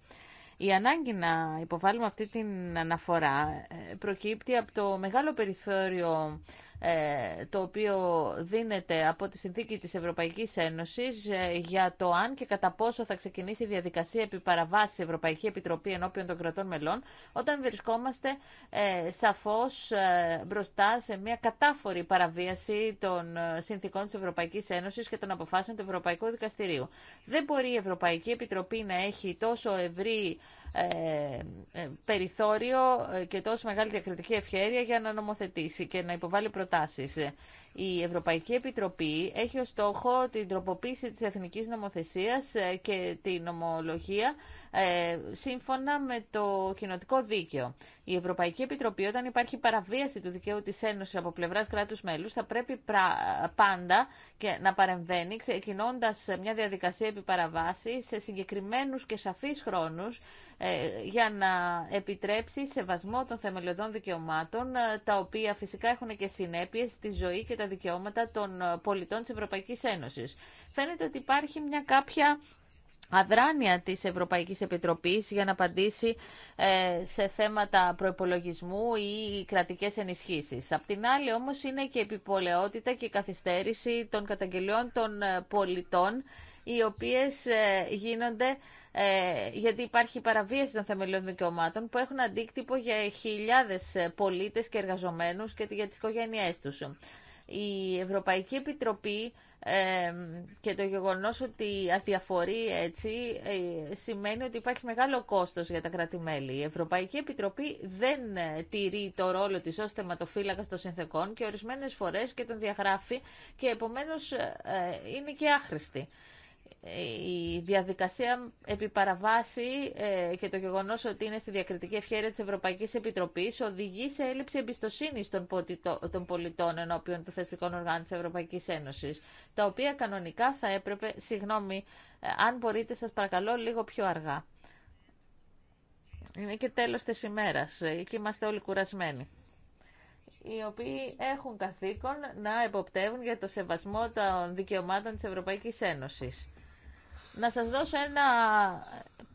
Speaker 1: Η ανάγκη να υποβάλουμε αυτή την αναφορά ε, προκύπτει από το μεγάλο περιθώριο ε, το οποίο δίνεται από τη συνθήκη της Ευρωπαϊκής Ένωσης ε, για το αν και κατά πόσο θα ξεκινήσει η διαδικασία επί παραβάση Ευρωπαϊκή Επιτροπή ενώπιον των κρατών μελών όταν βρισκόμαστε ε, σαφώς μπροστά σε μια κατάφορη παραβίαση των συνθήκων της Ευρωπαϊκής Ένωσης και των αποφάσεων του Ευρωπαϊκού Δικαστηρίου. Δεν μπορεί η Ευρωπαϊκή Επιτροπή να έχει τόσο ευρύ ε, ε, περιθώριο και τόσο μεγάλη διακριτική ευχέρεια για να νομοθετήσει και να υποβάλει προτάσεις. Η Ευρωπαϊκή Επιτροπή έχει ως στόχο την τροποποίηση της εθνικής νομοθεσίας ε, και την νομολογία ε, σύμφωνα με το κοινοτικό δίκαιο. Η Ευρωπαϊκή Επιτροπή όταν υπάρχει παραβίαση του δικαίου της Ένωσης από πλευράς κράτους μέλους θα πρέπει πάντα και να παρεμβαίνει ξεκινώντας μια διαδικασία επιπαραβάση σε συγκεκριμένους και σαφείς χρόνους ε, για να επιτρέψει σεβασμό των θεμελιωδών δικαιωμάτων τα οποία φυσικά έχουν και συνέπειες στη ζωή και τα δικαιώματα των ε, πολιτών της Ευρωπαϊκής Ένωσης. Φαίνεται ότι υπάρχει μια κάποια αδράνεια της Ευρωπαϊκής Επιτροπής για να απαντήσει ε, σε θέματα προϋπολογισμού ή κρατικές ενισχύσεις. Απ' την άλλη όμως είναι και επιπολαιότητα και καθυστέρηση των καταγγελιών των ε, πολιτών οι οποίες γίνονται γιατί υπάρχει παραβίαση των θεμελιών δικαιωμάτων που έχουν αντίκτυπο για χιλιάδες πολίτες και εργαζομένους και για τις οικογένειές τους η Ευρωπαϊκή Επιτροπή και το γεγονός ότι αδιαφορεί έτσι ε, σημαίνει ότι υπάρχει μεγάλο κόστος για τα κράτη-μέλη. Η Ευρωπαϊκή Επιτροπή δεν ε, τηρεί το ρόλο της ως θεματοφύλακα των συνθεκών και ορισμένες φορές και τον διαγράφει και επομένως ε, είναι και άχρηστη η διαδικασία επιπαραβάση ε, και το γεγονός ότι είναι στη διακριτική ευχαίρεια της Ευρωπαϊκής Επιτροπής οδηγεί σε έλλειψη εμπιστοσύνη των, των πολιτών ενώπιον του Θεσπικών οργάνων της Ευρωπαϊκής Ένωσης, τα οποία κανονικά θα έπρεπε, συγγνώμη, ε, αν μπορείτε σας παρακαλώ λίγο πιο αργά. Είναι και τέλος της ημέρας, ε, εκεί είμαστε όλοι κουρασμένοι οι οποίοι έχουν καθήκον να εποπτεύουν για το σεβασμό των δικαιωμάτων της Ευρωπαϊκής Ένωσης. Να σας δώσω ένα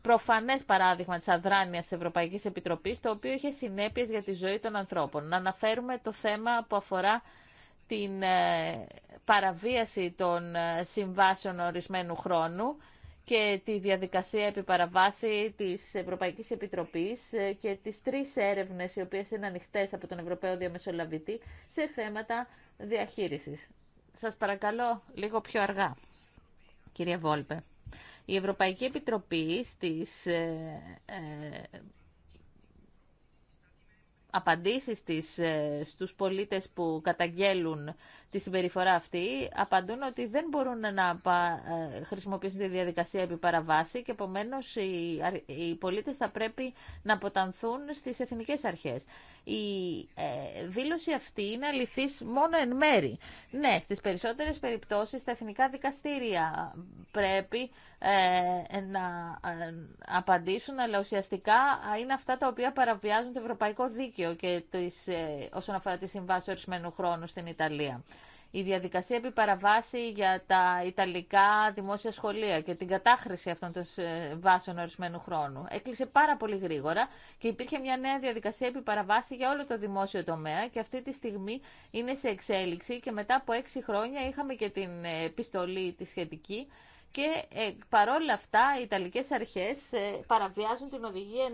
Speaker 1: προφανές παράδειγμα της αδράνειας της Ευρωπαϊκής Επιτροπής, το οποίο είχε συνέπειες για τη ζωή των ανθρώπων. Να αναφέρουμε το θέμα που αφορά την ε, παραβίαση των ε, συμβάσεων ορισμένου χρόνου και τη διαδικασία επιπαραβάση της Ευρωπαϊκής Επιτροπής ε, και τις τρεις έρευνες οι οποίες είναι ανοιχτέ από τον Ευρωπαίο Διαμεσολαβητή σε θέματα διαχείρισης. Σας παρακαλώ λίγο πιο αργά, κύριε Βόλπε. Η Ευρωπαϊκή Επιτροπή στις ε, ε, απαντήσεις της ε, στους πολίτες που καταγγέλουν τη συμπεριφορά αυτή, απαντούν ότι δεν μπορούν να ε, χρησιμοποιήσουν τη διαδικασία επί παραβάση και επομένω οι πολίτε θα πρέπει να αποτανθούν στι εθνικέ αρχέ. Η ε, δήλωση αυτή είναι αληθή μόνο εν μέρη. Ναι, στι περισσότερε περιπτώσει, τα εθνικά δικαστήρια πρέπει ε, να απαντήσουν, αλλά ουσιαστικά είναι αυτά τα οποία παραβιάζουν το ευρωπαϊκό δίκαιο και όσον αφορά τη συμβάση ορισμένου χρόνου στην Ιταλία η διαδικασία επί παραβάση για τα Ιταλικά δημόσια σχολεία και την κατάχρηση αυτών των βάσεων ορισμένου χρόνου. Έκλεισε πάρα πολύ γρήγορα και υπήρχε μια νέα διαδικασία επί παραβάση για όλο το δημόσιο τομέα και αυτή τη στιγμή είναι σε εξέλιξη και μετά από έξι χρόνια είχαμε και την επιστολή τη σχετική και ε, παρόλα αυτά οι Ιταλικές αρχές ε, παραβιάζουν την οδηγία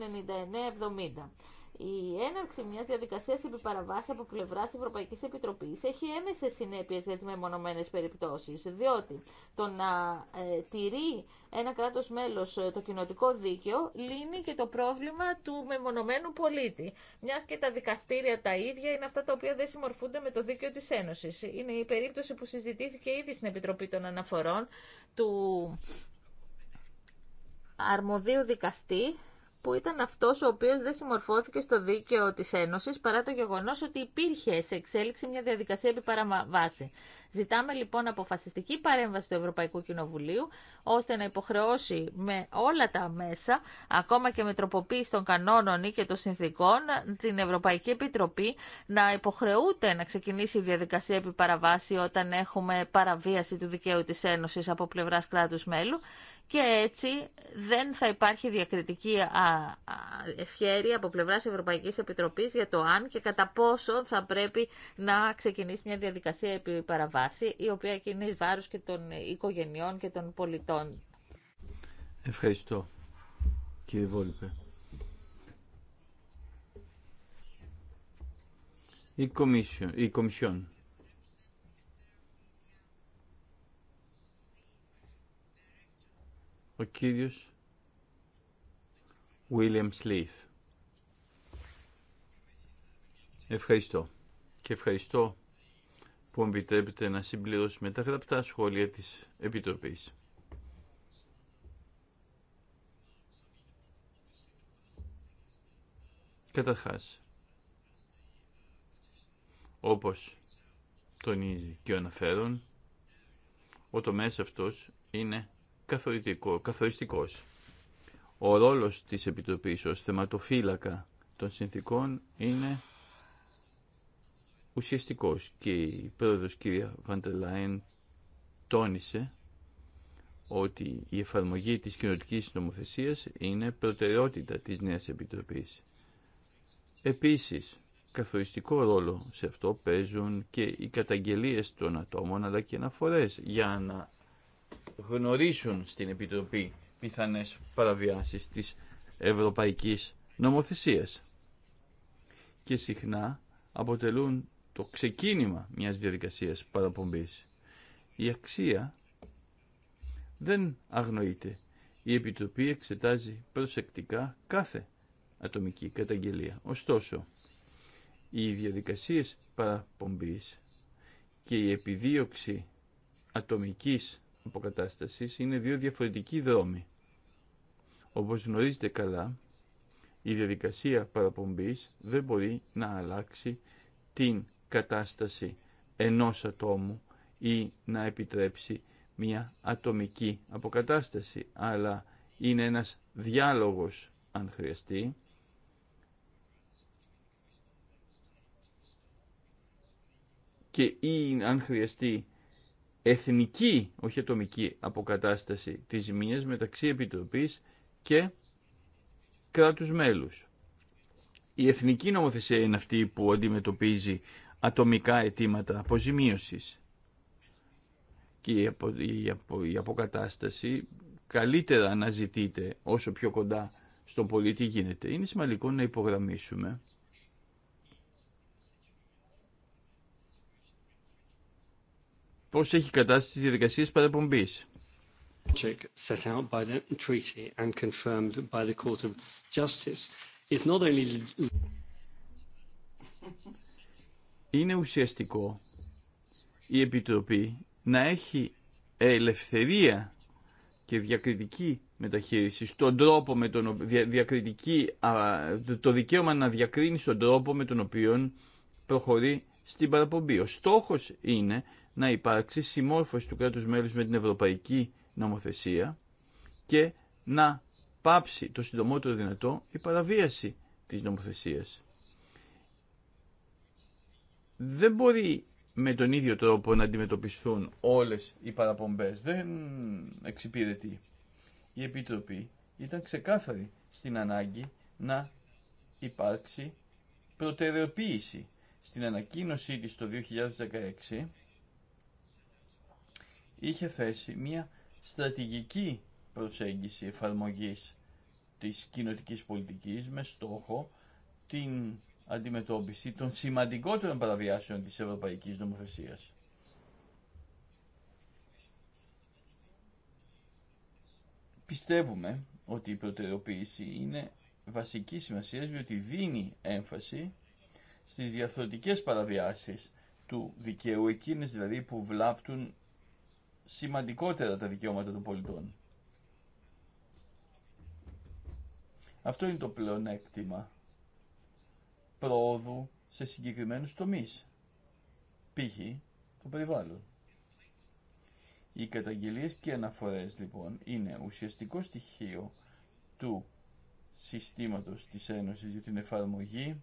Speaker 1: 9970. Η έναρξη μια διαδικασία επιπαραβάση από πλευρά Ευρωπαϊκή Επιτροπή έχει έμεσε συνέπειε για τι μεμονωμένε περιπτώσει. Διότι το να ε, τηρεί ένα κράτο μέλο ε, το κοινοτικό δίκαιο λύνει και το πρόβλημα του μεμονωμένου πολίτη. Μια και τα δικαστήρια τα ίδια είναι αυτά τα οποία δεν συμμορφούνται με το δίκαιο τη Ένωση. Είναι η περίπτωση που συζητήθηκε ήδη στην Επιτροπή των Αναφορών του αρμοδίου δικαστή που ήταν αυτό ο οποίο δεν συμμορφώθηκε στο δίκαιο τη Ένωση, παρά το γεγονό ότι υπήρχε σε εξέλιξη μια διαδικασία επί παραβάση. Ζητάμε λοιπόν αποφασιστική παρέμβαση του Ευρωπαϊκού Κοινοβουλίου ώστε να υποχρεώσει με όλα τα μέσα, ακόμα και με τροποποίηση των κανόνων ή και των συνθήκων, την Ευρωπαϊκή Επιτροπή να υποχρεούται να ξεκινήσει η διαδικασία επί παραβάση όταν έχουμε παραβίαση του δικαίου τη Ένωση από πλευρά κράτου μέλου και έτσι δεν θα υπάρχει διακριτική ευχαίρεια από πλευράς Ευρωπαϊκή Επιτροπή για το αν και κατά πόσο θα πρέπει να ξεκινήσει μια διαδικασία επί παραβάση, η οποία κινεί βάρο και των οικογενειών και των πολιτών.
Speaker 3: Ευχαριστώ, κύριε Βόλυπε. Η Κομισιόν, η ο κύριος William Sleeth. Ευχαριστώ και ευχαριστώ που επιτρέπετε να συμπληρώσουμε τα γραπτά σχόλια της Επιτροπής. Καταρχάς, όπως τονίζει και ο αναφέρον, ο τομέας αυτός είναι καθοριστικό, καθοριστικός. Ο ρόλος της Επιτροπής ως θεματοφύλακα των συνθήκων είναι ουσιαστικός και η πρόεδρος κυρία Βαντελάιν τόνισε ότι η εφαρμογή της κοινωτικής νομοθεσίας είναι προτεραιότητα της νέας Επιτροπής. Επίσης, καθοριστικό ρόλο σε αυτό παίζουν και οι καταγγελίες των ατόμων αλλά και αναφορές για να γνωρίσουν στην Επιτροπή πιθανές παραβιάσεις της ευρωπαϊκής νομοθεσίας και συχνά αποτελούν το ξεκίνημα μιας διαδικασίας παραπομπής. Η αξία δεν αγνοείται. Η Επιτροπή εξετάζει προσεκτικά κάθε ατομική καταγγελία. Ωστόσο, οι διαδικασίες παραπομπής και η επιδίωξη ατομικής αποκατάστασης είναι δύο διαφορετικοί δρόμοι. Όπως γνωρίζετε καλά, η διαδικασία παραπομπής δεν μπορεί να αλλάξει την κατάσταση ενός ατόμου ή να επιτρέψει μια ατομική αποκατάσταση, αλλά είναι ένας διάλογος αν χρειαστεί, και ή αν χρειαστεί εθνική, όχι ατομική, αποκατάσταση της ζημίας μεταξύ Επιτροπής και κράτους μέλους. Η εθνική νομοθεσία είναι αυτή που αντιμετωπίζει ατομικά αιτήματα αποζημίωσης και η αποκατάσταση καλύτερα να ζητείτε όσο πιο κοντά στον πολίτη γίνεται. Είναι σημαντικό να υπογραμμίσουμε πώς έχει κατάσταση τη διαδικασία παραπομπής. είναι ουσιαστικό η Επιτροπή να έχει ελευθερία και διακριτική μεταχείριση στον τρόπο με τον διακριτική, το δικαίωμα να διακρίνει στον τρόπο με τον οποίο προχωρεί στην παραπομπή. Ο στόχος είναι να υπάρξει συμμόρφωση του κράτους μέλους με την ευρωπαϊκή νομοθεσία και να πάψει το συντομότερο δυνατό η παραβίαση της νομοθεσίας. Δεν μπορεί με τον ίδιο τρόπο να αντιμετωπιστούν όλες οι παραπομπές. Δεν εξυπηρετεί. Η Επιτροπή ήταν ξεκάθαρη στην ανάγκη να υπάρξει προτεραιοποίηση. Στην ανακοίνωσή της το 2016 είχε θέσει μια στρατηγική προσέγγιση εφαρμογής της κοινοτικής πολιτικής με στόχο την αντιμετώπιση των σημαντικότερων παραβιάσεων της ευρωπαϊκής νομοθεσίας. Πιστεύουμε ότι η προτεραιοποίηση είναι βασική σημασία διότι δίνει έμφαση στις διαφορετικές παραβιάσεις του δικαίου, εκείνες δηλαδή που βλάπτουν σημαντικότερα τα δικαιώματα των πολιτών. Αυτό είναι το πλεονέκτημα πρόοδου σε συγκεκριμένους τομείς, π.χ. το περιβάλλον. Οι καταγγελίες και αναφορές λοιπόν είναι ουσιαστικό στοιχείο του συστήματος της Ένωσης για την εφαρμογή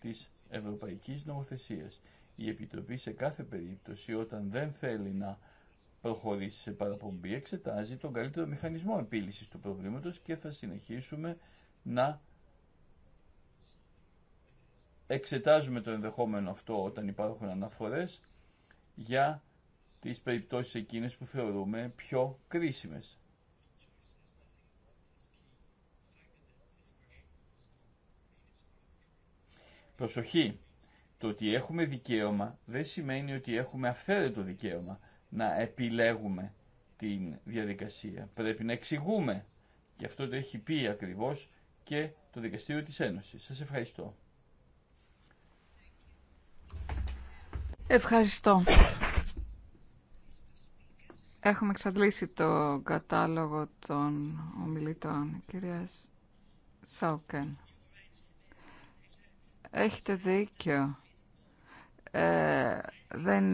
Speaker 3: της Ευρωπαϊκής Νομοθεσίας. Η Επιτροπή σε κάθε περίπτωση όταν δεν θέλει να προχωρήσει σε παραπομπή, εξετάζει τον καλύτερο μηχανισμό επίλυσης του προβλήματος και θα συνεχίσουμε να εξετάζουμε το ενδεχόμενο αυτό όταν υπάρχουν αναφορές για τις περιπτώσεις εκείνες που θεωρούμε πιο κρίσιμες. Προσοχή, το ότι έχουμε δικαίωμα δεν σημαίνει ότι έχουμε αυθαίρετο δικαίωμα να επιλέγουμε την διαδικασία. Πρέπει να εξηγούμε. Και αυτό το έχει πει ακριβώς και το Δικαστήριο της Ένωσης. Σας ευχαριστώ.
Speaker 2: Ευχαριστώ. Έχουμε εξαντλήσει το κατάλογο των ομιλητών. Κυρία Σάουκεν. Έχετε δίκιο. Ε, δεν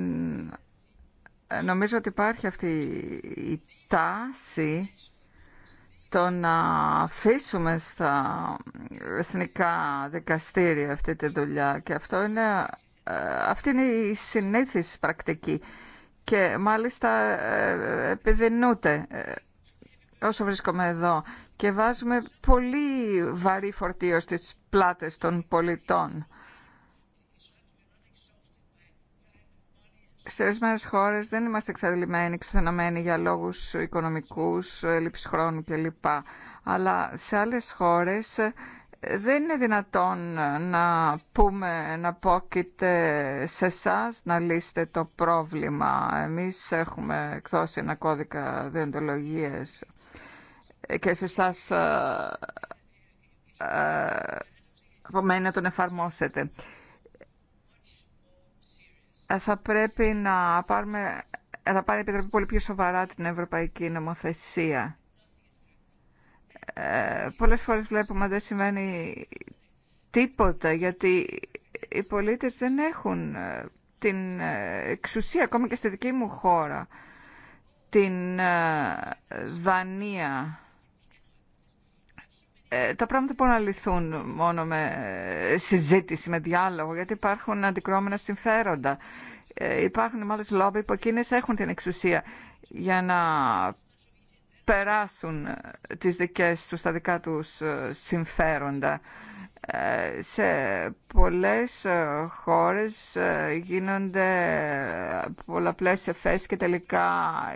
Speaker 2: νομίζω ότι υπάρχει αυτή η τάση το να αφήσουμε στα εθνικά δικαστήρια αυτή τη δουλειά και αυτό είναι, ε, αυτή είναι η συνήθις πρακτική και μάλιστα ε, επιδεινούνται ε, όσο βρίσκομαι εδώ και βάζουμε πολύ βαρύ φορτίο στις πλάτες των πολιτών. σε ορισμένε χώρε δεν είμαστε εξαντλημένοι, εξουθενωμένοι για λόγου οικονομικού, έλλειψη χρόνου κλπ. Αλλά σε άλλε χώρε ε, δεν είναι δυνατόν να πούμε, να πόκιτε σε εσά να λύσετε το πρόβλημα. Εμείς έχουμε εκδώσει ένα κώδικα διοντολογίε ε, και σε εσά ε, απομένει να τον εφαρμόσετε. Ε, θα πρέπει να πάρουμε, πάρει η Επιτροπή πολύ πιο σοβαρά την ευρωπαϊκή νομοθεσία. Ε, πολλές φορές βλέπουμε δεν σημαίνει τίποτα γιατί οι πολίτες δεν έχουν ε, την ε, εξουσία ακόμα και στη δική μου χώρα την Δανία ε, τα πράγματα μπορούν να λυθούν μόνο με ε, συζήτηση, με διάλογο, γιατί υπάρχουν αντικρώμενα συμφέροντα. Ε, υπάρχουν μάλλον λόμπι που εκείνες έχουν την εξουσία για να περάσουν τις δικές τους, τα δικά τους συμφέροντα. Σε πολλές χώρες γίνονται πολλαπλές εφές και τελικά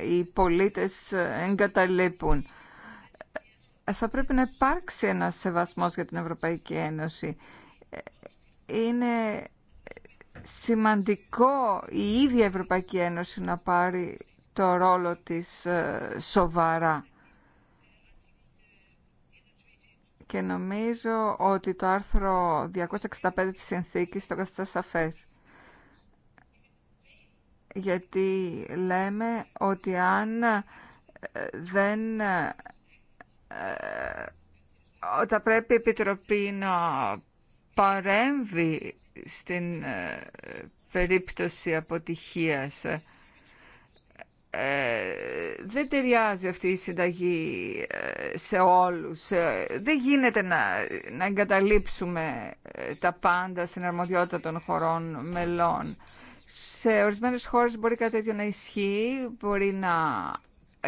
Speaker 2: οι πολίτες εγκαταλείπουν ε, θα πρέπει να υπάρξει ένας σεβασμός για την Ευρωπαϊκή Ένωση. Ε, είναι σημαντικό η ίδια Ευρωπαϊκή Ένωση να πάρει το ρόλο της ε, σοβαρά. Και νομίζω ότι το άρθρο 265 της Συνθήκης το καθιστά σαφές. Γιατί λέμε ότι αν δεν ε, όταν πρέπει η Επιτροπή να παρέμβει στην ε, περίπτωση αποτυχίας. Ε, δεν ταιριάζει αυτή η συνταγή σε όλους. Δεν γίνεται να, να εγκαταλείψουμε τα πάντα στην αρμοδιότητα των χωρών μελών. Σε ορισμένες χώρες μπορεί κάτι τέτοιο να ισχύει, μπορεί να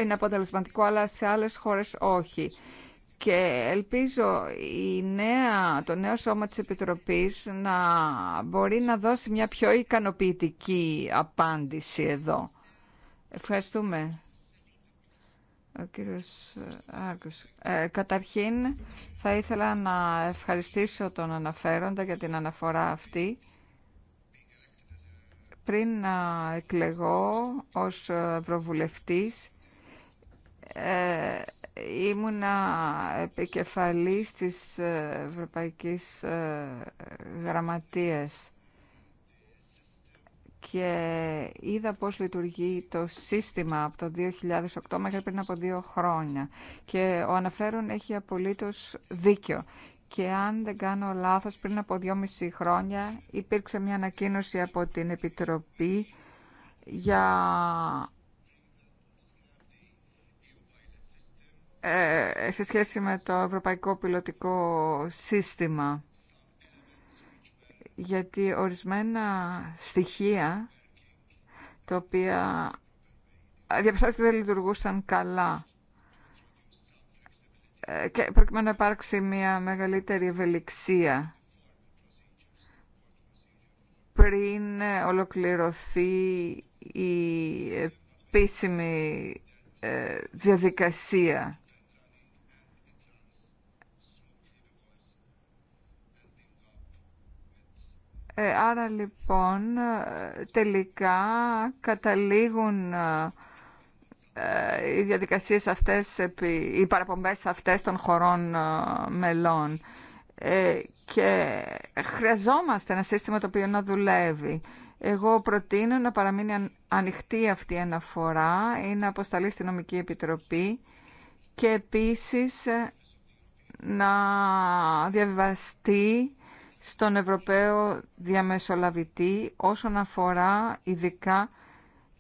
Speaker 2: είναι αποτελεσματικό, αλλά σε άλλες χώρες όχι. Και ελπίζω η νέα, το νέο σώμα της Επιτροπής να μπορεί να δώσει μια πιο ικανοποιητική απάντηση εδώ. Ευχαριστούμε. Ο κύριος ε, καταρχήν θα ήθελα να ευχαριστήσω τον αναφέροντα για την αναφορά αυτή. Πριν να εκλεγώ ως Ευρωβουλευτής, ε, ήμουνα επικεφαλής της Ευρωπαϊκής ε, Γραμματείας και είδα πώς λειτουργεί το σύστημα από το 2008 μέχρι πριν από δύο χρόνια. Και ο αναφέρον έχει απολύτως δίκιο. Και αν δεν κάνω λάθος, πριν από δυόμιση χρόνια υπήρξε μια ανακοίνωση από την Επιτροπή για Ε, σε σχέση με το Ευρωπαϊκό Πιλωτικό Σύστημα. Γιατί ορισμένα στοιχεία τα οποία διαπιστώθηκε δεν λειτουργούσαν καλά ε, και προκειμένου να υπάρξει μια μεγαλύτερη ευελιξία πριν ολοκληρωθεί η επίσημη ε, διαδικασία Ε, άρα λοιπόν ε, τελικά καταλήγουν ε, οι διαδικασίες αυτές, οι παραπομπές αυτές των χωρών μελών. Και χρειαζόμαστε ένα σύστημα το οποίο να δουλεύει. Εγώ προτείνω να παραμείνει ανοιχτή αυτή η αναφορά ή να αποσταλεί στην Νομική Επιτροπή και επίσης να διαβιβαστεί στον Ευρωπαίο διαμεσολαβητή όσον αφορά ειδικά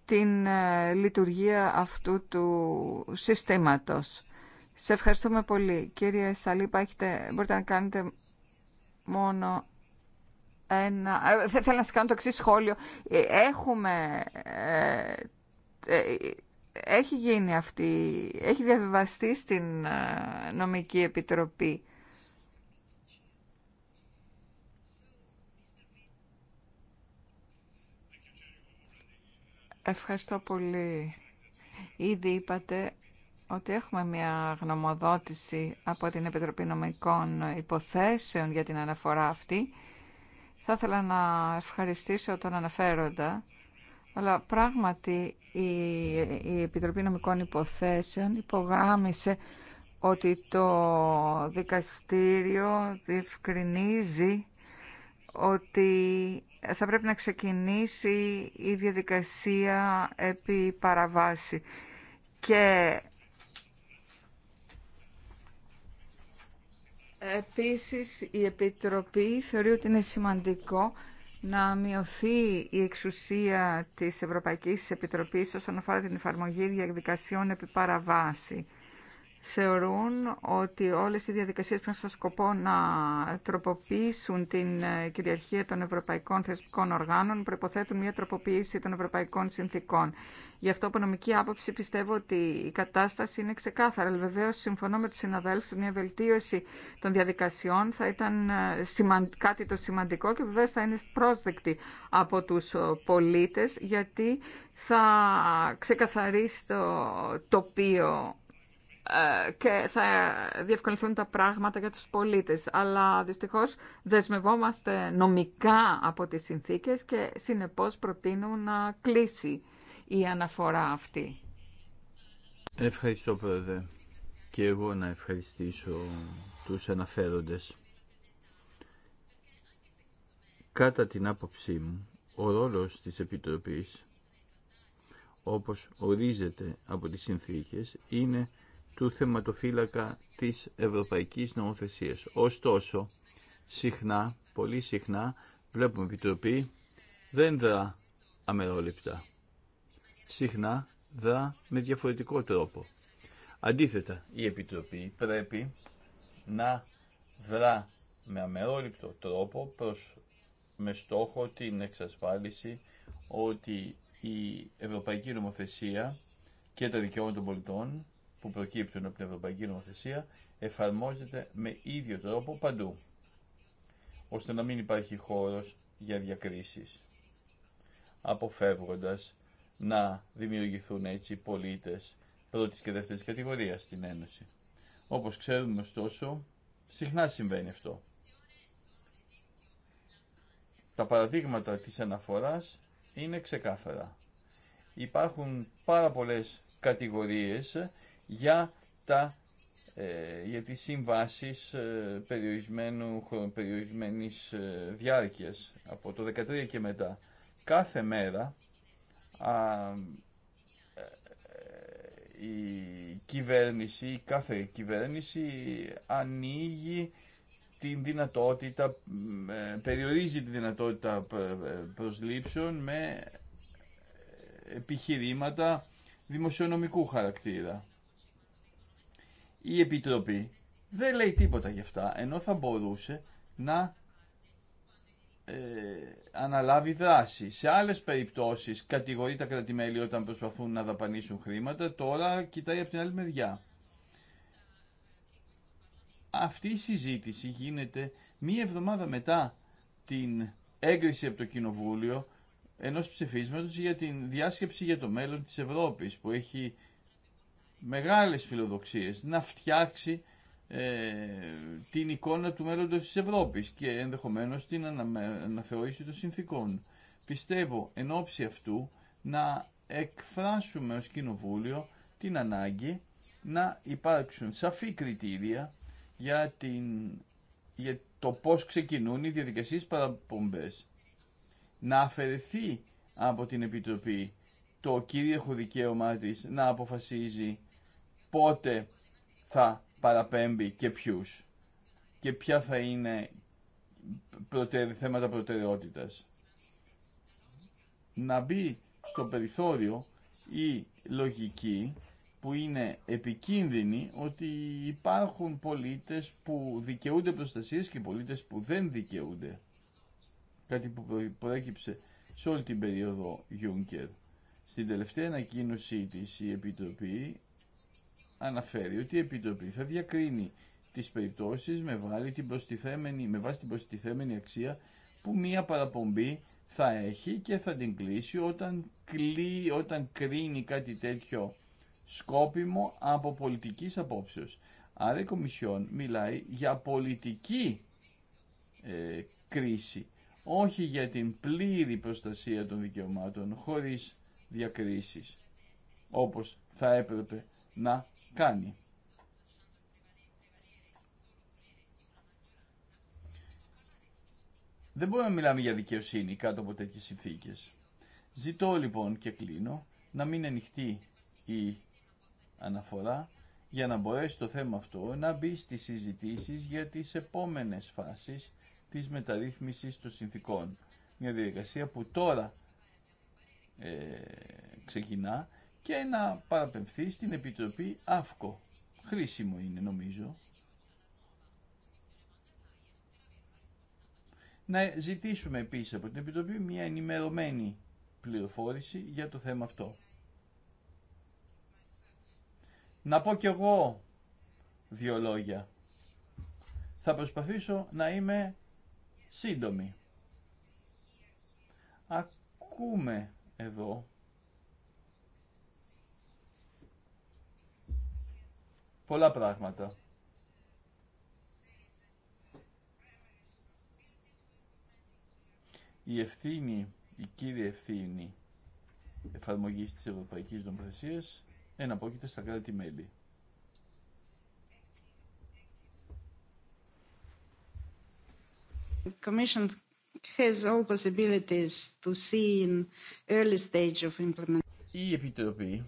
Speaker 2: την ε, λειτουργία αυτού του συστήματος. Σε ευχαριστούμε πολύ. Κύριε Σαλίπα, έχετε, μπορείτε να κάνετε μόνο ένα... Ε, θέλω να σας κάνω το εξή σχόλιο. Ε, έχουμε... έχει γίνει αυτή, έχει διαβιβαστεί στην νομική επιτροπή. Ευχαριστώ πολύ. Ήδη είπατε ότι έχουμε μια γνωμοδότηση από την Επιτροπή Νομικών Υποθέσεων για την αναφορά αυτή. Θα ήθελα να ευχαριστήσω τον αναφέροντα, αλλά πράγματι η Επιτροπή Νομικών Υποθέσεων υπογράμμισε ότι το δικαστήριο διευκρινίζει ότι θα πρέπει να ξεκινήσει η διαδικασία επί παραβάση. Και επίσης η Επιτροπή θεωρεί ότι είναι σημαντικό να μειωθεί η εξουσία της Ευρωπαϊκής Επιτροπής όσον αφορά την εφαρμογή διαδικασιών επί παραβάση θεωρούν ότι όλες οι διαδικασίες που έχουν στο σκοπό να τροποποιήσουν την ε, κυριαρχία των ευρωπαϊκών θεσμικών οργάνων προποθέτουν μια τροποποίηση των ευρωπαϊκών συνθήκων. Γι' αυτό από νομική άποψη πιστεύω ότι η κατάσταση είναι ξεκάθαρα. Αλλά βεβαίως συμφωνώ με τους συναδέλφους μια βελτίωση των διαδικασιών θα ήταν ε, κάτι το σημαντικό και βεβαίως θα είναι πρόσδεκτη από τους ε, πολίτες γιατί θα ξεκαθαρίσει το τοπίο ε, και θα διευκολυνθούν τα πράγματα για τους πολίτες. Αλλά δυστυχώς δεσμευόμαστε νομικά από τις συνθήκες και συνεπώς προτείνω να κλείσει η αναφορά αυτή.
Speaker 3: Ευχαριστώ πρόεδρε και εγώ να ευχαριστήσω τους αναφέροντες. Κατά την άποψή μου, ο ρόλος της Επιτροπής, όπως ορίζεται από τις συνθήκες, είναι του θεματοφύλακα της Ευρωπαϊκής Νομοθεσίας. Ωστόσο, συχνά, πολύ συχνά, βλέπουμε η Επιτροπή δεν δρά αμερόληπτα. Συχνά δρά με διαφορετικό τρόπο. Αντίθετα, η Επιτροπή πρέπει να δρά με αμερόληπτο τρόπο προς, με στόχο την εξασφάλιση ότι η Ευρωπαϊκή Νομοθεσία και τα δικαιώματα των πολιτών που προκύπτουν από την Ευρωπαϊκή Νομοθεσία εφαρμόζεται με ίδιο τρόπο παντού, ώστε να μην υπάρχει χώρος για διακρίσεις, αποφεύγοντας να δημιουργηθούν έτσι πολίτες πρώτης και δεύτερης κατηγορίας στην Ένωση. Όπως ξέρουμε ωστόσο, συχνά συμβαίνει αυτό. Τα παραδείγματα της αναφοράς είναι ξεκάθαρα. Υπάρχουν πάρα πολλές κατηγορίες για, τα, ε, για τις συμβάσεις ε, περιορισμένου, περιορισμένης ε, διάρκειας από το 2013 και μετά. Κάθε μέρα ε, η κυβέρνηση, η κάθε κυβέρνηση ανοίγει την δυνατότητα, περιορίζει τη δυνατότητα προσλήψεων με επιχειρήματα δημοσιονομικού χαρακτήρα η Επιτροπή δεν λέει τίποτα γι' αυτά, ενώ θα μπορούσε να ε, αναλάβει δράση. Σε άλλες περιπτώσεις κατηγορεί τα κρατημέλη όταν προσπαθούν να δαπανίσουν χρήματα, τώρα κοιτάει από την άλλη μεριά. Αυτή η συζήτηση γίνεται μία εβδομάδα μετά την έγκριση από το Κοινοβούλιο ενός ψηφίσματος για την διάσκεψη για το μέλλον της Ευρώπης που έχει μεγάλες φιλοδοξίες να φτιάξει ε, την εικόνα του μέλλοντος της Ευρώπης και ενδεχομένως την αναθεώρηση των συνθήκων. Πιστεύω εν ώψη αυτού να εκφράσουμε ως Κοινοβούλιο την ανάγκη να υπάρξουν σαφή κριτήρια για, την, για το πώς ξεκινούν οι διαδικασίες παραπομπές. Να αφαιρεθεί από την Επιτροπή το κυρίαρχο δικαίωμά της να αποφασίζει πότε θα παραπέμπει και ποιου, και ποια θα είναι προτερ, θέματα προτεραιότητας. Να μπει στο περιθώριο η λογική που είναι επικίνδυνη ότι υπάρχουν πολίτες που δικαιούνται προστασίες και πολίτες που δεν δικαιούνται. Κάτι που προέκυψε σε όλη την περίοδο Γιούνκερ. Στην τελευταία ανακοίνωσή της η Επιτροπή αναφέρει ότι η Επιτροπή θα διακρίνει τις περιπτώσεις με, την προστιθέμενη, με βάση την προστιθέμενη αξία που μία παραπομπή θα έχει και θα την κλείσει όταν, κλεί, όταν κρίνει κάτι τέτοιο σκόπιμο από πολιτικής απόψεως. Άρα η Κομισιόν μιλάει για πολιτική ε, κρίση, όχι για την πλήρη προστασία των δικαιωμάτων χωρίς διακρίσεις, όπως θα έπρεπε να δεν μπορούμε να μιλάμε για δικαιοσύνη κάτω από τέτοιες συνθήκες. Ζητώ λοιπόν και κλείνω να μην ανοιχτεί η αναφορά για να μπορέσει το θέμα αυτό να μπει στις συζητήσεις για τις επόμενες φάσεις της μεταρρύθμισης των συνθήκων. Μια διαδικασία που τώρα ε, ξεκινά και να παραπεμφθεί στην Επιτροπή ΑΦΚΟ. Χρήσιμο είναι νομίζω. Να ζητήσουμε επίσης από την Επιτροπή μια ενημερωμένη πληροφόρηση για το θέμα αυτό. Να πω κι εγώ δύο λόγια. Θα προσπαθήσω να είμαι σύντομη. Ακούμε εδώ πολλά πράγματα. Η ευθύνη, η κύρια ευθύνη εφαρμογής της Ευρωπαϊκής Νομοθεσία εναπόκειται στα κράτη-μέλη.
Speaker 2: Commission has all possibilities to see in early stage of implementation.
Speaker 3: Η Επιτροπή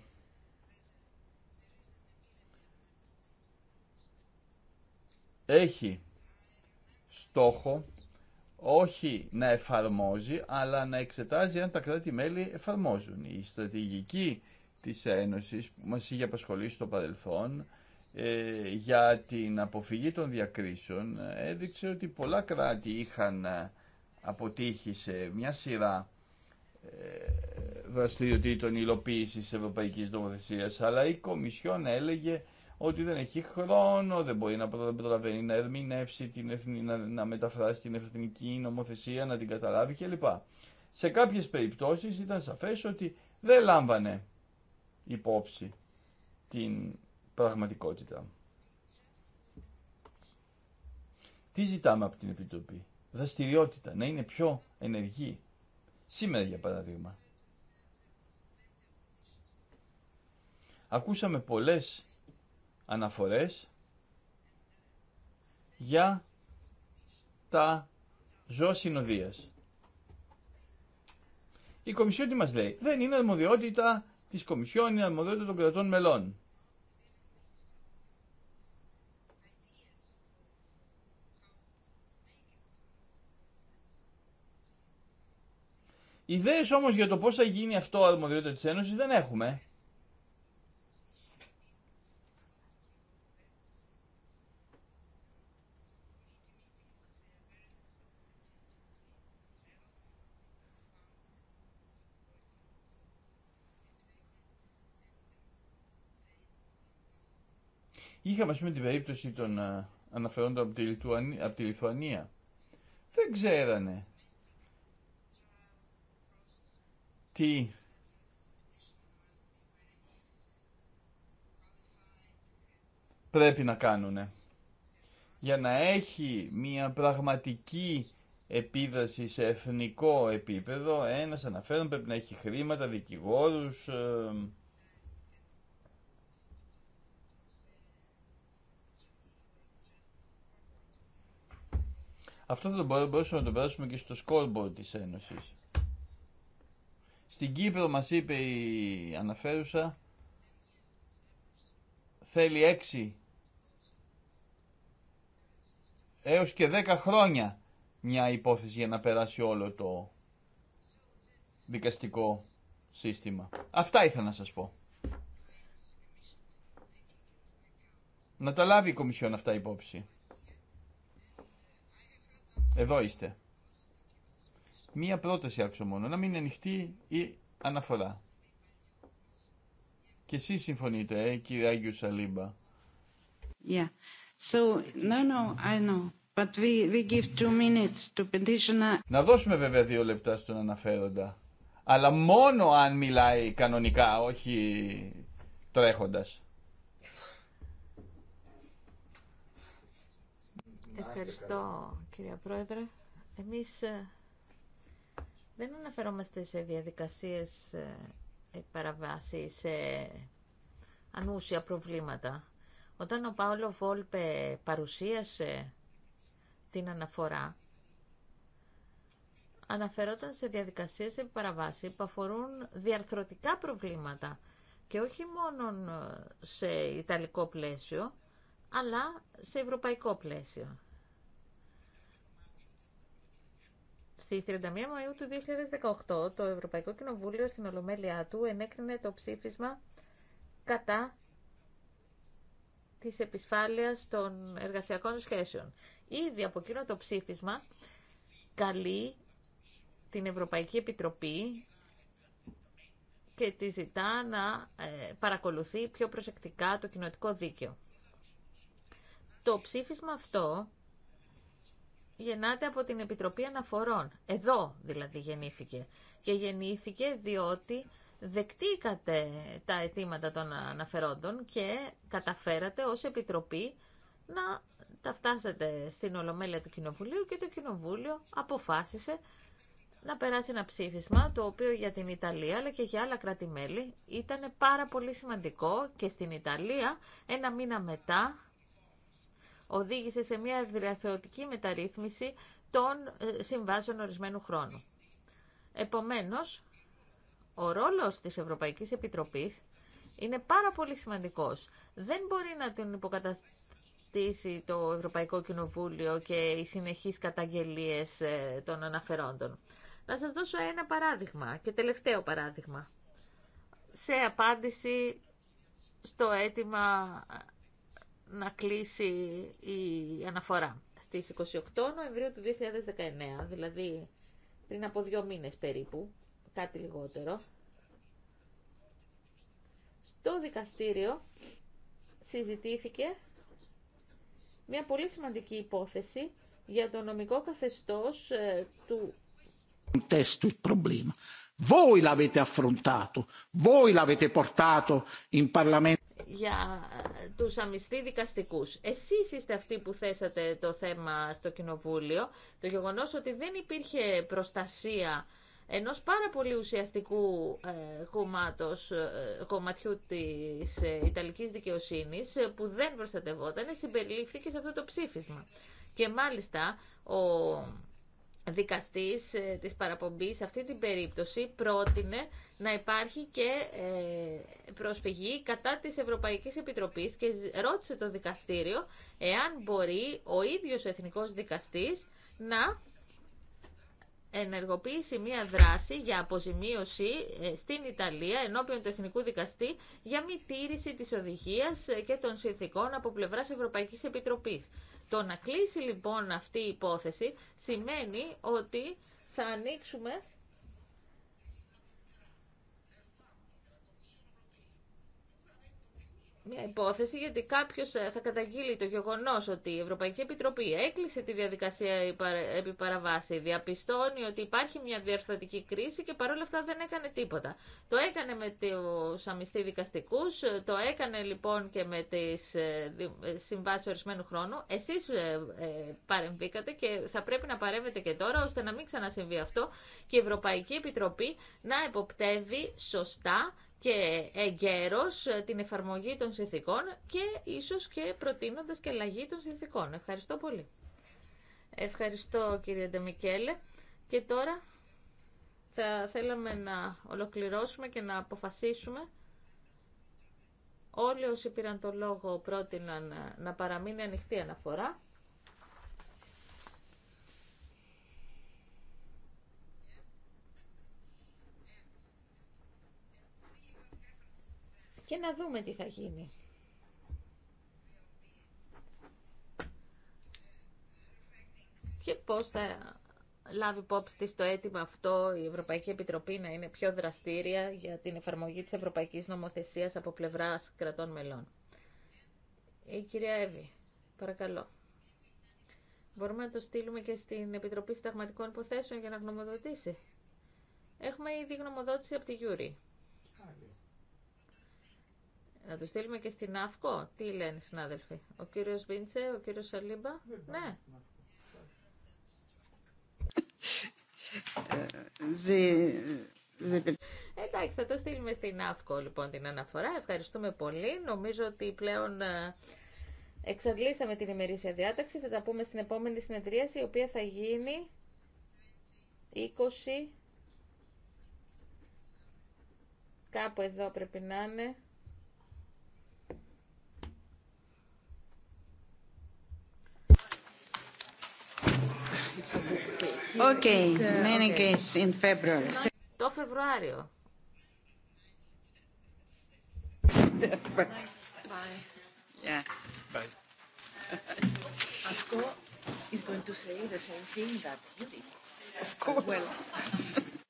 Speaker 3: έχει στόχο όχι να εφαρμόζει, αλλά να εξετάζει αν τα κράτη-μέλη εφαρμόζουν. Η στρατηγική της Ένωσης που μας είχε απασχολήσει στο παρελθόν ε, για την αποφυγή των διακρίσεων έδειξε ότι πολλά κράτη είχαν ε, αποτύχει σε μια σειρά ε, δραστηριοτήτων υλοποίησης ευρωπαϊκής νομοθεσίας, αλλά η Κομισιόν έλεγε ότι δεν έχει χρόνο, δεν μπορεί να προλαβαίνει να ερμηνεύσει, την να, να μεταφράσει την εθνική νομοθεσία, να την καταλάβει κλπ. Σε κάποιες περιπτώσεις ήταν σαφές ότι δεν λάμβανε υπόψη την πραγματικότητα. Τι ζητάμε από την Επιτροπή. Δραστηριότητα, να είναι πιο ενεργή. Σήμερα για παράδειγμα. Ακούσαμε πολλές αναφορές για τα ζώα συνοδείας. Η Κομισιόν τι μας λέει. Δεν είναι αρμοδιότητα της Κομισιόν, είναι αρμοδιότητα των κρατών μελών. Ιδέες όμως για το πώς θα γίνει αυτό αρμοδιότητα της Ένωσης δεν έχουμε. Είχαμε, α πούμε, την περίπτωση των ε, αναφερόντων από τη, Λιθουανία, από τη Λιθουανία. Δεν ξέρανε τι πρέπει να κάνουν για να έχει μια πραγματική επίδραση σε εθνικό επίπεδο ένας αναφέρον πρέπει να έχει χρήματα, δικηγόρους, ε, Αυτό θα το μπορούσαμε να το περάσουμε και στο scoreboard της Ένωσης. Στην Κύπρο μας είπε η αναφέρουσα θέλει έξι έως και 10 χρόνια μια υπόθεση για να περάσει όλο το δικαστικό σύστημα. Αυτά ήθελα να σας πω. Να τα λάβει η Κομισιόν αυτά υπόψη. Εδώ είστε. Μία πρόταση άκουσα μόνο, να μην ανοιχτεί η αναφορά. Και εσύ συμφωνείτε, ε, κύριε Άγιος Σαλίμπα. Yeah. So, no, no, I know. But we, we give two minutes to petitioner. Να δώσουμε βέβαια δύο λεπτά στον αναφέροντα. Αλλά μόνο αν μιλάει κανονικά, όχι τρέχοντας.
Speaker 1: Ευχαριστώ κυρία Πρόεδρε. Εμείς ε, δεν αναφερόμαστε σε διαδικασίες ε, παραβάση, σε ανούσια προβλήματα. Όταν ο Πάολο Βόλπε παρουσίασε την αναφορά, αναφερόταν σε διαδικασίες επί παραβάση που αφορούν διαρθρωτικά προβλήματα και όχι μόνο ε, σε ιταλικό πλαίσιο, αλλά σε ευρωπαϊκό πλαίσιο. Στις 31 Μαου του 2018 το Ευρωπαϊκό Κοινοβούλιο στην Ολομέλειά του ενέκρινε το ψήφισμα κατά της επισφάλειας των εργασιακών σχέσεων. Ήδη από εκείνο το ψήφισμα καλεί την Ευρωπαϊκή Επιτροπή και τη ζητά να ε, παρακολουθεί πιο προσεκτικά το κοινοτικό δίκαιο. Το ψήφισμα αυτό γεννάται από την Επιτροπή Αναφορών. Εδώ δηλαδή γεννήθηκε. Και γεννήθηκε διότι δεκτήκατε τα αιτήματα των αναφερόντων και καταφέρατε ως Επιτροπή να τα φτάσετε στην Ολομέλεια του Κοινοβουλίου και το Κοινοβούλιο αποφάσισε να περάσει ένα ψήφισμα το οποίο για την Ιταλία αλλά και για άλλα κράτη-μέλη ήταν πάρα πολύ σημαντικό και στην Ιταλία ένα μήνα μετά οδήγησε σε μια διαθεωτική μεταρρύθμιση των ε, συμβάσεων ορισμένου χρόνου. Επομένως, ο ρόλος της Ευρωπαϊκής Επιτροπής είναι πάρα πολύ σημαντικός. Δεν μπορεί να τον υποκαταστήσει το Ευρωπαϊκό Κοινοβούλιο και οι συνεχείς καταγγελίες ε, των αναφερόντων. Να σας δώσω ένα παράδειγμα και τελευταίο παράδειγμα. Σε απάντηση στο αίτημα να κλείσει η αναφορά στις 28 Νοεμβρίου του 2019, δηλαδή πριν από δύο μήνες περίπου, κάτι λιγότερο. Στο δικαστήριο συζητήθηκε μια πολύ σημαντική υπόθεση για το νομικό καθεστώς ε, του... Contesto il problema. Voi l'avete affrontato, voi l'avete portato in για ε, τους αμυστή δικαστικούς. Εσείς είστε αυτοί που θέσατε το θέμα στο Κοινοβούλιο. Το γεγονός ότι δεν υπήρχε προστασία ενός πάρα πολύ ουσιαστικού ε, κομμάτος, ε, κομματιού της ε, Ιταλικής δικαιοσύνης που δεν προστατευόταν συμπεριλήφθηκε σε αυτό το ψήφισμα. Και μάλιστα ο δικαστής ε, της παραπομπής σε αυτή την περίπτωση πρότεινε να υπάρχει και ε, προσφυγή κατά της Ευρωπαϊκής Επιτροπής και ρώτησε το δικαστήριο εάν μπορεί ο ίδιος ο Εθνικός Δικαστής να ενεργοποιήσει μία δράση για αποζημίωση ε, στην Ιταλία ενώπιον του Εθνικού Δικαστή για μη τήρηση της οδηγίας και των συνθήκων από πλευράς Ευρωπαϊκής Επιτροπής. Το να κλείσει λοιπόν αυτή η υπόθεση σημαίνει ότι θα ανοίξουμε μια υπόθεση γιατί κάποιο ε, θα καταγγείλει το γεγονό ότι η Ευρωπαϊκή Επιτροπή έκλεισε τη διαδικασία επί παραβάση, διαπιστώνει ότι υπάρχει μια διορθωτική κρίση και παρόλα αυτά δεν έκανε τίποτα. Το έκανε με του αμυστή δικαστικού, το έκανε λοιπόν και με τι ε, ε, συμβάσει ορισμένου χρόνου. Εσεί παρεμβήκατε και θα πρέπει να παρέμβετε και τώρα ώστε να μην ξανασυμβεί αυτό και η Ευρωπαϊκή Επιτροπή να εποπτεύει σωστά και εγκαίρως ε, την εφαρμογή των συνθήκων και ίσως και προτείνοντας και αλλαγή των συνθήκων. Ευχαριστώ πολύ. Ευχαριστώ κύριε Ντεμικέλε. Και τώρα θα θέλαμε να ολοκληρώσουμε και να αποφασίσουμε όλοι όσοι πήραν το λόγο πρότειναν ε, να παραμείνει ανοιχτή αναφορά. και να δούμε τι θα γίνει. Και πώς θα λάβει υπόψη της το αίτημα αυτό η Ευρωπαϊκή Επιτροπή να είναι πιο δραστήρια για την εφαρμογή της Ευρωπαϊκής Νομοθεσίας από πλευράς κρατών μελών. Η κυρία Εύη, παρακαλώ. Μπορούμε να το στείλουμε και στην Επιτροπή Συνταγματικών Υποθέσεων για να γνωμοδοτήσει. Έχουμε ήδη γνωμοδότηση από τη Γιούρη. Να το στείλουμε και στην ΑΦΚΟ. Τι λένε οι συνάδελφοι. Ο κύριος Βίντσε, ο κύριος Σαλίμπα. Ναι.
Speaker 2: Ε,
Speaker 1: εντάξει, θα το στείλουμε στην ΑΦΚΟ λοιπόν την αναφορά. Ευχαριστούμε πολύ. Νομίζω ότι πλέον ε, εξαντλήσαμε την ημερήσια διάταξη. Θα τα πούμε στην επόμενη συνεδρίαση, η οποία θα γίνει 20... Κάπου εδώ πρέπει να είναι. Okay, many cases in February. Το Φεβρουάριο. Yeah.
Speaker 3: Bye. course, is going to say the same thing that you did. Of course. Well.